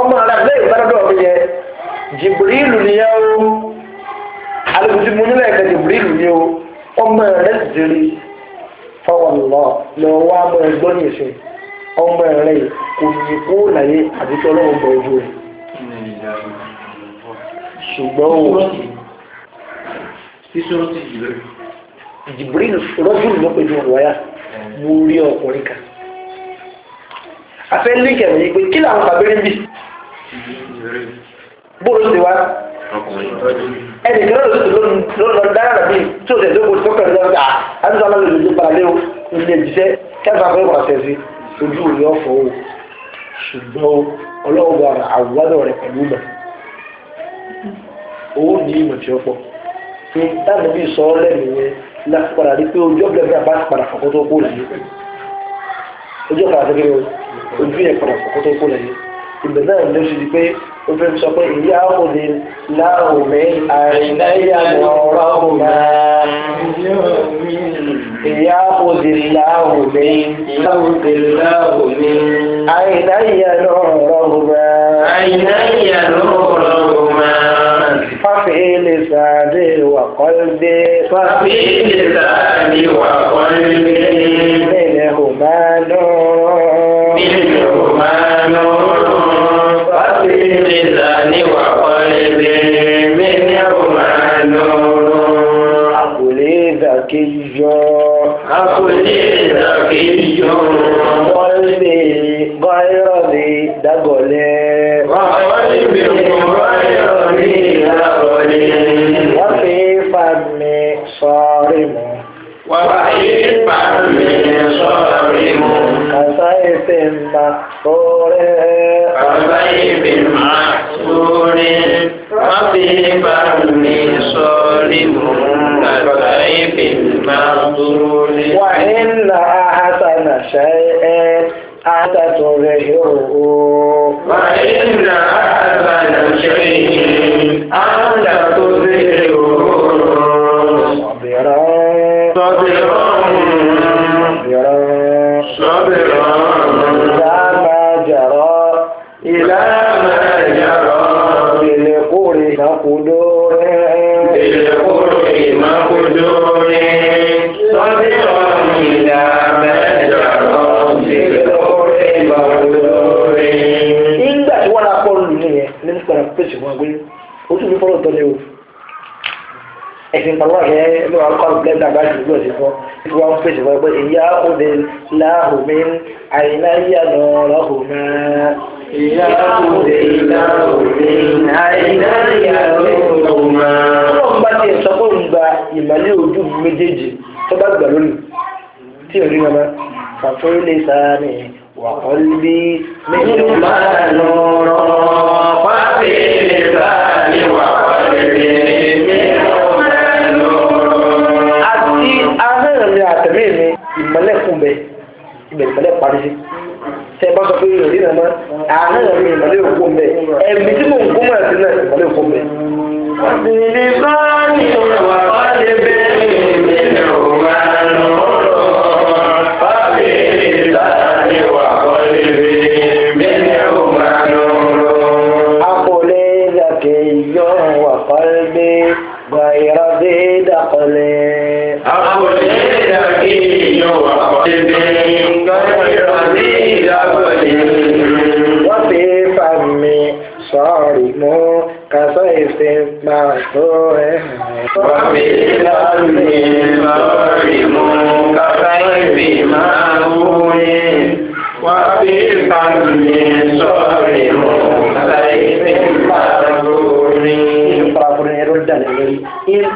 ọmọ rẹ̀ lẹ́yìn ìbádọ́dọ̀ mi yẹ jìbìrìlù ni yẹ o àlejò tí mo nílẹ̀ ẹ̀ka jìbìrìlù ni o ọmọ rẹ̀ zèrè fọwọ́n lọ lọ́wọ́ àmọ́ ẹgbọ́n yẹn ṣe ọmọ rẹ̀ kò ní kó láyé àdìsọ́lọ́wọ́ bọ̀ ojú rẹ̀ ṣùgbọ́n o sísọ́rọ́ ti jìbìrì jìbìrì rọ́jù ló pẹ̀lú ọ̀wáyà mo rí ọkùnrin kan afẹ́ líkì ẹ̀mí yìí pé kí làwọn bàbẹ́rẹ́ bì bóòlù ti wá ẹnìkan ló lọ dára nàbí tí o tẹ̀sí ogun tọ́kẹ̀ lọ gbà á ti sọ ọlọ́run lójú balẹ̀ o ilé ìjíṣẹ́ kẹfà fẹ́ wà tẹ̀sí ojú òní ọ̀fọ̀ o ṣùgbọ́n ọlọ́wọ́ ara àwọ̀dọ̀ rẹ̀ pẹ̀lú mọ̀ owó ní ìmọ̀ tí ó pọ̀ tí táàbù bí sọ lẹ́nu yẹn láti padà rí pé ojú ọ̀gbẹ́ bá padà fọ̀kọ́ tó kó lẹ́yìn ojú ọ̀gbẹ́ àti gbẹ́rẹ́ ojú yẹn padà fọ̀kọ́ tó kó lẹ́yìn ìgbẹ́ náà ló ṣe di pé ó fẹ́ sọ pé ìyá àkùnrin láàrùn mẹ́rin àrìnláyà ọ̀rọ̀ ọ̀gbà يأخذ الله من يأخذ الله من عيني نورهما عيني نورهما ففي لساني وقلبي ففي لساني وقلبي منهما نور كان شيئا أتتبعه وإن أحسن شيء أن تظهره صبرا صبرا ìpàwọ́ yẹn ló wà kọ́ lẹ́gbẹ̀ẹ́ àgbà jù lóòdì fún ìfowó àwọn fèsì fún ẹgbẹ́ ìyá òde láhùnmí àyìnlá yíyà lọ lọ́hùnmá. ìyá òde láhùnmí àyìnlá yíyà lọ́hùnmá. ọlọ́run bá tiẹ̀ sọ pé òun gba ìmọ̀lẹ́ ojú méjèèjì tó bá gbà lónìí tí ò rí wọn mọ́ fàfúrú lè sáà ní wàkọ́lbí mẹ́jọ Ọ̀sìn ilé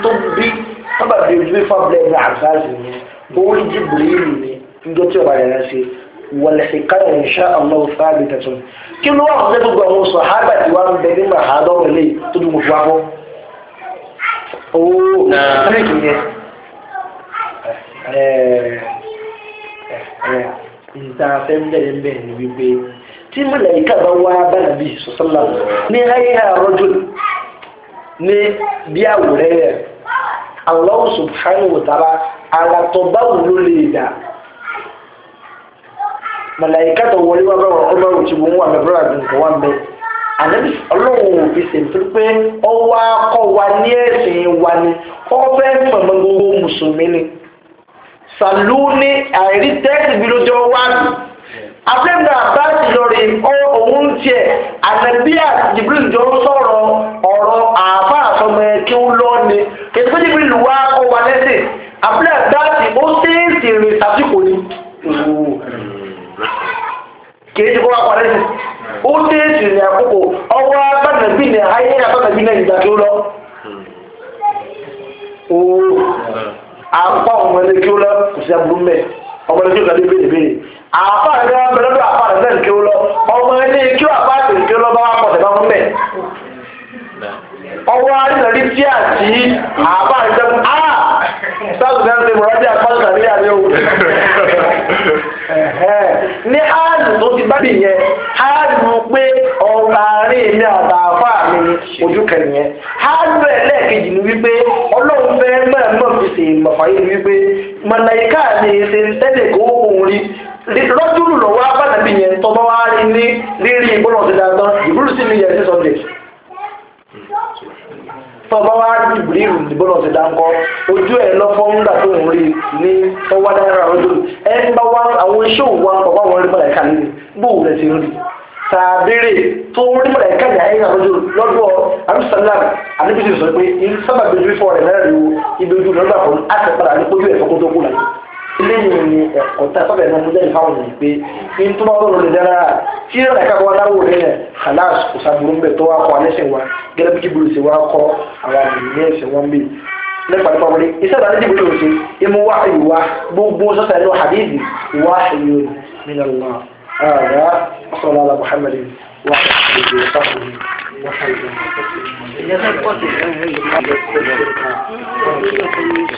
tó bí sábà bí ojú fà bẹ́ẹ̀ ní àgbáàzì ni owó Jibril ni níjọ́ tí ọba yẹn ṣe wàlẹ̀sìkáyà insha Allah sáàbì tẹ̀tún kí ló wà fún tẹ́tù gbọ́ àwọn sàhábà tí wàá ń bẹ nígbà àádọ́rùn ilé tó dùn fún abọ́ owó sẹ́ẹ̀kì yẹn ìta fẹ́ ń bẹ̀rẹ̀ ń bẹ̀rẹ̀ ní wípé tí mọ̀lẹ́yìká bá wá bánàbí sọ́sọ́lá ní ayé àrọ́jù ní bí àwòrẹ́ rẹ̀ Allah subhanahu wa ta'ala alatọba wúlò lè dà màláyíká tó wọlé wá báwọn ọmọ òtí wọn wà mẹbẹrẹ àgùnkàn wà mẹ ànábì ọlọ́run ò fi pé ọwọ́ wa wa ni ọfẹ́ mọ̀mọ́ gbogbo ni sàlú ní abẹ́nà àbáàtì lórí òun tiẹ̀ àtẹ̀bí àti Jibril jọ ń sọ̀rọ̀ ọ̀rọ̀ àbá àtọmọ ẹ̀kí ń lọ ni kẹsíkọ́ Jibril wá kó wa lẹ́sìn abẹ́nà àbáàtì ó ṣèèṣì rìn sàtìkò ni kìí ti kó wá parí ní ó déètì ní àkókò ọwọ́ abánàbí ní ayé abánàbí náà ìgbà tó lọ ooo àpá ọmọdé kí ó lọ kò sí abúlé mẹ ọmọdé kí ó lọ dé béèrè àáfà rẹ wọn bẹ lọ́dọ̀ àáfà rẹ náà kí ó lọ ọmọ ilé kí ó àáfà rẹ kí lọ bá wà pọ̀tẹ̀ bá wọn bẹ̀. ọwọ́ àrílẹ̀rí tí àti sẹ́kù á sáàtù náà ní tó ti bá bì yẹn pé àárín èmi mi ojú lẹ́ẹ̀kejì ni wípé ọlọ́run mọ̀ọ́mọ́ fi ṣe ìmọ̀fà yìí ni wípé mọ̀nà ṣe ń tẹ́lẹ̀ kó rí lọ́júlù lọ́wọ́ abánàbí yẹn tọ́bọ́ wá rí ní rírí ìbọ́lọ̀ ti dáadọ́ ìbúrú sí mi yẹn sí sunday tọ́bọ́ wá rí ìbúrú ìbọ́lọ̀ ti dáńkọ́ ojú ẹ̀ lọ fọ́ ńgbà tó ń rí ní ọwọ́ dára lọ́jọ́ ẹ ń bá wá àwọn iṣẹ́ òwò àpapọ̀ àwọn orí mọ̀lẹ́ka ní bóò rẹ̀ ti rí tàbíre tó rí mọ̀lẹ́ka ní ayé àlọ́jọ́ lọ́dọ̀ amsterdam àdébísí sọ pé sábàbí ojú fífọ́ rẹ̀ náà rí ibi ojú lọ́dọ̀ àpò eléyìí ni ẹ̀kọ́ tá a sọ́bẹ̀ náà fún lẹ́yìn fáwọn yìí pé ní tó bá lọ́rọ̀ lè dára tí yóò rẹ̀ káàkiri wá dáwọ́ rẹ̀ yẹn aláàs kò sábúrú mbẹ tó wá kọ́ anẹ́sẹ̀ wa gẹ́gẹ́ bí jìbìrì sí wa kọ́ àwọn àmì ní ẹ̀sẹ̀ wọn bì nípa nípa wọlé iṣẹ́ ìdáná jìbìrì lòsì imú wá ìwà gbogbo sọ́sà inú hadithi ìwà ìlú minallah ààrẹ sọlá muhammad wà ìlú sáfùrù wà ìlú